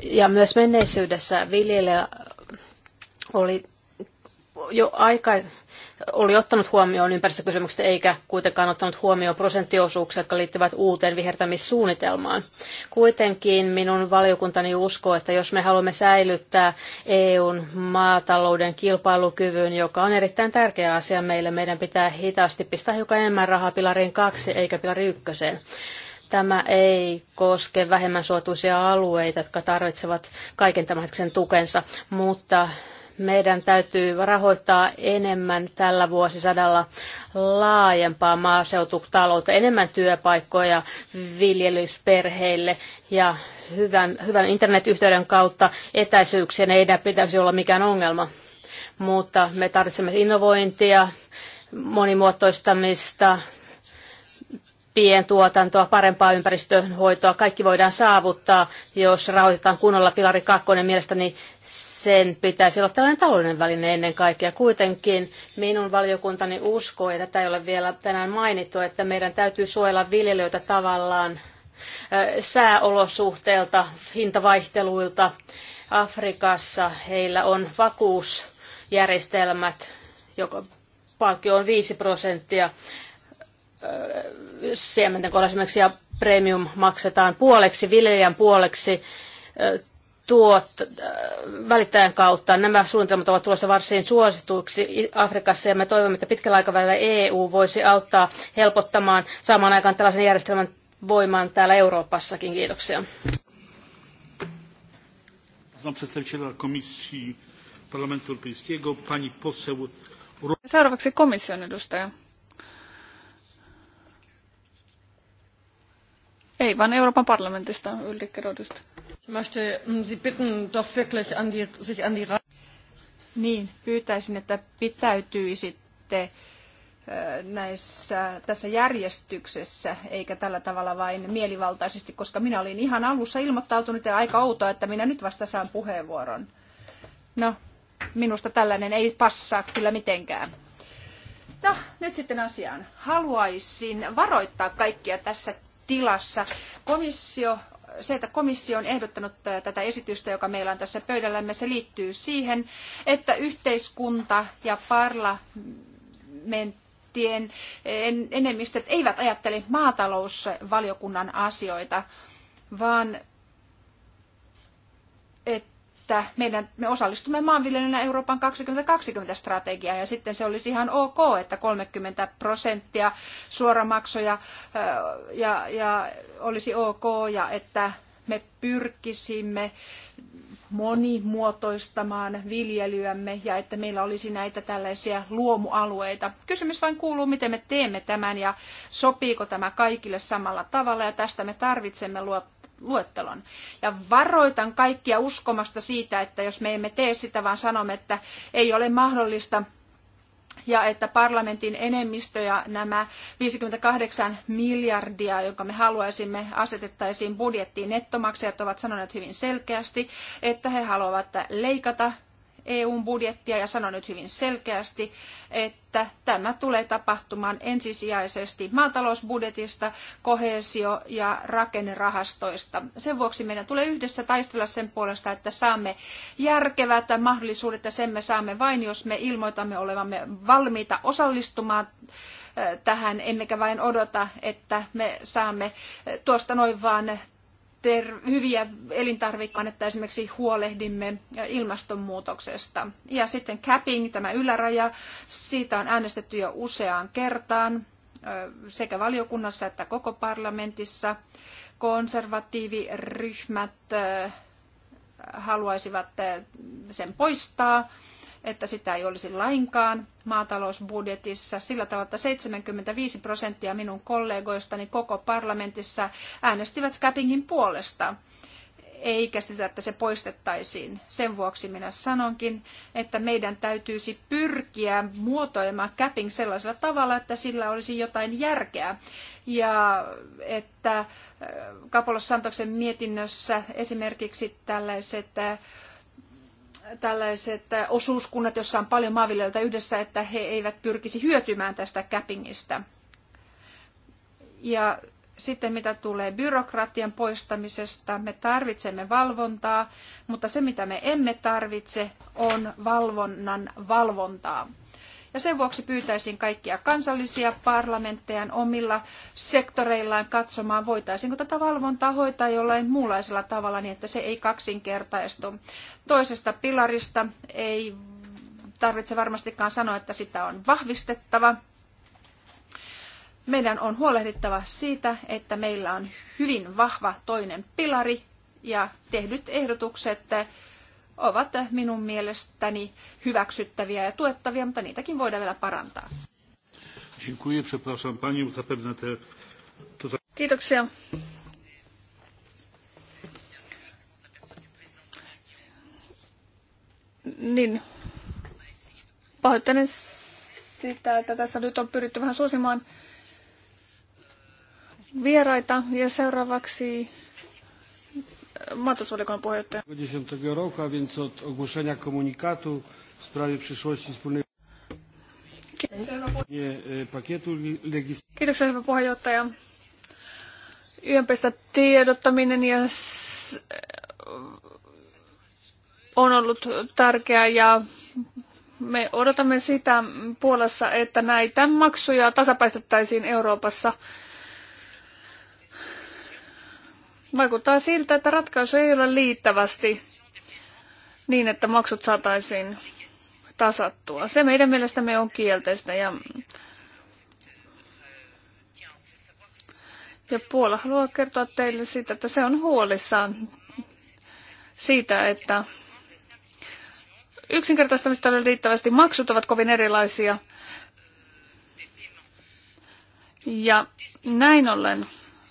Ja myös menneisyydessä viljelijä oli jo aika, oli ottanut huomioon ympäristökysymykset eikä kuitenkaan ottanut huomioon prosenttiosuuksia, jotka liittyvät uuteen vihertämissuunnitelmaan. Kuitenkin minun valiokuntani uskoo, että jos me haluamme säilyttää EUn maatalouden kilpailukyvyn, joka on erittäin tärkeä asia meille, meidän pitää hitaasti pistää hiukan enemmän rahaa pilariin kaksi eikä pilari ykköseen tämä ei koske vähemmän suotuisia alueita, jotka tarvitsevat kaiken tämänhetkisen tukensa, mutta meidän täytyy rahoittaa enemmän tällä vuosisadalla laajempaa maaseututaloutta, enemmän työpaikkoja viljelysperheille ja hyvän, hyvän internetyhteyden kautta etäisyyksien ei enää pitäisi olla mikään ongelma. Mutta me tarvitsemme innovointia, monimuotoistamista, pientuotantoa, parempaa ympäristönhoitoa. Kaikki voidaan saavuttaa, jos rahoitetaan kunnolla pilari kakkonen. Mielestäni sen pitäisi olla tällainen taloudellinen väline ennen kaikkea. Kuitenkin minun valiokuntani uskoo, ja tätä ei ole vielä tänään mainittu, että meidän täytyy suojella viljelijöitä tavallaan äh, sääolosuhteilta, hintavaihteluilta. Afrikassa heillä on vakuusjärjestelmät, joka palkki on 5 prosenttia siementen kohdalla esimerkiksi ja premium maksetaan puoleksi, viljelijän puoleksi tuot, välittäjän kautta. Nämä suunnitelmat ovat tulossa varsin suosituiksi Afrikassa ja me toivomme, että pitkällä aikavälillä EU voisi auttaa helpottamaan saamaan aikaan tällaisen järjestelmän voimaan täällä Euroopassakin. Kiitoksia. Seuraavaksi komission edustaja. Ei, vaan Euroopan parlamentista Ulrike Rodista. Hm, niin, pyytäisin, että pitäytyisitte äh, näissä, tässä järjestyksessä, eikä tällä tavalla vain mielivaltaisesti, koska minä olin ihan alussa ilmoittautunut ja aika outoa, että minä nyt vasta saan puheenvuoron. No, minusta tällainen ei passaa kyllä mitenkään. No, nyt sitten asiaan. Haluaisin varoittaa kaikkia tässä tilassa. Komissio se, että komissio on ehdottanut äh, tätä esitystä, joka meillä on tässä pöydällämme, se liittyy siihen, että yhteiskunta ja parlamenttien eh, enemmistöt eivät ajattele maatalousvaliokunnan asioita, vaan että että meidän, me osallistumme maanviljelijänä Euroopan 2020-strategiaan ja sitten se olisi ihan ok, että 30 prosenttia suoramaksoja ja, ja olisi ok ja että me pyrkisimme monimuotoistamaan viljelyämme ja että meillä olisi näitä tällaisia luomualueita. Kysymys vain kuuluu, miten me teemme tämän ja sopiiko tämä kaikille samalla tavalla ja tästä me tarvitsemme luettelon. Ja varoitan kaikkia uskomasta siitä, että jos me emme tee sitä, vaan sanomme, että ei ole mahdollista ja että parlamentin enemmistö ja nämä 58 miljardia, jonka me haluaisimme asetettaisiin budjettiin nettomaksajat, ovat sanoneet hyvin selkeästi, että he haluavat leikata EUn budjettia ja sanon nyt hyvin selkeästi, että tämä tulee tapahtumaan ensisijaisesti maatalousbudjetista, kohesio- ja rakennerahastoista. Sen vuoksi meidän tulee yhdessä taistella sen puolesta, että saamme järkevät mahdollisuudet ja sen me saamme vain, jos me ilmoitamme olevamme valmiita osallistumaan eh, tähän, emmekä vain odota, että me saamme tuosta noin vaan ter- hyviä elintarvikkeita, että esimerkiksi huolehdimme ilmastonmuutoksesta. Ja sitten capping, tämä yläraja, siitä on äänestetty jo useaan kertaan sekä valiokunnassa että koko parlamentissa. Konservatiiviryhmät haluaisivat sen poistaa että sitä ei olisi lainkaan maatalousbudjetissa sillä tavalla, että 75 prosenttia minun kollegoistani koko parlamentissa äänestivät Scappingin puolesta eikä sitä, että se poistettaisiin. Sen vuoksi minä sanonkin, että meidän täytyisi pyrkiä muotoilemaan capping sellaisella tavalla, että sillä olisi jotain järkeä. Ja että äh, Kapolos Santoksen mietinnössä esimerkiksi tällaiset äh, tällaiset äh, osuuskunnat, joissa on paljon maanviljelijöitä yhdessä, että he eivät pyrkisi hyötymään tästä käpingistä. Ja sitten mitä tulee byrokratian poistamisesta, me tarvitsemme valvontaa, mutta se mitä me emme tarvitse on valvonnan valvontaa. Ja sen vuoksi pyytäisin kaikkia kansallisia parlamentteja omilla sektoreillaan katsomaan, voitaisiinko tätä valvontaa hoitaa jollain muunlaisella tavalla niin, että se ei kaksinkertaistu. Toisesta pilarista ei tarvitse varmastikaan sanoa, että sitä on vahvistettava. Meidän on huolehdittava siitä, että meillä on hyvin vahva toinen pilari ja tehdyt ehdotukset ovat minun mielestäni hyväksyttäviä ja tuettavia, mutta niitäkin voidaan vielä parantaa. Kiitoksia. Niin. Pahoittelen sitä, että tässä nyt on pyritty vähän suosimaan vieraita. Ja seuraavaksi maatalousvaliokunnan puheenjohtaja. 10. roku, więc od ogłoszenia komunikatu w sprawie przyszłości wspólnej e, Kiitoksia, hyvä puheenjohtaja. YMPstä tiedottaminen ja e, on ollut tärkeää ja me odotamme sitä Puolassa, että näitä maksuja tasapäistettäisiin Euroopassa Vaikuttaa siltä, että ratkaisu ei ole liittävästi niin, että maksut saataisiin tasattua. Se meidän mielestämme on kielteistä ja, ja Puola haluaa kertoa teille siitä, että se on huolissaan siitä, että yksinkertaistamista ei riittävästi, maksut ovat kovin erilaisia. Ja näin ollen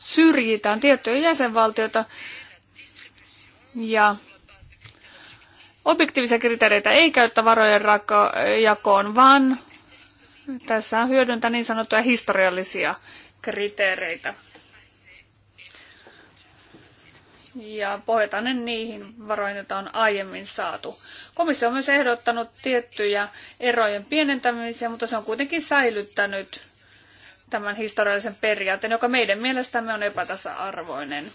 syrjitään tiettyjä jäsenvaltioita ja objektiivisia kriteereitä ei käyttä varojen jakoon, vaan tässä hyödyntä niin sanottuja historiallisia kriteereitä. Ja pohjataan ne niihin varoihin, joita on aiemmin saatu. Komissio on myös ehdottanut tiettyjä erojen pienentämisiä, mutta se on kuitenkin säilyttänyt tämän historiallisen periaatteen, joka meidän mielestämme on epätasa-arvoinen.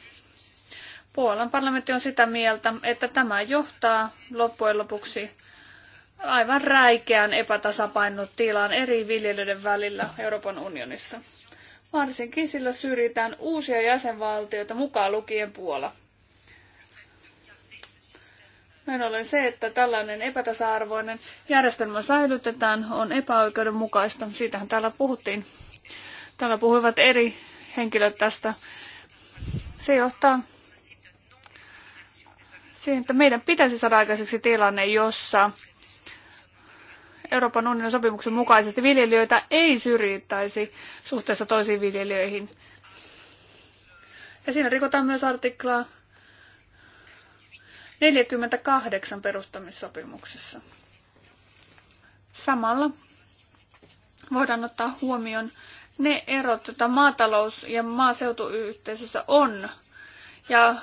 Puolan parlamentti on sitä mieltä, että tämä johtaa loppujen lopuksi aivan räikeän epätasapainotilaan eri viljelijöiden välillä Euroopan unionissa. Varsinkin sillä syrjitään uusia jäsenvaltioita, mukaan lukien Puola. Näin ollen se, että tällainen epätasa-arvoinen järjestelmä säilytetään, on epäoikeudenmukaista. Siitähän täällä puhuttiin. Täällä puhuivat eri henkilöt tästä. Se johtaa siihen, että meidän pitäisi saada aikaiseksi tilanne, jossa Euroopan unionin sopimuksen mukaisesti viljelijöitä ei syrjittäisi suhteessa toisiin viljelijöihin. Ja siinä rikotaan myös artiklaa 48 perustamissopimuksessa. Samalla voidaan ottaa huomioon ne erot, joita maatalous- ja maaseutuyhteisössä on. Ja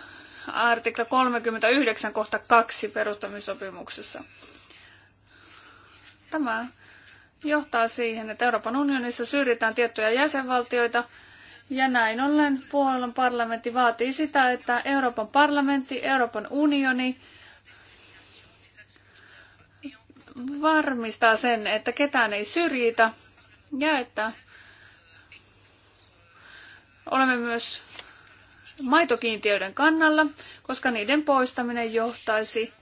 artikla 39 kohta 2 perustamissopimuksessa. Tämä johtaa siihen, että Euroopan unionissa syrjitään tiettyjä jäsenvaltioita, ja näin ollen Puolan parlamentti vaatii sitä, että Euroopan parlamentti, Euroopan unioni varmistaa sen, että ketään ei syrjitä ja että Olemme myös maitokiintiöiden kannalla, koska niiden poistaminen johtaisi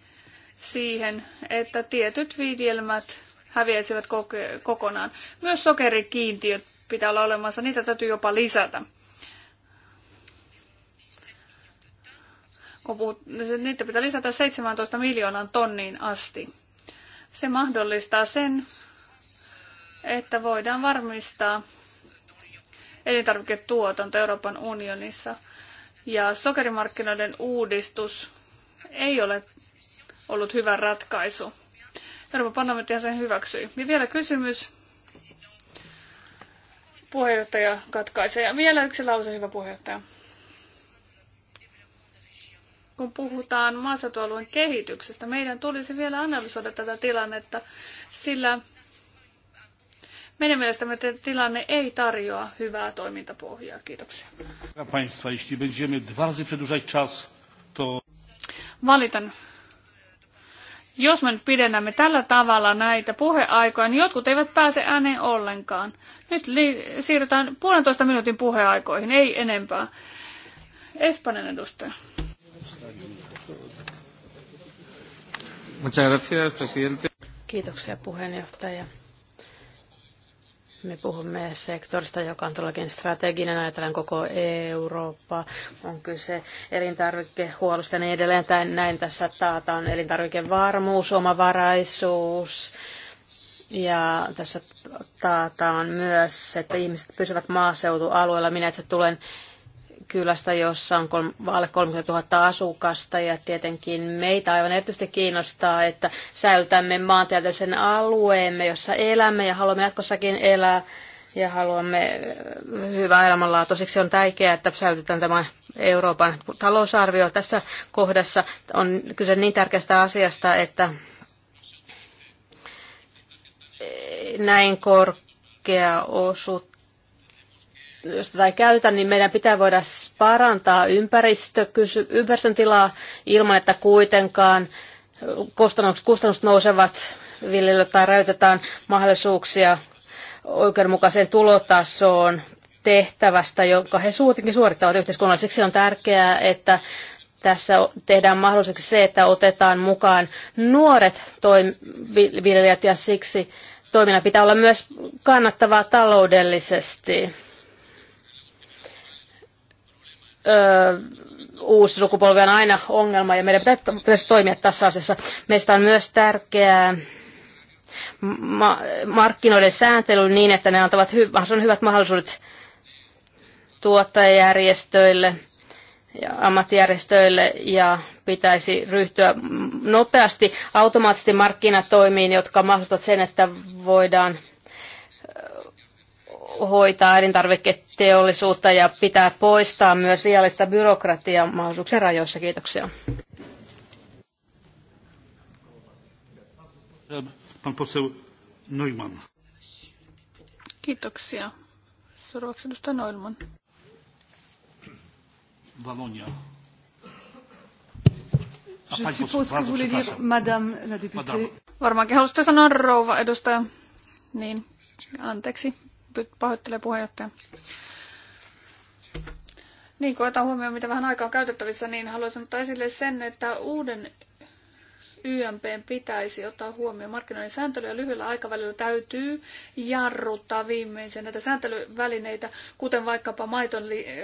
siihen, että tietyt viljelmät häviäisivät kokonaan. Myös sokerikiintiöt pitää olla olemassa, niitä täytyy jopa lisätä. niitä pitää lisätä 17 miljoonan tonniin asti. Se mahdollistaa sen, että voidaan varmistaa elintarviketuotanto Euroopan unionissa. Ja sokerimarkkinoiden uudistus ei ole ollut hyvä ratkaisu. Euroopan parlamentti sen hyväksyi. Ja vielä kysymys. Puheenjohtaja katkaisee. Ja vielä yksi lause, hyvä puheenjohtaja. Kun puhutaan maaseutualueen kehityksestä, meidän tulisi vielä analysoida tätä tilannetta, sillä meidän mielestämme tilanne ei tarjoa hyvää toimintapohjaa. Kiitoksia. Valitan. Jos me nyt pidennämme tällä tavalla näitä puheaikoja, niin jotkut eivät pääse ääneen ollenkaan. Nyt li- siirrytään puolentoista minuutin puheaikoihin, ei enempää. Espanjan edustaja. Kiitoksia puheenjohtaja. Me puhumme sektorista, joka on todellakin strateginen, ajatellaan koko Eurooppa, on kyse elintarvikehuollosta ja niin edelleen. Tän, näin tässä taataan elintarvikevarmuus, omavaraisuus ja tässä taataan myös, että ihmiset pysyvät maaseutualueella. Minä itse tulen kylästä, jossa on alle 30 000 asukasta ja tietenkin meitä aivan erityisesti kiinnostaa, että säilytämme maantieteellisen alueemme, jossa elämme ja haluamme jatkossakin elää ja haluamme eh, hyvää elämänlaatua. Siksi on tärkeää, että säilytetään tämä Euroopan talousarvio tässä kohdassa. On kyse niin tärkeästä asiasta, että eh, näin korkea osuus jos tätä ei käytä, niin meidän pitää voida parantaa ympäristökysy- ympäristön tilaa ilman, että kuitenkaan kustannukset, kustannukset nousevat viljelijöille tai rajoitetaan mahdollisuuksia oikeudenmukaiseen tulotasoon tehtävästä, jonka he suutinkin suorittavat yhteiskunnalliseksi. on tärkeää, että tässä tehdään mahdolliseksi se, että otetaan mukaan nuoret toim- viljelijät ja siksi toiminnan pitää olla myös kannattavaa taloudellisesti uusi sukupolvi on aina ongelma ja meidän pitäisi toimia tässä asiassa. Meistä on myös tärkeää ma- markkinoiden sääntely niin, että ne antavat hy- on hyvät mahdollisuudet tuottajajärjestöille ja ammattijärjestöille ja pitäisi ryhtyä nopeasti automaattisesti markkinatoimiin, jotka mahdollistavat sen, että voidaan hoitaa elintarviketeollisuutta ja pitää poistaa myös liiallista byrokratiaa mahdollisuuksien rajoissa. Kiitoksia. Pan poseł Kiitoksia. Seuraavaksi edustaja Neumann. Valonia. Je suppose que vous voulez dire madame la députée. Varmaankin halusitte sanoa rouva edustaja. Niin, anteeksi pahoittelee puheenjohtaja. Niin, kun otan huomioon, mitä vähän aikaa on käytettävissä, niin haluaisin ottaa esille sen, että uuden YMP pitäisi ottaa huomioon markkinoiden sääntely ja lyhyellä aikavälillä täytyy jarruttaa viimeisen näitä sääntelyvälineitä, kuten vaikkapa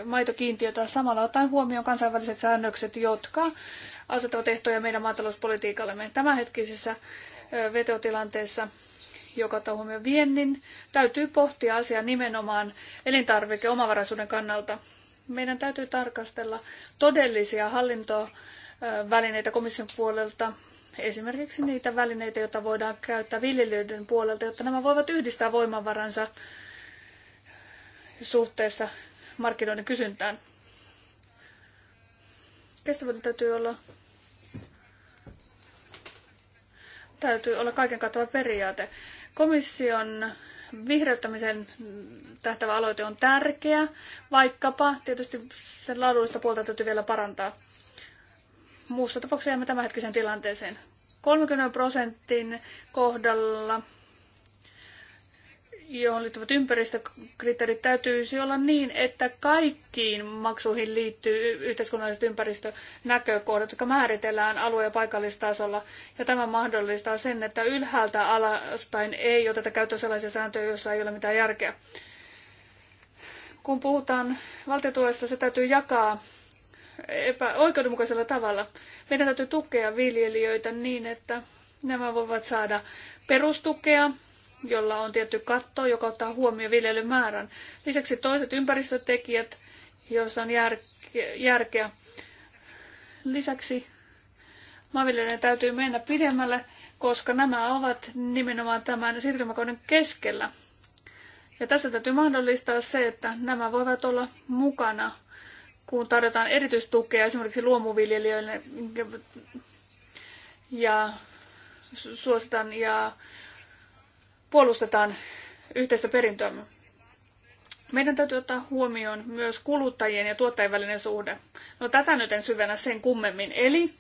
maitokiintiötä, samalla ottaen huomioon kansainväliset säännökset, jotka asettavat ehtoja meidän maatalouspolitiikallemme tämänhetkisessä vetotilanteessa joka ottaa huomioon viennin, täytyy pohtia asiaa nimenomaan elintarvikeomavaraisuuden kannalta. Meidän täytyy tarkastella todellisia hallintovälineitä komission puolelta, esimerkiksi niitä välineitä, joita voidaan käyttää viljelijöiden puolelta, jotta nämä voivat yhdistää voimavaransa suhteessa markkinoiden kysyntään. Kestävyyden täytyy olla täytyy olla kaiken kattava periaate. Komission vihreyttämisen tähtävä aloite on tärkeä, vaikkapa tietysti sen laadullista puolta täytyy vielä parantaa. Muussa tapauksessa jäämme tämänhetkiseen tilanteeseen. 30 prosentin kohdalla johon liittyvät ympäristökriteerit täytyisi olla niin, että kaikkiin maksuihin liittyy yhteiskunnalliset ympäristönäkökohdat, jotka määritellään alue- ja paikallistasolla. Ja tämä mahdollistaa sen, että ylhäältä alaspäin ei oteta käyttöön sellaisia sääntöjä, joissa ei ole mitään järkeä. Kun puhutaan valtiotuesta, se täytyy jakaa epä- oikeudenmukaisella tavalla. Meidän täytyy tukea viljelijöitä niin, että nämä voivat saada perustukea jolla on tietty katto, joka ottaa huomioon viljelyn määrän. Lisäksi toiset ympäristötekijät, joissa on järkeä. Lisäksi maanviljelijöiden täytyy mennä pidemmälle, koska nämä ovat nimenomaan tämän siirtymäkauden keskellä. Ja tässä täytyy mahdollistaa se, että nämä voivat olla mukana, kun tarjotaan erityistukea esimerkiksi luomuviljelijöille ja suositan ja puolustetaan yhteistä perintöämme. Meidän täytyy ottaa huomioon myös kuluttajien ja tuottajien välinen suhde. No tätä nyt en syvennä sen kummemmin. Eli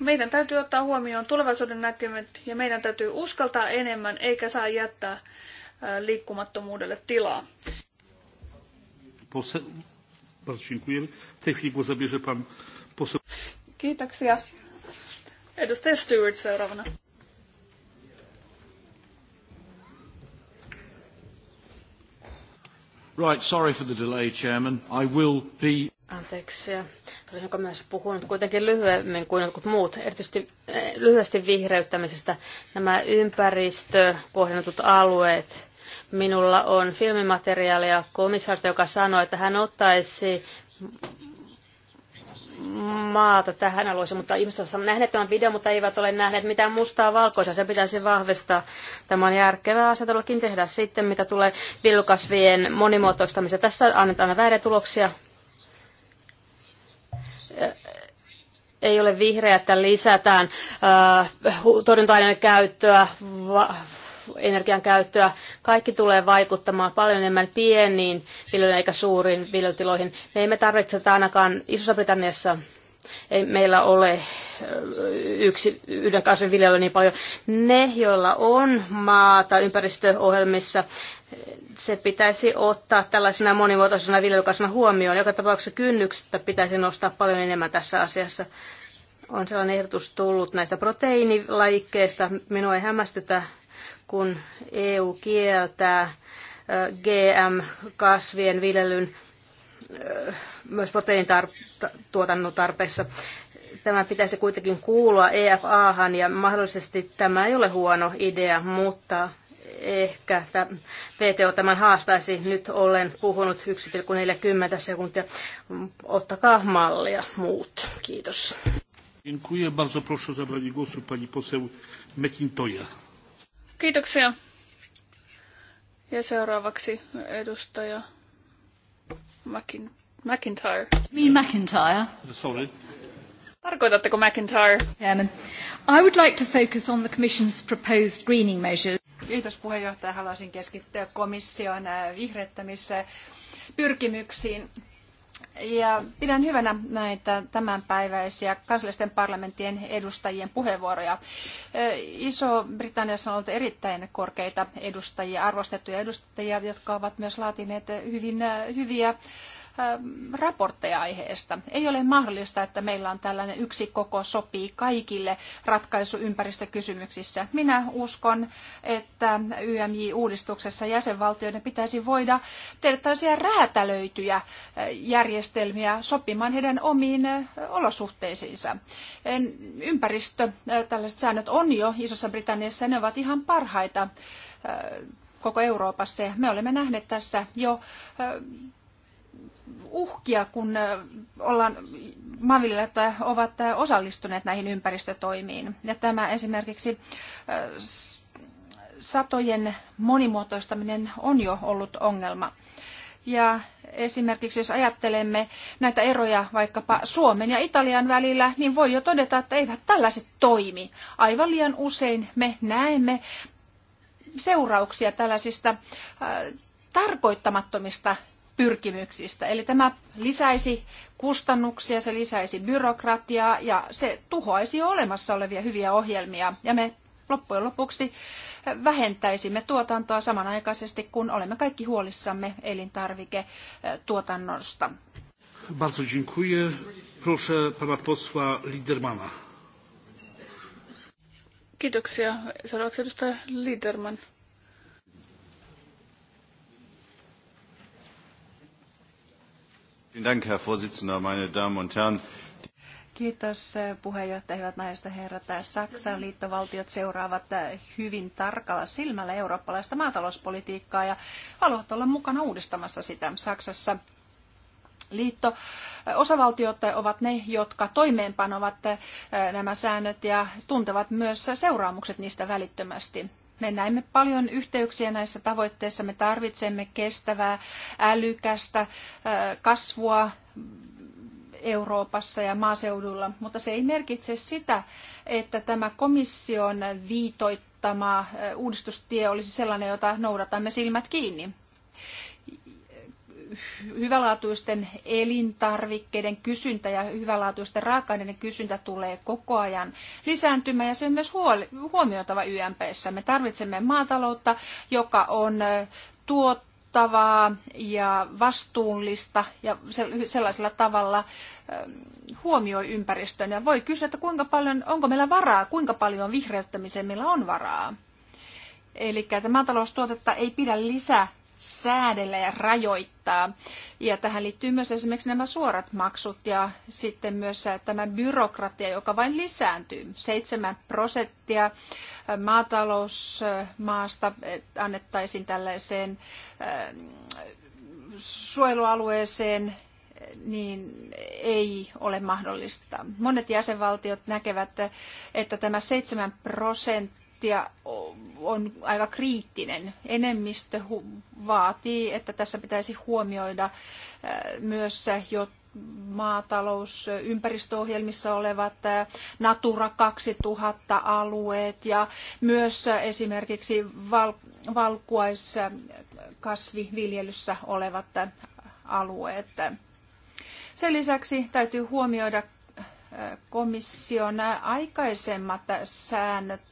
meidän täytyy ottaa huomioon tulevaisuuden näkymät ja meidän täytyy uskaltaa enemmän eikä saa jättää liikkumattomuudelle tilaa. Kiitoksia. Edustaja Stewart seuraavana. Right, sorry for the delay, Chairman. I will be... Anteeksi, olisinko myös puhunut kuitenkin lyhyemmin kuin jotkut muut, erityisesti eh, lyhyesti vihreyttämisestä. Nämä ympäristökohdennetut alueet, minulla on filmimateriaalia komissaarista, joka sanoi, että hän ottaisi maata tähän alueeseen, mutta ihmiset ovat nähneet tämän videon, mutta eivät ole nähneet mitään mustaa valkoista. Se pitäisi vahvistaa. Tämä on järkevää asia todellakin tehdä sitten, mitä tulee villukasvien monimuotoistamiseen. Tässä annetaan väärä tuloksia. Ei ole vihreää, että lisätään äh, torjunta-aineiden käyttöä, va- energian käyttöä. Kaikki tulee vaikuttamaan paljon enemmän pieniin viljelyihin eikä suuriin viljelytiloihin. Me emme tarvitse tätä ainakaan Isossa-Britanniassa ei meillä ole yksi, yhden kasvin viljelyä niin paljon. Ne, joilla on maata ympäristöohjelmissa, se pitäisi ottaa tällaisena monimuotoisena viljelykasvina huomioon. Joka tapauksessa kynnyksestä pitäisi nostaa paljon enemmän tässä asiassa. On sellainen ehdotus tullut näistä proteiinilajikkeista. Minua ei hämmästytä kun EU kieltää GM-kasvien viljelyn myös tarpeessa Tämä pitäisi kuitenkin kuulua EFA-han ja mahdollisesti tämä ei ole huono idea, mutta ehkä VTO tämän haastaisi. Nyt olen puhunut 1,40 sekuntia. Ottakaa mallia muut. Kiitos. Dziękuję. Bardzo proszę o zabranie głosu pani poseł Mekintoja. Kiitoksia. Ja seuraavaksi edustaja Mäkin, McIntyre. Mean McIntyre. Sorry. Tarkoitatteko McIntyre? Chairman. I would like to focus on the Commission's proposed greening measures. Kiitos puheenjohtaja. Haluaisin keskittyä komission äh, vihrettämissä äh, pyrkimyksiin ja pidän hyvänä näitä tämänpäiväisiä kansallisten parlamenttien edustajien puheenvuoroja. Iso-Britanniassa on ollut erittäin korkeita edustajia, arvostettuja edustajia, jotka ovat myös laatineet hyvin hyviä raportteja aiheesta. Ei ole mahdollista, että meillä on tällainen yksi koko sopii kaikille ratkaisu ympäristökysymyksissä. Minä uskon, että YMJ-uudistuksessa jäsenvaltioiden pitäisi voida tehdä tällaisia räätälöityjä järjestelmiä sopimaan heidän omiin olosuhteisiinsa. Ympäristö, tällaiset säännöt on jo Isossa Britanniassa ja ne ovat ihan parhaita koko Euroopassa. Ja me olemme nähneet tässä jo uhkia, kun ollaan, maanviljelijät ovat osallistuneet näihin ympäristötoimiin. Ja tämä esimerkiksi satojen monimuotoistaminen on jo ollut ongelma. Ja esimerkiksi jos ajattelemme näitä eroja vaikkapa Suomen ja Italian välillä, niin voi jo todeta, että eivät tällaiset toimi. Aivan liian usein me näemme seurauksia tällaisista tarkoittamattomista pyrkimyksistä. Eli tämä lisäisi kustannuksia, se lisäisi byrokratiaa ja se tuhoaisi jo olemassa olevia hyviä ohjelmia. Ja me loppujen lopuksi vähentäisimme tuotantoa samanaikaisesti, kun olemme kaikki huolissamme elintarviketuotannosta. Bardzo dziękuję. Proszę pana posła Lidermana. Kiitoksia. Seuraavaksi edustaja Liderman. Dank, Herr Vorsitzender, meine Damen und Herren. Kiitos puheenjohtaja, hyvät naiset ja herrat. Saksan liittovaltiot seuraavat hyvin tarkalla silmällä eurooppalaista maatalouspolitiikkaa ja haluavat olla mukana uudistamassa sitä Saksassa. Liitto, osavaltiot ovat ne, jotka toimeenpanovat nämä säännöt ja tuntevat myös seuraamukset niistä välittömästi. Me näemme paljon yhteyksiä näissä tavoitteissa. Me tarvitsemme kestävää, älykästä kasvua Euroopassa ja maaseudulla, mutta se ei merkitse sitä, että tämä komission viitoittama uudistustie olisi sellainen, jota noudatamme silmät kiinni hyvälaatuisten elintarvikkeiden kysyntä ja hyvälaatuisten raaka-aineiden kysyntä tulee koko ajan lisääntymään ja se on myös huomioitava YMPssä. Me tarvitsemme maataloutta, joka on tuottavaa ja vastuullista ja sellaisella tavalla huomioi ympäristön. Ja voi kysyä, että kuinka paljon, onko meillä varaa, kuinka paljon vihreyttämiseen meillä on varaa. Eli että maataloustuotetta ei pidä lisää säädellä ja rajoittaa. Ja tähän liittyy myös esimerkiksi nämä suorat maksut ja sitten myös tämä byrokratia, joka vain lisääntyy. 7 prosenttia maatalousmaasta annettaisiin tällaiseen äh, suojelualueeseen, niin ei ole mahdollista. Monet jäsenvaltiot näkevät, että tämä 7 prosenttia prosenttia on aika kriittinen. Enemmistö vaatii, että tässä pitäisi huomioida äh, myös jo maatalous, ympäristöohjelmissa olevat äh, Natura 2000-alueet ja myös äh, esimerkiksi val, valkuaiskasviviljelyssä olevat alueet. Sen lisäksi täytyy huomioida komission aikaisemmat säännöt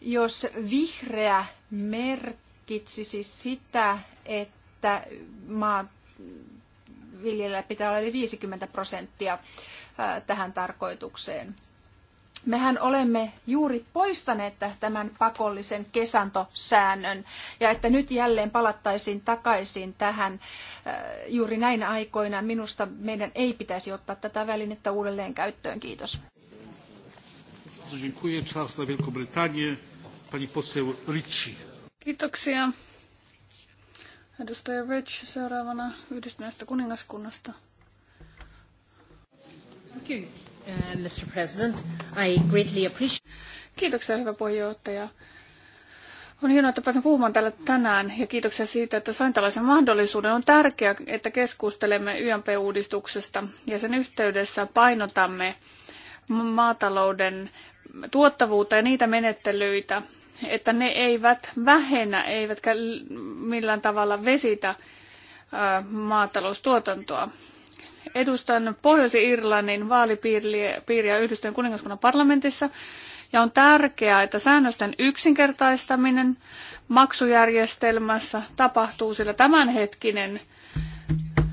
jos vihreä merkitsisi sitä, että maanviljellä pitää olla yli 50 prosenttia äh, tähän tarkoitukseen. Mehän olemme juuri poistaneet tämän pakollisen kesantosäännön ja että nyt jälleen palattaisiin takaisin tähän äh, juuri näinä aikoina. Minusta meidän ei pitäisi ottaa tätä välinettä uudelleen käyttöön. Kiitos. Bardzo dziękuję. Czas na Wielką Brytanię. Pani poseł Ricci. Kiitoksia. Edustaja Rich seuraavana yhdistyneestä kuningaskunnasta. Thank you, uh, Mr. President. I greatly appreciate... Kiitoksia, hyvä puheenjohtaja. On hienoa, että pääsen puhumaan täällä tänään ja kiitoksia siitä, että sain tällaisen mahdollisuuden. On tärkeää, että keskustelemme YMP-uudistuksesta ja sen yhteydessä painotamme maatalouden tuottavuutta ja niitä menettelyitä, että ne eivät vähennä, eivätkä millään tavalla vesitä maataloustuotantoa. Edustan Pohjois-Irlannin vaalipiiriä Yhdistyneen kuningaskunnan parlamentissa ja on tärkeää, että säännösten yksinkertaistaminen maksujärjestelmässä tapahtuu, sillä tämänhetkinen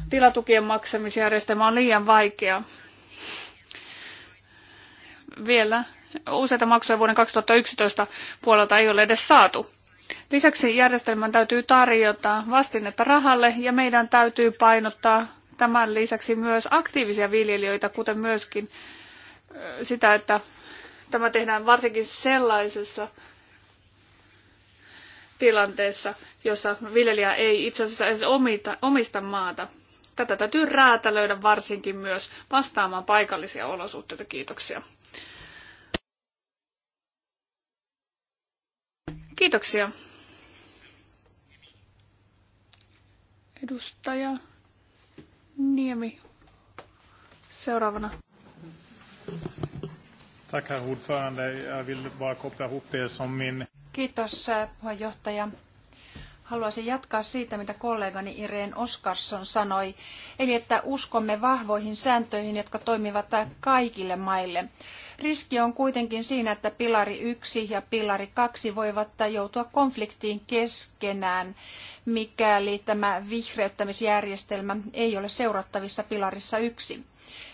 tilatukien maksamisjärjestelmä on liian vaikea. Vielä useita maksuja vuoden 2011 puolelta ei ole edes saatu. Lisäksi järjestelmän täytyy tarjota vastinetta rahalle ja meidän täytyy painottaa tämän lisäksi myös aktiivisia viljelijöitä, kuten myöskin sitä, että tämä tehdään varsinkin sellaisessa tilanteessa, jossa viljelijä ei itse asiassa edes omita, omista maata. Tätä täytyy räätälöidä varsinkin myös vastaamaan paikallisia olosuhteita. Kiitoksia. Kiitoksia. Edustaja Niemi seuraavana. Tack herr ordförande. Jag vill bara koppla ihop det som min... Kiitos eh, puheenjohtaja haluaisin jatkaa siitä, mitä kollegani Irene Oskarsson sanoi, eli että uskomme vahvoihin sääntöihin, jotka toimivat kaikille maille. Riski on kuitenkin siinä, että pilari yksi ja pilari kaksi voivat joutua konfliktiin keskenään, mikäli tämä vihreyttämisjärjestelmä ei ole seurattavissa pilarissa yksi.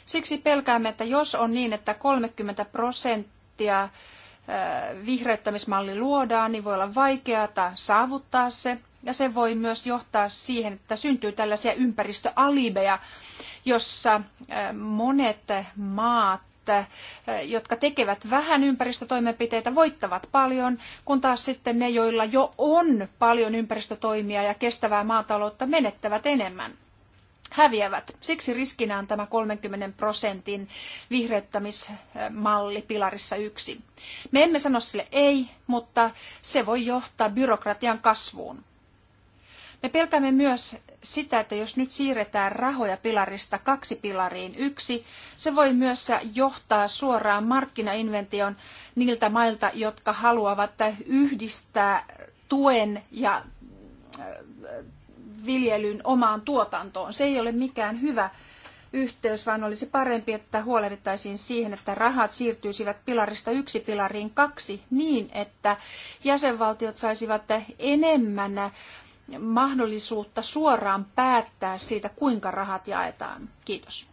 Siksi pelkäämme, että jos on niin, että 30 prosenttia vihreyttämismalli luodaan, niin voi olla vaikeata saavuttaa se. Ja se voi myös johtaa siihen, että syntyy tällaisia ympäristöalibeja, jossa monet maat jotka tekevät vähän ympäristötoimenpiteitä, voittavat paljon, kun taas sitten ne, joilla jo on paljon ympäristötoimia ja kestävää maataloutta, menettävät enemmän häviävät. Siksi riskinä on tämä 30 prosentin vihreyttämismalli pilarissa yksi. Me emme sano sille ei, mutta se voi johtaa byrokratian kasvuun. Me pelkäämme myös sitä, että jos nyt siirretään rahoja pilarista kaksi pilariin yksi, se voi myös johtaa suoraan markkinainvention niiltä mailta, jotka haluavat yhdistää tuen ja viljelyn omaan tuotantoon. Se ei ole mikään hyvä yhteys, vaan olisi parempi, että huolehdittaisiin siihen, että rahat siirtyisivät pilarista yksi pilariin kaksi niin, että jäsenvaltiot saisivat enemmän mahdollisuutta suoraan päättää siitä, kuinka rahat jaetaan. Kiitos.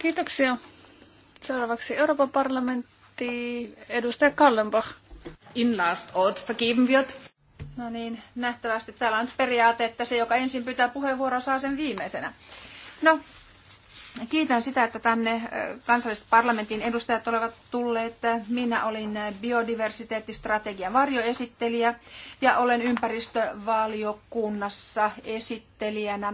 Kiitoksia. Seuraavaksi Euroopan parlamentti, edustaja Kallenbach in last out vergeben wird. No niin, nähtävästi täällä on periaate, että se, joka ensin pyytää puheenvuoron, saa sen viimeisenä. No, kiitän sitä, että tänne kansalliset parlamentin edustajat olivat tulleet. Minä olin biodiversiteettistrategian varjoesittelijä ja olen ympäristövaliokunnassa esittelijänä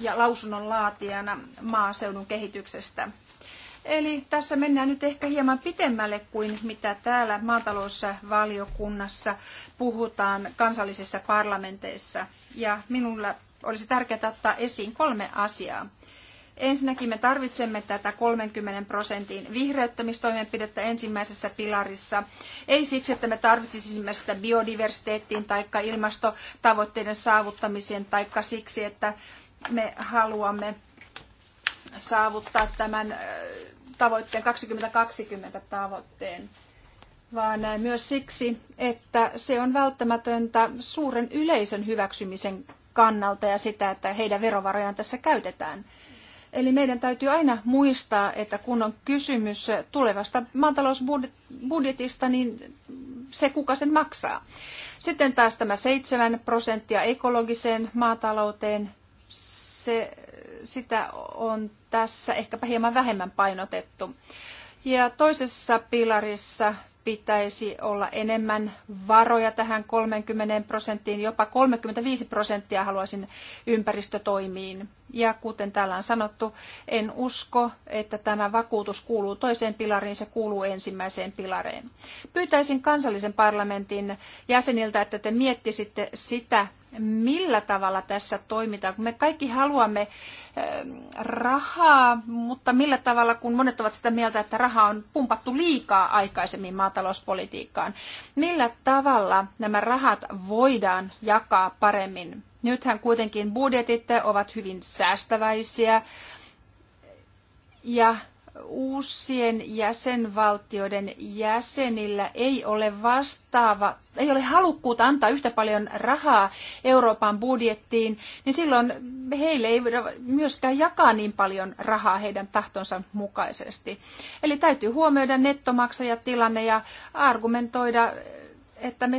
ja lausunnon laatijana maaseudun kehityksestä. Eli tässä mennään nyt ehkä hieman pitemmälle kuin mitä täällä Valiokunnassa puhutaan kansallisissa parlamenteissa. Ja minulla olisi tärkeää ottaa esiin kolme asiaa. Ensinnäkin me tarvitsemme tätä 30 prosentin vihreyttämistoimenpidettä ensimmäisessä pilarissa. Ei siksi, että me tarvitsisimme sitä biodiversiteettiin tai ilmastotavoitteiden saavuttamiseen tai siksi, että me haluamme saavuttaa tämän tavoitteen 2020 tavoitteen, vaan myös siksi, että se on välttämätöntä suuren yleisön hyväksymisen kannalta ja sitä, että heidän verovarojaan tässä käytetään. Eli meidän täytyy aina muistaa, että kun on kysymys tulevasta maatalousbudjetista, niin se kuka sen maksaa. Sitten taas tämä 7 prosenttia ekologiseen maatalouteen, se, sitä on tässä ehkäpä hieman vähemmän painotettu. Ja toisessa pilarissa pitäisi olla enemmän varoja tähän 30 prosenttiin, jopa 35 prosenttia haluaisin ympäristötoimiin. Ja kuten täällä on sanottu, en usko, että tämä vakuutus kuuluu toiseen pilariin, se kuuluu ensimmäiseen pilareen. Pyytäisin kansallisen parlamentin jäseniltä, että te miettisitte sitä, millä tavalla tässä toimitaan. Me kaikki haluamme eh, rahaa, mutta millä tavalla, kun monet ovat sitä mieltä, että rahaa on pumpattu liikaa aikaisemmin maatalouspolitiikkaan, millä tavalla nämä rahat voidaan jakaa paremmin Nythän kuitenkin budjetit ovat hyvin säästäväisiä ja uusien jäsenvaltioiden jäsenillä ei ole vastaava, ei ole halukkuutta antaa yhtä paljon rahaa Euroopan budjettiin, niin silloin heille ei myöskään jakaa niin paljon rahaa heidän tahtonsa mukaisesti. Eli täytyy huomioida nettomaksajatilanne ja argumentoida että me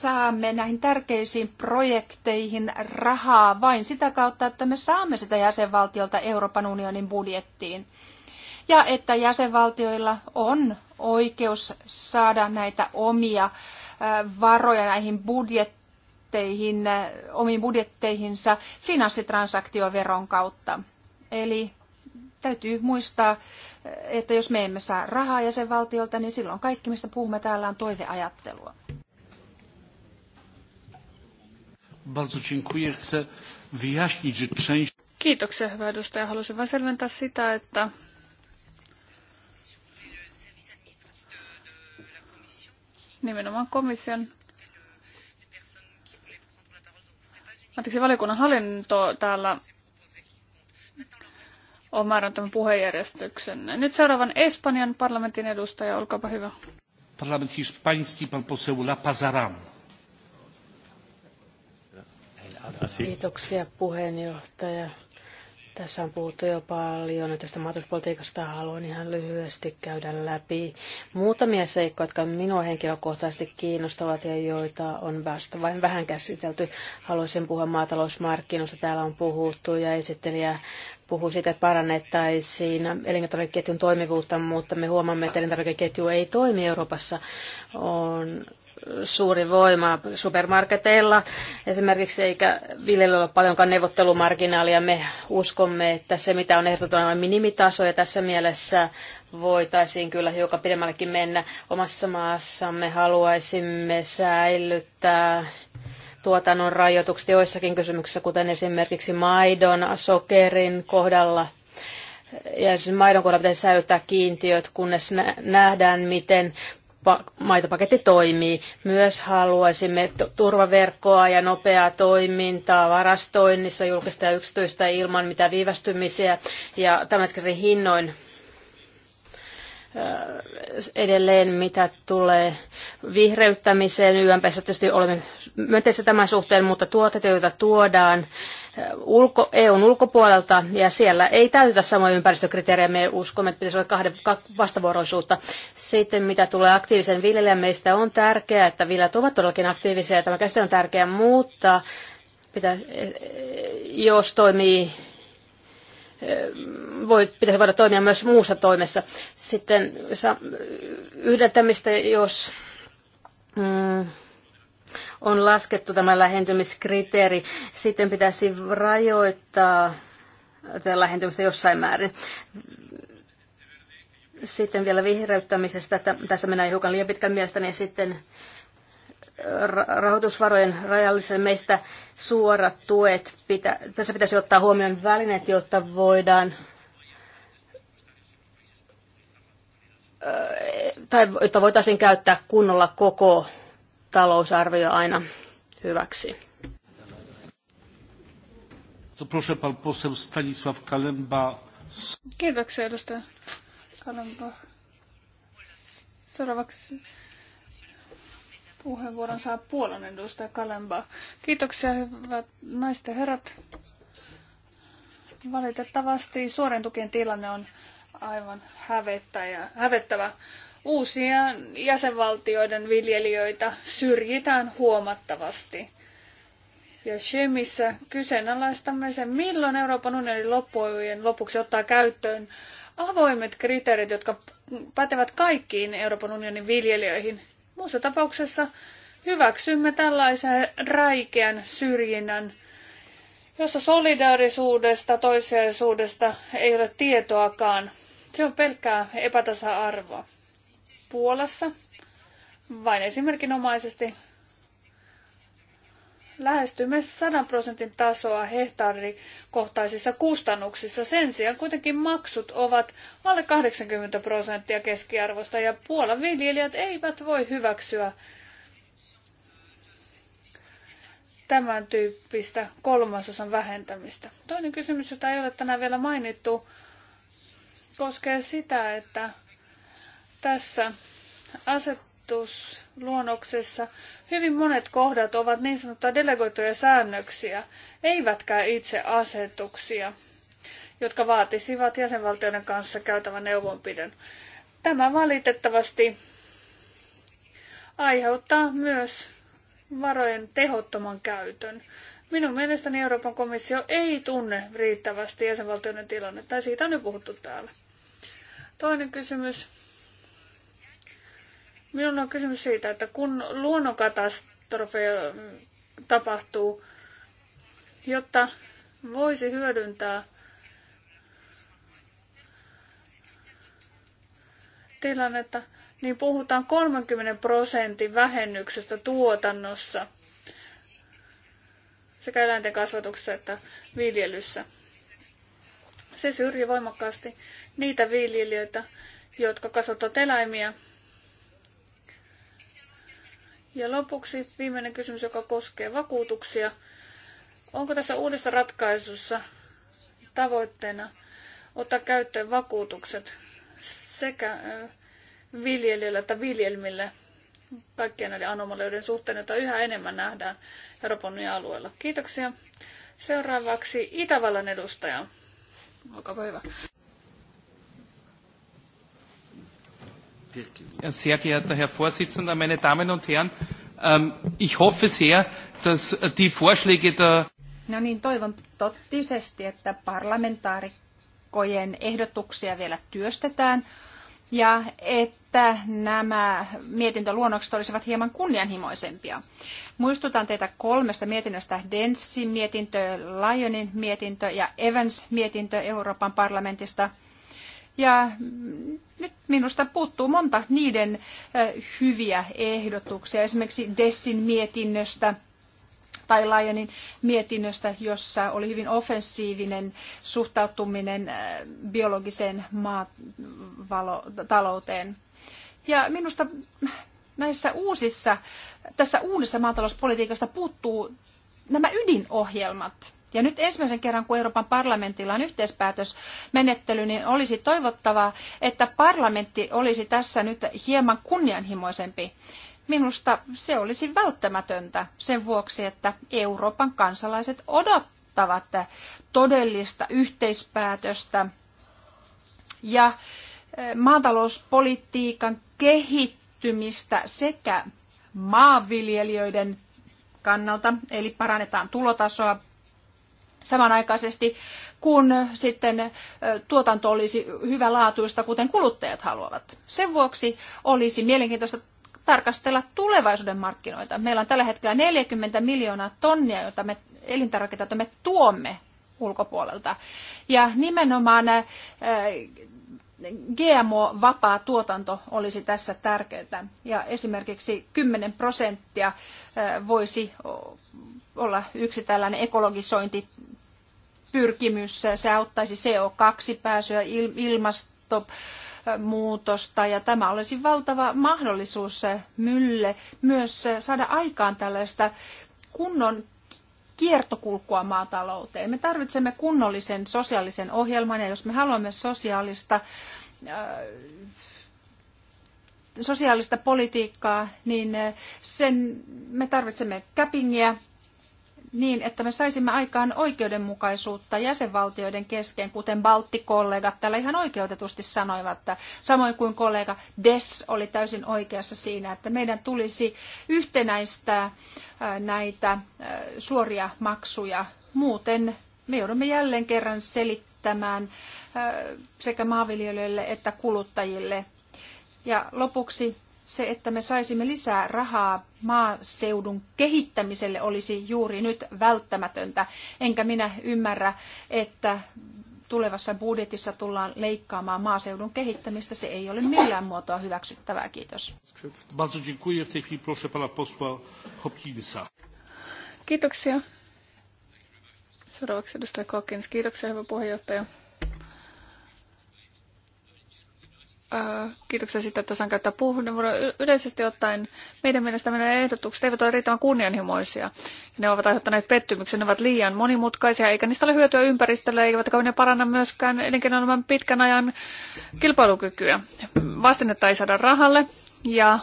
saamme näihin tärkeisiin projekteihin rahaa vain sitä kautta, että me saamme sitä jäsenvaltiolta Euroopan unionin budjettiin. Ja että jäsenvaltioilla on oikeus saada näitä omia varoja näihin budjetteihin, omiin budjetteihinsa finanssitransaktioveron kautta. Eli täytyy muistaa, että jos me emme saa rahaa jäsenvaltiolta, niin silloin kaikki, mistä puhumme täällä, on toiveajattelua. Bardzo dziękuję. Chcę wyjaśnić, że część... Kiitoksia, hyvä edustaja. Halusin vain selventää sitä, että nimenomaan komission anteeksi, valiokunnan hallinto täällä on määrännyt tämän puheenjärjestyksen. Nyt seuraavan Espanjan parlamentin edustaja, olkaapa hyvä. Parlamentti hiszpański, pan poseł La Pazaram. Kiitoksia puheenjohtaja. Tässä on puhuttu jo paljon tästä maatalouspolitiikasta. Haluan ihan lyhyesti käydä läpi muutamia seikkoja, jotka minua henkilökohtaisesti kiinnostavat ja joita on vasta vain vähän käsitelty. Haluaisin puhua maatalousmarkkinoista. Täällä on puhuttu ja esittelijä puhuu siitä, että parannettaisiin elintarvikeketjun toimivuutta, mutta me huomaamme, että elintarvikeketju ei toimi Euroopassa. On suuri voima supermarketeilla esimerkiksi, eikä viljelijöillä ole paljonkaan neuvottelumarginaalia. Me uskomme, että se mitä on ehdotettu on minimitaso ja tässä mielessä voitaisiin kyllä hiukan pidemmällekin mennä. Omassa maassamme haluaisimme säilyttää tuotannon rajoitukset joissakin kysymyksissä, kuten esimerkiksi maidon, sokerin kohdalla ja siis maidon kohdalla pitäisi säilyttää kiintiöt, kunnes nähdään, miten maitopaketti toimii. Myös haluaisimme turvaverkkoa ja nopeaa toimintaa varastoinnissa julkista ja yksityistä ilman mitä viivästymisiä ja tämän hinnoin edelleen, mitä tulee vihreyttämiseen. YMPssä tietysti olemme myönteisessä tämän suhteen, mutta tuotteita, joita tuodaan ulko, EUn ulkopuolelta, ja siellä ei täytetä samoja ympäristökriteerejä. Me uskomme, että pitäisi olla kahden vastavuoroisuutta. Sitten mitä tulee aktiivisen viljelijän, meistä on tärkeää, että viljelijät ovat todellakin aktiivisia, ja tämä käsite on tärkeää, mutta pitää, e, e, jos toimii voi, pitäisi voida toimia myös muussa toimessa. Sitten yhdentämistä, jos mm, on laskettu tämä lähentymiskriteeri, sitten pitäisi rajoittaa tätä lähentymistä jossain määrin. Sitten vielä vihreyttämisestä, että tässä mennään hiukan liian pitkän mielestäni, niin sitten rahoitusvarojen rajallisen meistä suorat tuet. Pitä, tässä pitäisi ottaa huomioon välineet, jotta voidaan tai jotta voitaisiin käyttää kunnolla koko talousarvio aina hyväksi. Proszę pan poseł Stanisław Kalemba. Kiitoksia edustaja Kalemba. Seuraavaksi Puheenvuoron saa Puolan edustaja Kalemba. Kiitoksia hyvät naiset ja herrat. Valitettavasti suoren tukien tilanne on aivan hävettävä. Uusia jäsenvaltioiden viljelijöitä syrjitään huomattavasti. Ja se, kyseenalaistamme sen, milloin Euroopan unionin loppujen lopuksi ottaa käyttöön avoimet kriteerit, jotka pätevät kaikkiin Euroopan unionin viljelijöihin – Muussa tapauksessa hyväksymme tällaisen räikeän syrjinnän, jossa solidaarisuudesta, toisiaisuudesta ei ole tietoakaan. Se on pelkkää epätasa-arvoa. Puolassa vain esimerkinomaisesti lähestymme 100 prosentin tasoa hehtaarikohtaisissa kustannuksissa. Sen sijaan kuitenkin maksut ovat alle 80 prosenttia keskiarvosta ja Puolan viljelijät eivät voi hyväksyä tämän tyyppistä kolmasosan vähentämistä. Toinen kysymys, jota ei ole tänään vielä mainittu, koskee sitä, että tässä aset asetusluonnoksessa hyvin monet kohdat ovat niin sanottuja delegoituja säännöksiä, eivätkä itse asetuksia, jotka vaatisivat jäsenvaltioiden kanssa käytävän neuvonpidon. Tämä valitettavasti aiheuttaa myös varojen tehottoman käytön. Minun mielestäni Euroopan komissio ei tunne riittävästi jäsenvaltioiden tilannetta, ja siitä on jo puhuttu täällä. Toinen kysymys Minulla on kysymys siitä, että kun luonnonkatastrofe tapahtuu, jotta voisi hyödyntää tilannetta, niin puhutaan 30 prosentin vähennyksestä tuotannossa sekä eläinten kasvatuksessa että viljelyssä. Se syrjii voimakkaasti niitä viljelijöitä, jotka kasvattavat eläimiä ja lopuksi viimeinen kysymys, joka koskee vakuutuksia. Onko tässä uudessa ratkaisussa tavoitteena ottaa käyttöön vakuutukset sekä viljelijöille että viljelmille kaikkien näiden anomalioiden suhteen, joita yhä enemmän nähdään Euroopan alueella. Kiitoksia. Seuraavaksi Itävallan edustaja. Olkaa hyvä. Sehr geehrter Herr Vorsitzender, meine Damen und Herren, ähm, ich hoffe sehr, dass die Vorschläge der No niin, toivon tottisesti, että parlamentaarikkojen ehdotuksia vielä työstetään ja että nämä mietintöluonnokset olisivat hieman kunnianhimoisempia. Muistutan teitä kolmesta mietinnöstä, Densin mietintö, Lyonin mietintö ja Evans mietintö Euroopan parlamentista – ja nyt minusta puuttuu monta niiden hyviä ehdotuksia, esimerkiksi Dessin mietinnöstä tai Laajanin mietinnöstä, jossa oli hyvin offensiivinen suhtautuminen biologiseen maatalouteen. Ja minusta näissä uusissa, tässä uudessa maatalouspolitiikasta puuttuu nämä ydinohjelmat. Ja nyt ensimmäisen kerran, kun Euroopan parlamentilla on yhteispäätösmenettely, niin olisi toivottavaa, että parlamentti olisi tässä nyt hieman kunnianhimoisempi. Minusta se olisi välttämätöntä sen vuoksi, että Euroopan kansalaiset odottavat todellista yhteispäätöstä ja eh, maatalouspolitiikan kehittymistä sekä maanviljelijöiden kannalta, eli parannetaan tulotasoa, samanaikaisesti, kun sitten tuotanto olisi hyvälaatuista, kuten kuluttajat haluavat. Sen vuoksi olisi mielenkiintoista tarkastella tulevaisuuden markkinoita. Meillä on tällä hetkellä 40 miljoonaa tonnia, jota me elintarvikkeita, joita me tuomme ulkopuolelta. Ja nimenomaan GMO-vapaa tuotanto olisi tässä tärkeää. Ja esimerkiksi 10 prosenttia voisi olla yksi tällainen ekologisointi pyrkimys. Se auttaisi CO2-pääsyä, ilmastonmuutosta ja tämä olisi valtava mahdollisuus mylle myös saada aikaan tällaista kunnon kiertokulkua maatalouteen. Me tarvitsemme kunnollisen sosiaalisen ohjelman ja jos me haluamme sosiaalista, äh, sosiaalista politiikkaa, niin äh, sen, me tarvitsemme käpingiä, niin, että me saisimme aikaan oikeudenmukaisuutta jäsenvaltioiden kesken, kuten Baltti-kollegat täällä ihan oikeutetusti sanoivat, että samoin kuin kollega Des oli täysin oikeassa siinä, että meidän tulisi yhtenäistää äh, näitä äh, suoria maksuja. Muuten me joudumme jälleen kerran selittämään äh, sekä maanviljelijöille että kuluttajille. Ja lopuksi se, että me saisimme lisää rahaa maaseudun kehittämiselle olisi juuri nyt välttämätöntä. Enkä minä ymmärrä, että tulevassa budjetissa tullaan leikkaamaan maaseudun kehittämistä. Se ei ole millään muotoa hyväksyttävää. Kiitos. Kiitoksia. Seuraavaksi edustaja Kokins. Kiitoksia, hyvä puheenjohtaja. Äh, kiitoksia siitä, että saan käyttää puheenvuoroa. Yleisesti ottaen meidän mielestä meidän ehdotukset eivät ole riittävän kunnianhimoisia. Ne ovat aiheuttaneet pettymyksen, ne ovat liian monimutkaisia, eikä niistä ole hyötyä ympäristölle, eivätkä ne paranna myöskään elinkeinoelämän pitkän ajan kilpailukykyä. Vastennetta ei saada rahalle ja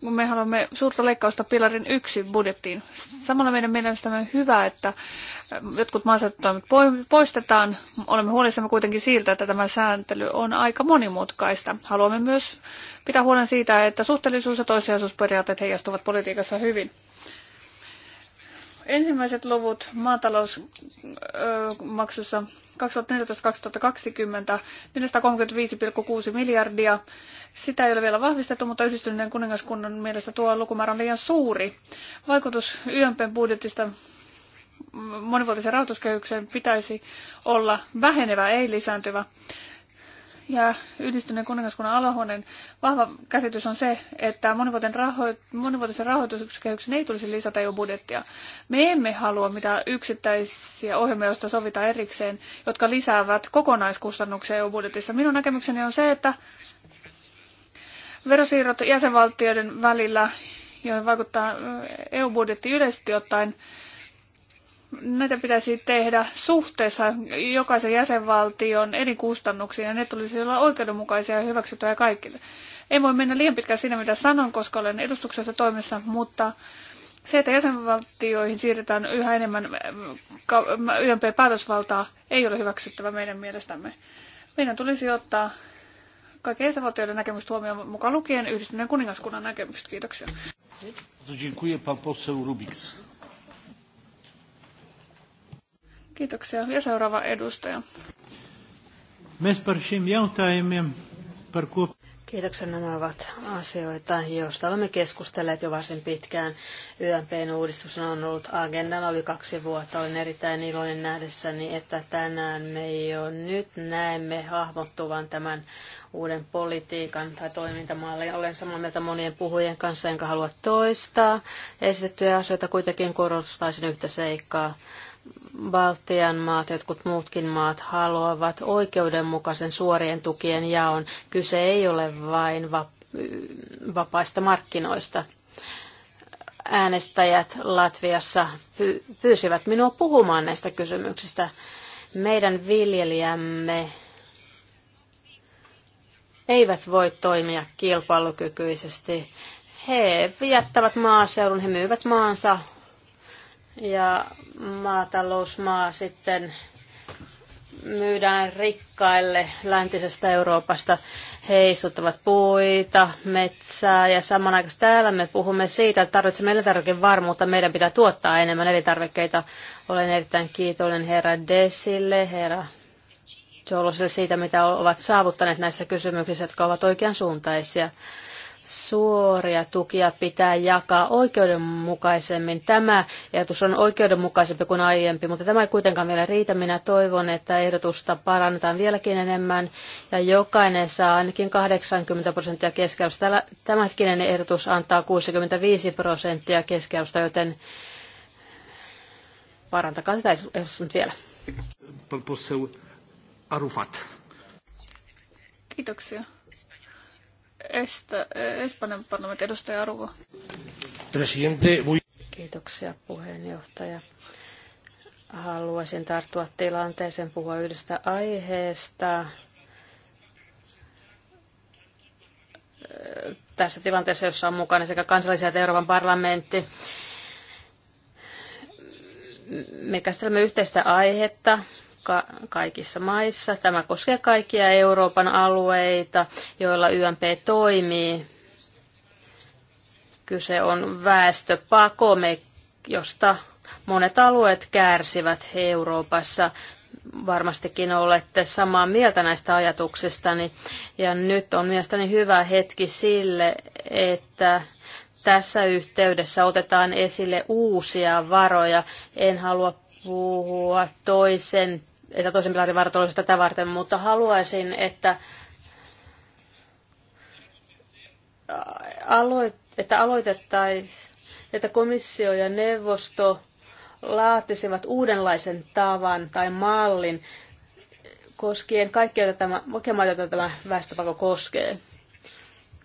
kun me haluamme suurta leikkausta pilarin yksi budjettiin. Samalla meidän mielestämme on hyvä, että jotkut maaseututoimet poistetaan. Olemme huolissamme kuitenkin siitä, että tämä sääntely on aika monimutkaista. Haluamme myös pitää huolen siitä, että suhteellisuus- ja toissijaisuusperiaatteet heijastuvat politiikassa hyvin. Ensimmäiset luvut maatalousmaksussa 2014-2020 435,6 miljardia sitä ei ole vielä vahvistettu, mutta yhdistyneen kuningaskunnan mielestä tuo lukumäärä on liian suuri. Vaikutus YMPn budjetista monivuotisen rahoituskehykseen pitäisi olla vähenevä, ei lisääntyvä. Ja yhdistyneen kuningaskunnan alahuoneen vahva käsitys on se, että monivuotisen, raho- monivuotisen rahoituskehyksen ei tulisi lisätä jo budjettia. Me emme halua mitään yksittäisiä ohjelmia, joista sovita erikseen, jotka lisäävät kokonaiskustannuksia jo budjetissa. Minun näkemykseni on se, että verosiirrot jäsenvaltioiden välillä, joihin vaikuttaa EU-budjetti yleisesti ottaen, näitä pitäisi tehdä suhteessa jokaisen jäsenvaltion elinkustannuksiin ja ne tulisi olla oikeudenmukaisia ja hyväksyttyjä kaikille. En voi mennä liian pitkään siinä, mitä sanon, koska olen edustuksessa toimessa, mutta se, että jäsenvaltioihin siirretään yhä enemmän YMP-päätösvaltaa, ei ole hyväksyttävä meidän mielestämme. Meidän tulisi ottaa kaikkien jäsenvaltioiden näkemykset huomioon mukaan lukien yhdistyneen kuningaskunnan näkemykset. Kiitoksia. Kiitoksia. Ja seuraava edustaja. Mēs par šiem jautājumiem, par ko... Kiitoksia. Nämä ovat asioita, joista olemme keskustelleet jo varsin pitkään. YMPn uudistus on ollut agendalla oli kaksi vuotta. Olen erittäin iloinen nähdessäni, että tänään me jo nyt näemme hahmottuvan tämän uuden politiikan tai toimintamallin. Olen samaa mieltä monien puhujien kanssa, enkä halua toistaa. Esitettyjä asioita kuitenkin korostaisin yhtä seikkaa. Baltian maat, jotkut muutkin maat haluavat oikeudenmukaisen suorien tukien jaon. Kyse ei ole vain vapaista markkinoista. Äänestäjät Latviassa pyysivät minua puhumaan näistä kysymyksistä. Meidän viljelijämme eivät voi toimia kilpailukykyisesti. He jättävät maaseudun, he myyvät maansa ja maatalousmaa sitten myydään rikkaille läntisestä Euroopasta. He istuttavat puita, metsää ja samanaikaisesti täällä me puhumme siitä, että tarvitsemme elintarvikevarmuutta. Meidän pitää tuottaa enemmän elintarvikkeita. Olen erittäin kiitollinen herra Desille, herra Jolosille siitä, mitä ovat saavuttaneet näissä kysymyksissä, jotka ovat oikean suuntaisia suoria tukia pitää jakaa oikeudenmukaisemmin. Tämä ehdotus on oikeudenmukaisempi kuin aiempi, mutta tämä ei kuitenkaan vielä riitä. Minä toivon, että ehdotusta parannetaan vieläkin enemmän ja jokainen saa ainakin 80 prosenttia keskeystä. Tämänhetkinen ehdotus antaa 65 prosenttia keskeystä, joten parantakaa tätä ehdotusta nyt vielä. Arufat. Kiitoksia. Estä, Espanjan parlamentin edustaja Arvo. Kiitoksia puheenjohtaja. Haluaisin tarttua tilanteeseen puhua yhdestä aiheesta. Tässä tilanteessa, jossa on mukana sekä kansallisia että Euroopan parlamentti, me käsittelemme yhteistä aihetta, ka- kaikissa maissa. Tämä koskee kaikkia Euroopan alueita, joilla YMP toimii. Kyse on väestöpakome, josta monet alueet kärsivät Euroopassa. Varmastikin olette samaa mieltä näistä ajatuksistani. Ja nyt on mielestäni hyvä hetki sille, että tässä yhteydessä otetaan esille uusia varoja. En halua puhua toisen että toisen pilarin varat olisi tätä varten, mutta haluaisin, että aloit, että aloitettaisiin, että komissio ja neuvosto laatisivat uudenlaisen tavan tai mallin koskien kaikkia, joita tämä, maita, joita tämä väestöpako koskee.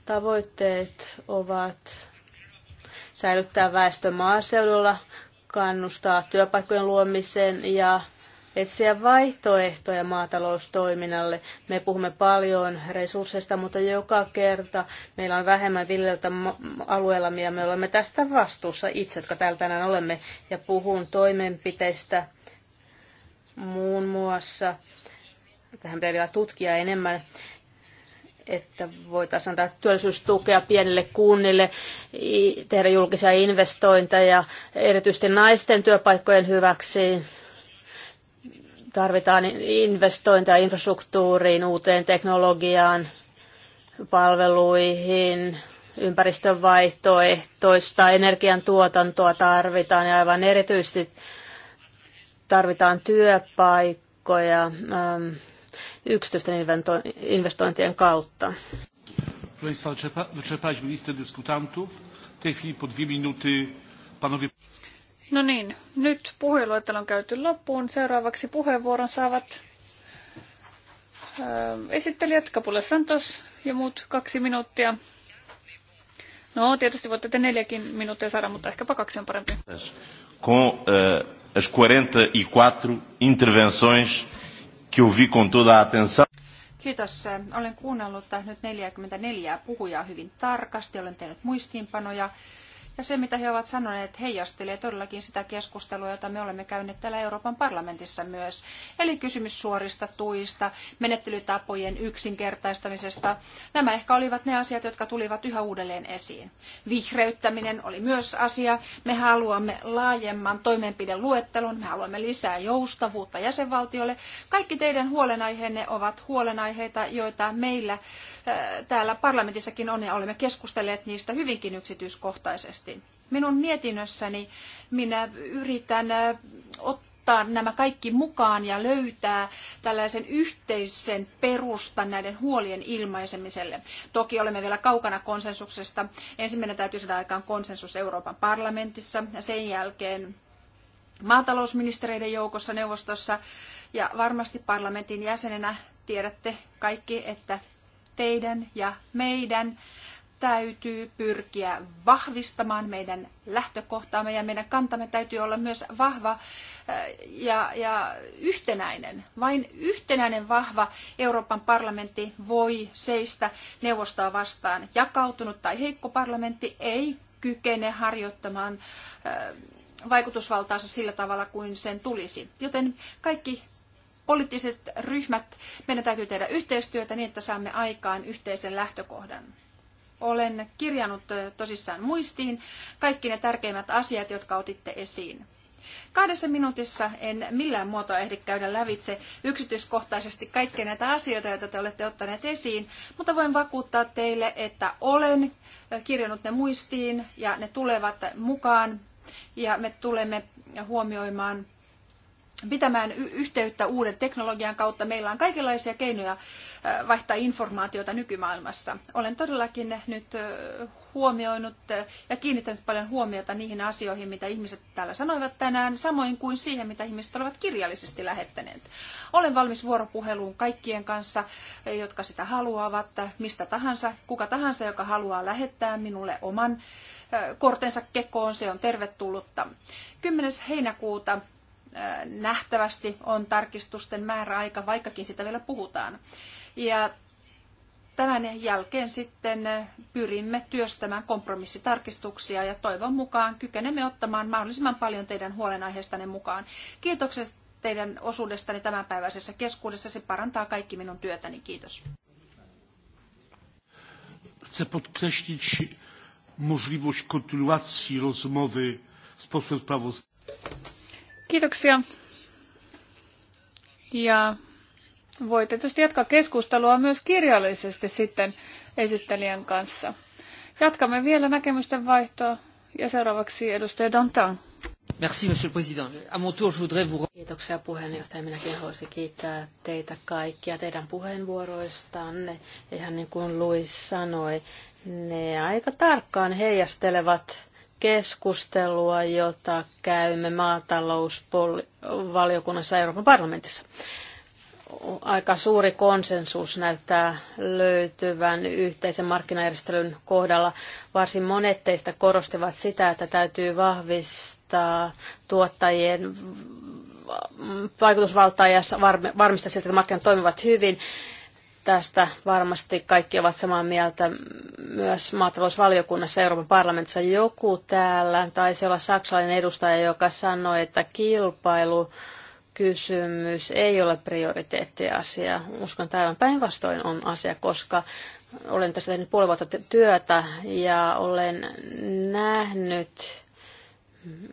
Tavoitteet ovat säilyttää väestö maaseudulla, kannustaa työpaikkojen luomiseen ja etsiä vaihtoehtoja maataloustoiminnalle. Me puhumme paljon resursseista, mutta joka kerta meillä on vähemmän viljeltä alueella, ja me olemme tästä vastuussa itse, jotka täällä tänään olemme, ja puhun toimenpiteistä muun muassa. Tähän pitää vielä tutkia enemmän että voitaisiin antaa työllisyystukea pienille kunnille, tehdä julkisia investointeja, erityisesti naisten työpaikkojen hyväksi, Tarvitaan investointeja infrastruktuuriin, uuteen teknologiaan, palveluihin, ympäristön vaihtoehtoista, energiantuotantoa tarvitaan ja aivan erityisesti tarvitaan työpaikkoja ähm, yksityisten investointien kautta. Wyczerpaliśmy listę dyskutantów. W tej chwili po dwie minuty panowie... No niin, nyt puheluettelo on käyty loppuun. Seuraavaksi puheenvuoron saavat ö, äh, esittelijät Kapule Santos ja muut kaksi minuuttia. No, tietysti voitte te neljäkin minuuttia saada, mutta ehkäpä kaksi on parempi. Con uh, äh, as 44 e interventions que ouvi com toda atenção. Kiitos. Olen kuunnellut nyt 44 puhujaa hyvin tarkasti. Olen tehnyt muistiinpanoja ja se, mitä he ovat sanoneet, heijastelee todellakin sitä keskustelua, jota me olemme käyneet täällä Euroopan parlamentissa myös. Eli kysymys suorista tuista, menettelytapojen yksinkertaistamisesta. Nämä ehkä olivat ne asiat, jotka tulivat yhä uudelleen esiin. Vihreyttäminen oli myös asia. Me haluamme laajemman toimenpideluettelon, me haluamme lisää joustavuutta jäsenvaltiolle. Kaikki teidän huolenaiheenne ovat huolenaiheita, joita meillä äh, täällä parlamentissakin on ja olemme keskustelleet niistä hyvinkin yksityiskohtaisesti tarkasti. Minun mietinnössäni minä yritän äh, ottaa nämä kaikki mukaan ja löytää tällaisen yhteisen perustan näiden huolien ilmaisemiselle. Toki olemme vielä kaukana konsensuksesta. Ensimmäinen täytyy saada aikaan konsensus Euroopan parlamentissa ja sen jälkeen maatalousministereiden joukossa neuvostossa ja varmasti parlamentin jäsenenä tiedätte kaikki, että teidän ja meidän täytyy pyrkiä vahvistamaan meidän lähtökohtaamme ja meidän kantamme täytyy olla myös vahva eh, ja, ja yhtenäinen. Vain yhtenäinen vahva Euroopan parlamentti voi seistä neuvostoa vastaan. Jakautunut tai heikko parlamentti ei kykene harjoittamaan eh, vaikutusvaltaansa sillä tavalla kuin sen tulisi. Joten kaikki poliittiset ryhmät, meidän täytyy tehdä yhteistyötä niin, että saamme aikaan yhteisen lähtökohdan olen kirjannut tosissaan muistiin kaikki ne tärkeimmät asiat, jotka otitte esiin. Kahdessa minuutissa en millään muotoa ehdi käydä lävitse yksityiskohtaisesti kaikkia näitä asioita, joita te olette ottaneet esiin, mutta voin vakuuttaa teille, että olen kirjannut ne muistiin ja ne tulevat mukaan ja me tulemme huomioimaan pitämään yhteyttä uuden teknologian kautta. Meillä on kaikenlaisia keinoja äh, vaihtaa informaatiota nykymaailmassa. Olen todellakin nyt äh, huomioinut äh, ja kiinnittänyt paljon huomiota niihin asioihin, mitä ihmiset täällä sanoivat tänään, samoin kuin siihen, mitä ihmiset ovat kirjallisesti lähettäneet. Olen valmis vuoropuheluun kaikkien kanssa, jotka sitä haluavat, mistä tahansa, kuka tahansa, joka haluaa lähettää minulle oman kortensa kekoon, se on tervetullutta. 10. heinäkuuta nähtävästi on tarkistusten määräaika, vaikkakin sitä vielä puhutaan. Ja tämän jälkeen sitten pyrimme työstämään kompromissitarkistuksia ja toivon mukaan kykenemme ottamaan mahdollisimman paljon teidän huolenaiheestanne mukaan. Kiitokset teidän osuudestani tämänpäiväisessä keskuudessa. Se parantaa kaikki minun työtäni. Kiitos. Chcę podkreślić możliwość kontynuacji rozmowy z posłem sprawozdawcą. Kiitoksia. Ja voit tietysti jatkaa keskustelua myös kirjallisesti sitten esittelijän kanssa. Jatkamme vielä näkemysten vaihtoa ja seuraavaksi edustaja Dantan. Merci, monsieur président. À mon tour, je voudrais vous... Kiitoksia puheenjohtaja. Minäkin haluaisin kiittää teitä kaikkia teidän puheenvuoroistanne. Ihan niin kuin Luis sanoi, ne aika tarkkaan heijastelevat keskustelua, jota käymme maatalousvaliokunnassa Euroopan parlamentissa. Aika suuri konsensus näyttää löytyvän yhteisen markkinajärjestelyn kohdalla. Varsin monet teistä korostivat sitä, että täytyy vahvistaa tuottajien vaikutusvaltaa ja varmistaa siltä, että markkinat toimivat hyvin Tästä varmasti kaikki ovat samaa mieltä myös maatalousvaliokunnassa Euroopan parlamentissa. Joku täällä, taisi olla saksalainen edustaja, joka sanoi, että kilpailu kysymys ei ole prioriteettiasia. Uskon, että aivan päinvastoin on asia, koska olen tässä tehnyt puoli vuotta työtä ja olen nähnyt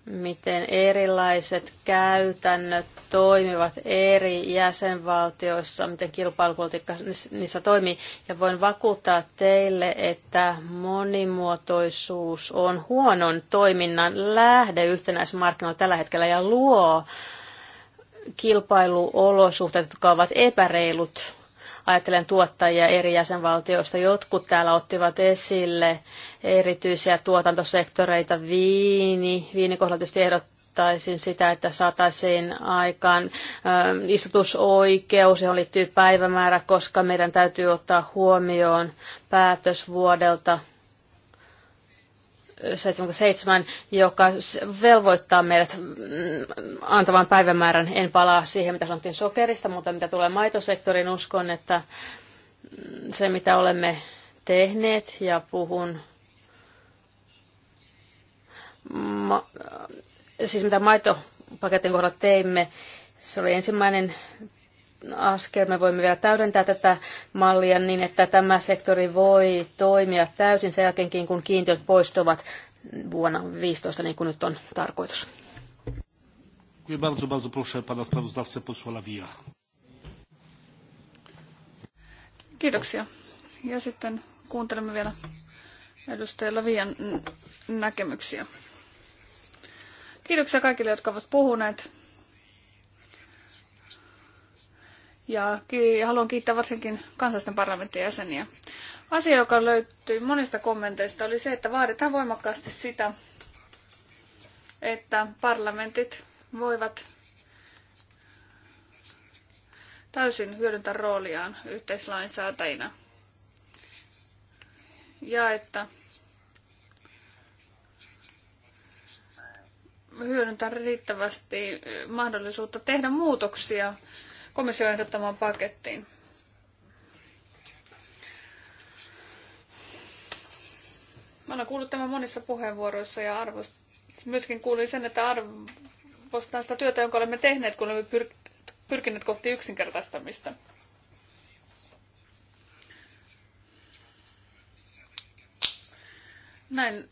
miten erilaiset käytännöt toimivat eri jäsenvaltioissa, miten kilpailupolitiikka niissä toimii. Ja voin vakuuttaa teille, että monimuotoisuus on huonon toiminnan lähde yhtenäismarkkinoilla tällä hetkellä ja luo kilpailuolosuhteet, jotka ovat epäreilut Ajattelen tuottajia eri jäsenvaltioista. Jotkut täällä ottivat esille erityisiä tuotantosektoreita. Viini, viinikohdalla tietysti ehdottaisin sitä, että saataisiin aikaan istutusoikeus, johon liittyy päivämäärä, koska meidän täytyy ottaa huomioon päätös vuodelta 77, joka velvoittaa meidät mm, antavan päivämäärän. En palaa siihen, mitä sanottiin sokerista, mutta mitä tulee maitosektoriin, uskon, että mm, se, mitä olemme tehneet, ja puhun ma- siis mitä maitopaketin kohdalla teimme, se oli ensimmäinen askel. Me voimme vielä täydentää tätä mallia niin, että tämä sektori voi toimia täysin sen jälkeenkin, kun kiintiöt poistuvat vuonna 2015, niin kuin nyt on tarkoitus. Kiitoksia. Ja sitten kuuntelemme vielä edustaja Lavian näkemyksiä. Kiitoksia kaikille, jotka ovat puhuneet. Ja haluan kiittää varsinkin kansallisten parlamentin jäseniä. Asia, joka löytyi monista kommenteista, oli se, että vaaditaan voimakkaasti sitä, että parlamentit voivat täysin hyödyntää rooliaan yhteislainsäätäjinä. Ja että hyödyntää riittävästi mahdollisuutta tehdä muutoksia komission ehdottamaan pakettiin. Mä olen kuullut tämän monissa puheenvuoroissa ja arvost... myöskin kuulin sen, että arvostan sitä työtä, jonka olemme tehneet, kun olemme pyr- pyrkineet kohti yksinkertaistamista. Näin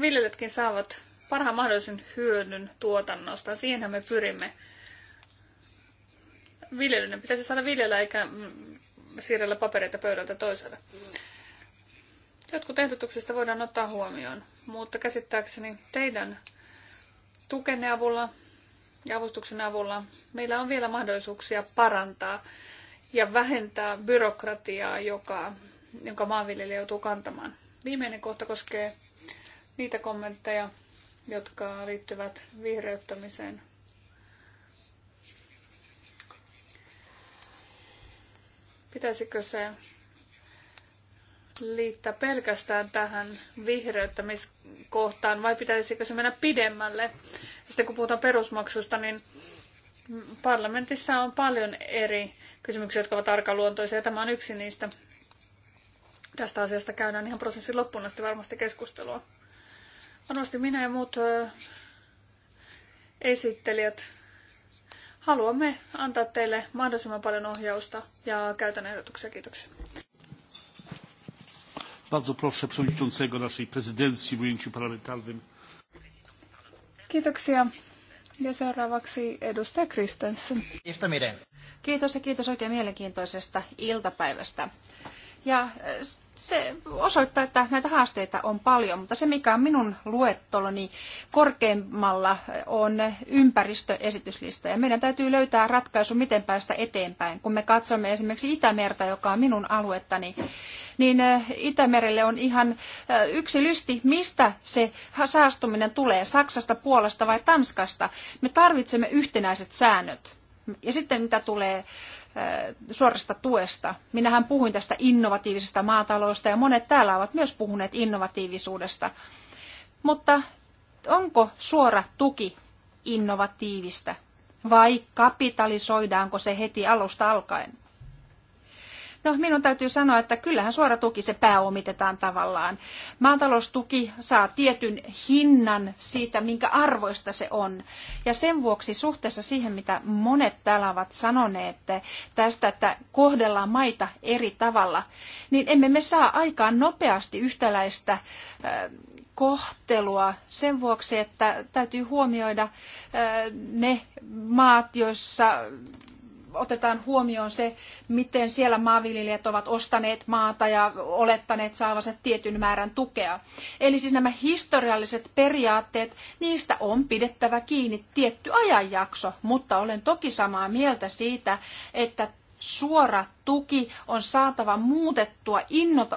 viljelijätkin saavat parhaan mahdollisen hyödyn tuotannosta. Siihenhän me pyrimme viljelyinen pitäisi saada viljellä eikä mm, siirrellä papereita pöydältä toiselle. Jotkut ehdotuksista voidaan ottaa huomioon, mutta käsittääkseni teidän tukenne avulla ja avustuksen avulla meillä on vielä mahdollisuuksia parantaa ja vähentää byrokratiaa, joka, jonka maanviljelijä joutuu kantamaan. Viimeinen kohta koskee niitä kommentteja, jotka liittyvät vihreyttämiseen Pitäisikö se liittää pelkästään tähän vihreyttämiskohtaan vai pitäisikö se mennä pidemmälle? Sitten kun puhutaan perusmaksusta, niin parlamentissa on paljon eri kysymyksiä, jotka ovat arkaluontoisia ja tämä on yksi niistä. Tästä asiasta käydään ihan prosessin loppuun asti varmasti keskustelua. Varmasti minä ja muut esittelijät haluamme antaa teille mahdollisimman paljon ohjausta ja käytännön ehdotuksia. Kiitoksia. Bardzo proszę przewodniczącego naszej prezydencji w ujęciu parlamentarnym. Kiitoksia. Ja seuraavaksi edustaja Kristensen. Kiitos ja kiitos oikein mielenkiintoisesta iltapäivästä. Ja äh, se osoittaa, että näitä haasteita on paljon, mutta se mikä on minun luettoloni korkeimmalla äh, on ympäristöesityslista. Ja meidän täytyy löytää ratkaisu, miten päästä eteenpäin. Kun me katsomme esimerkiksi Itämerta, joka on minun aluettani, niin äh, Itämerelle on ihan yksi lysti, mistä se saastuminen tulee, Saksasta, Puolasta vai Tanskasta. Me tarvitsemme yhtenäiset säännöt. Ja sitten mitä tulee suorasta tuesta. Minähän puhuin tästä innovatiivisesta maataloudesta ja monet täällä ovat myös puhuneet innovatiivisuudesta. Mutta onko suora tuki innovatiivista vai kapitalisoidaanko se heti alusta alkaen? No minun täytyy sanoa, että kyllähän suora tuki se pääomitetaan tavallaan. Maataloustuki saa tietyn hinnan siitä, minkä arvoista se on. Ja sen vuoksi suhteessa siihen, mitä monet täällä ovat sanoneet että tästä, että kohdellaan maita eri tavalla, niin emme me saa aikaan nopeasti yhtäläistä kohtelua sen vuoksi, että täytyy huomioida ne maat, joissa otetaan huomioon se, miten siellä maanviljelijät ovat ostaneet maata ja olettaneet saavansa tietyn määrän tukea. Eli siis nämä historialliset periaatteet, niistä on pidettävä kiinni tietty ajanjakso, mutta olen toki samaa mieltä siitä, että suora tuki on saatava muutettua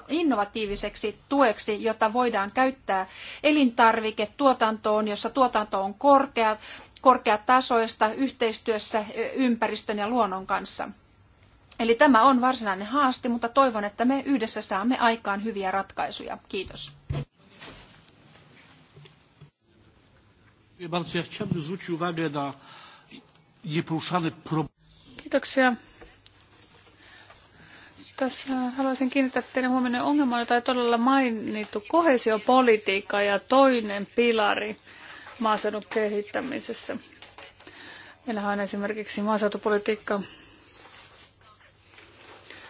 innovatiiviseksi tueksi, jota voidaan käyttää elintarviketuotantoon, jossa tuotanto on korkea korkeatasoista yhteistyössä ympäristön ja luonnon kanssa. Eli tämä on varsinainen haaste, mutta toivon, että me yhdessä saamme aikaan hyviä ratkaisuja. Kiitos. Kiitoksia. Tässä haluaisin kiinnittää teidän huomioon ongelmaan, jota ei todella mainittu, kohesiopolitiikka ja toinen pilari maaseudun kehittämisessä. Meillähän on esimerkiksi maaseutupolitiikka,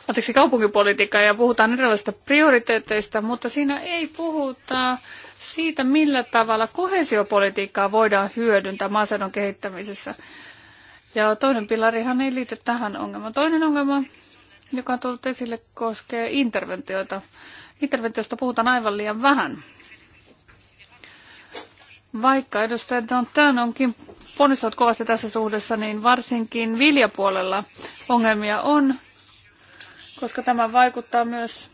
anteeksi kaupunkipolitiikka ja puhutaan erilaisista prioriteeteista, mutta siinä ei puhuta siitä, millä tavalla kohesiopolitiikkaa voidaan hyödyntää maaseudun kehittämisessä. Ja toinen pilarihan ei liity tähän ongelmaan. Toinen ongelma, joka on tullut esille, koskee interventioita. Interventiosta puhutaan aivan liian vähän. Vaikka edustaja Dantan onkin ponnistellut kovasti tässä suhdessa, niin varsinkin viljapuolella ongelmia on, koska tämä vaikuttaa myös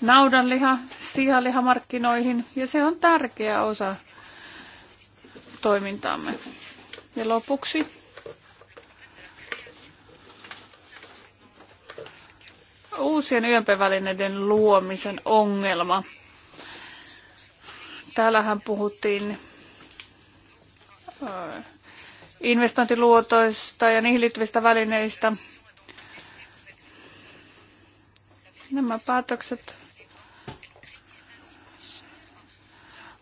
naudanliha, sihalihamarkkinoihin ja se on tärkeä osa toimintaamme. Ja lopuksi uusien yömpävälineiden luomisen ongelma – Täällähän puhuttiin investointiluotoista ja niihin liittyvistä välineistä. Nämä päätökset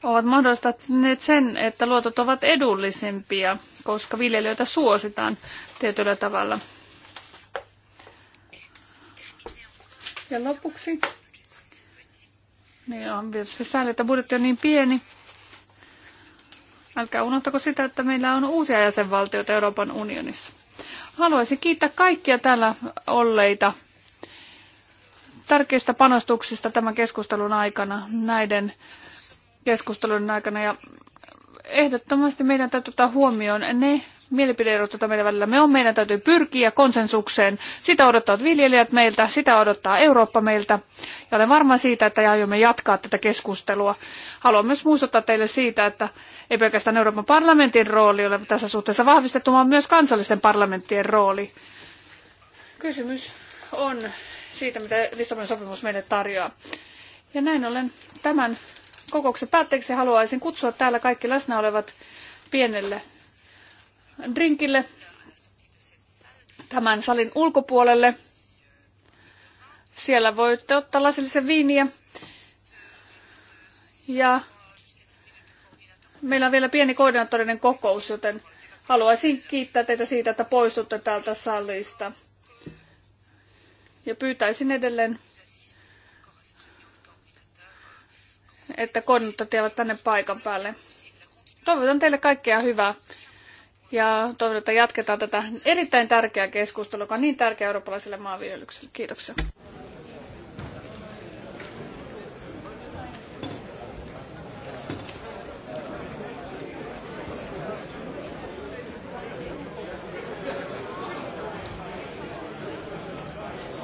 ovat mahdollistaneet sen, että luotot ovat edullisempia, koska viljelijöitä suositaan tietyllä tavalla. Ja lopuksi niin on tietysti sääli, että budjetti on niin pieni. Älkää unohtako sitä, että meillä on uusia jäsenvaltioita Euroopan unionissa. Haluaisin kiittää kaikkia täällä olleita tärkeistä panostuksista tämän keskustelun aikana, näiden keskustelun aikana. Ja ehdottomasti meidän täytyy ottaa huomioon ne mielipideerot, joita meidän välillämme on. Meidän täytyy pyrkiä konsensukseen. Sitä odottavat viljelijät meiltä, sitä odottaa Eurooppa meiltä. Ja olen varma siitä, että aiomme jatkaa tätä keskustelua. Haluan myös muistuttaa teille siitä, että ei pelkästään Euroopan parlamentin rooli ole tässä suhteessa vahvistettu, vaan myös kansallisten parlamenttien rooli. Kysymys on siitä, mitä Lissabonin sopimus meille tarjoaa. Ja näin ollen tämän kokouksen päätteeksi haluaisin kutsua täällä kaikki läsnä olevat pienelle drinkille tämän salin ulkopuolelle. Siellä voitte ottaa lasillisen viiniä. Ja meillä on vielä pieni koordinaattorinen kokous, joten haluaisin kiittää teitä siitä, että poistutte täältä salista. Ja pyytäisin edelleen, että koordinaattorit jäävät tänne paikan päälle. Toivotan teille kaikkea hyvää ja toivon, että jatketaan tätä erittäin tärkeää keskustelua, joka on niin tärkeä eurooppalaiselle maanviljelykselle. Kiitoksia.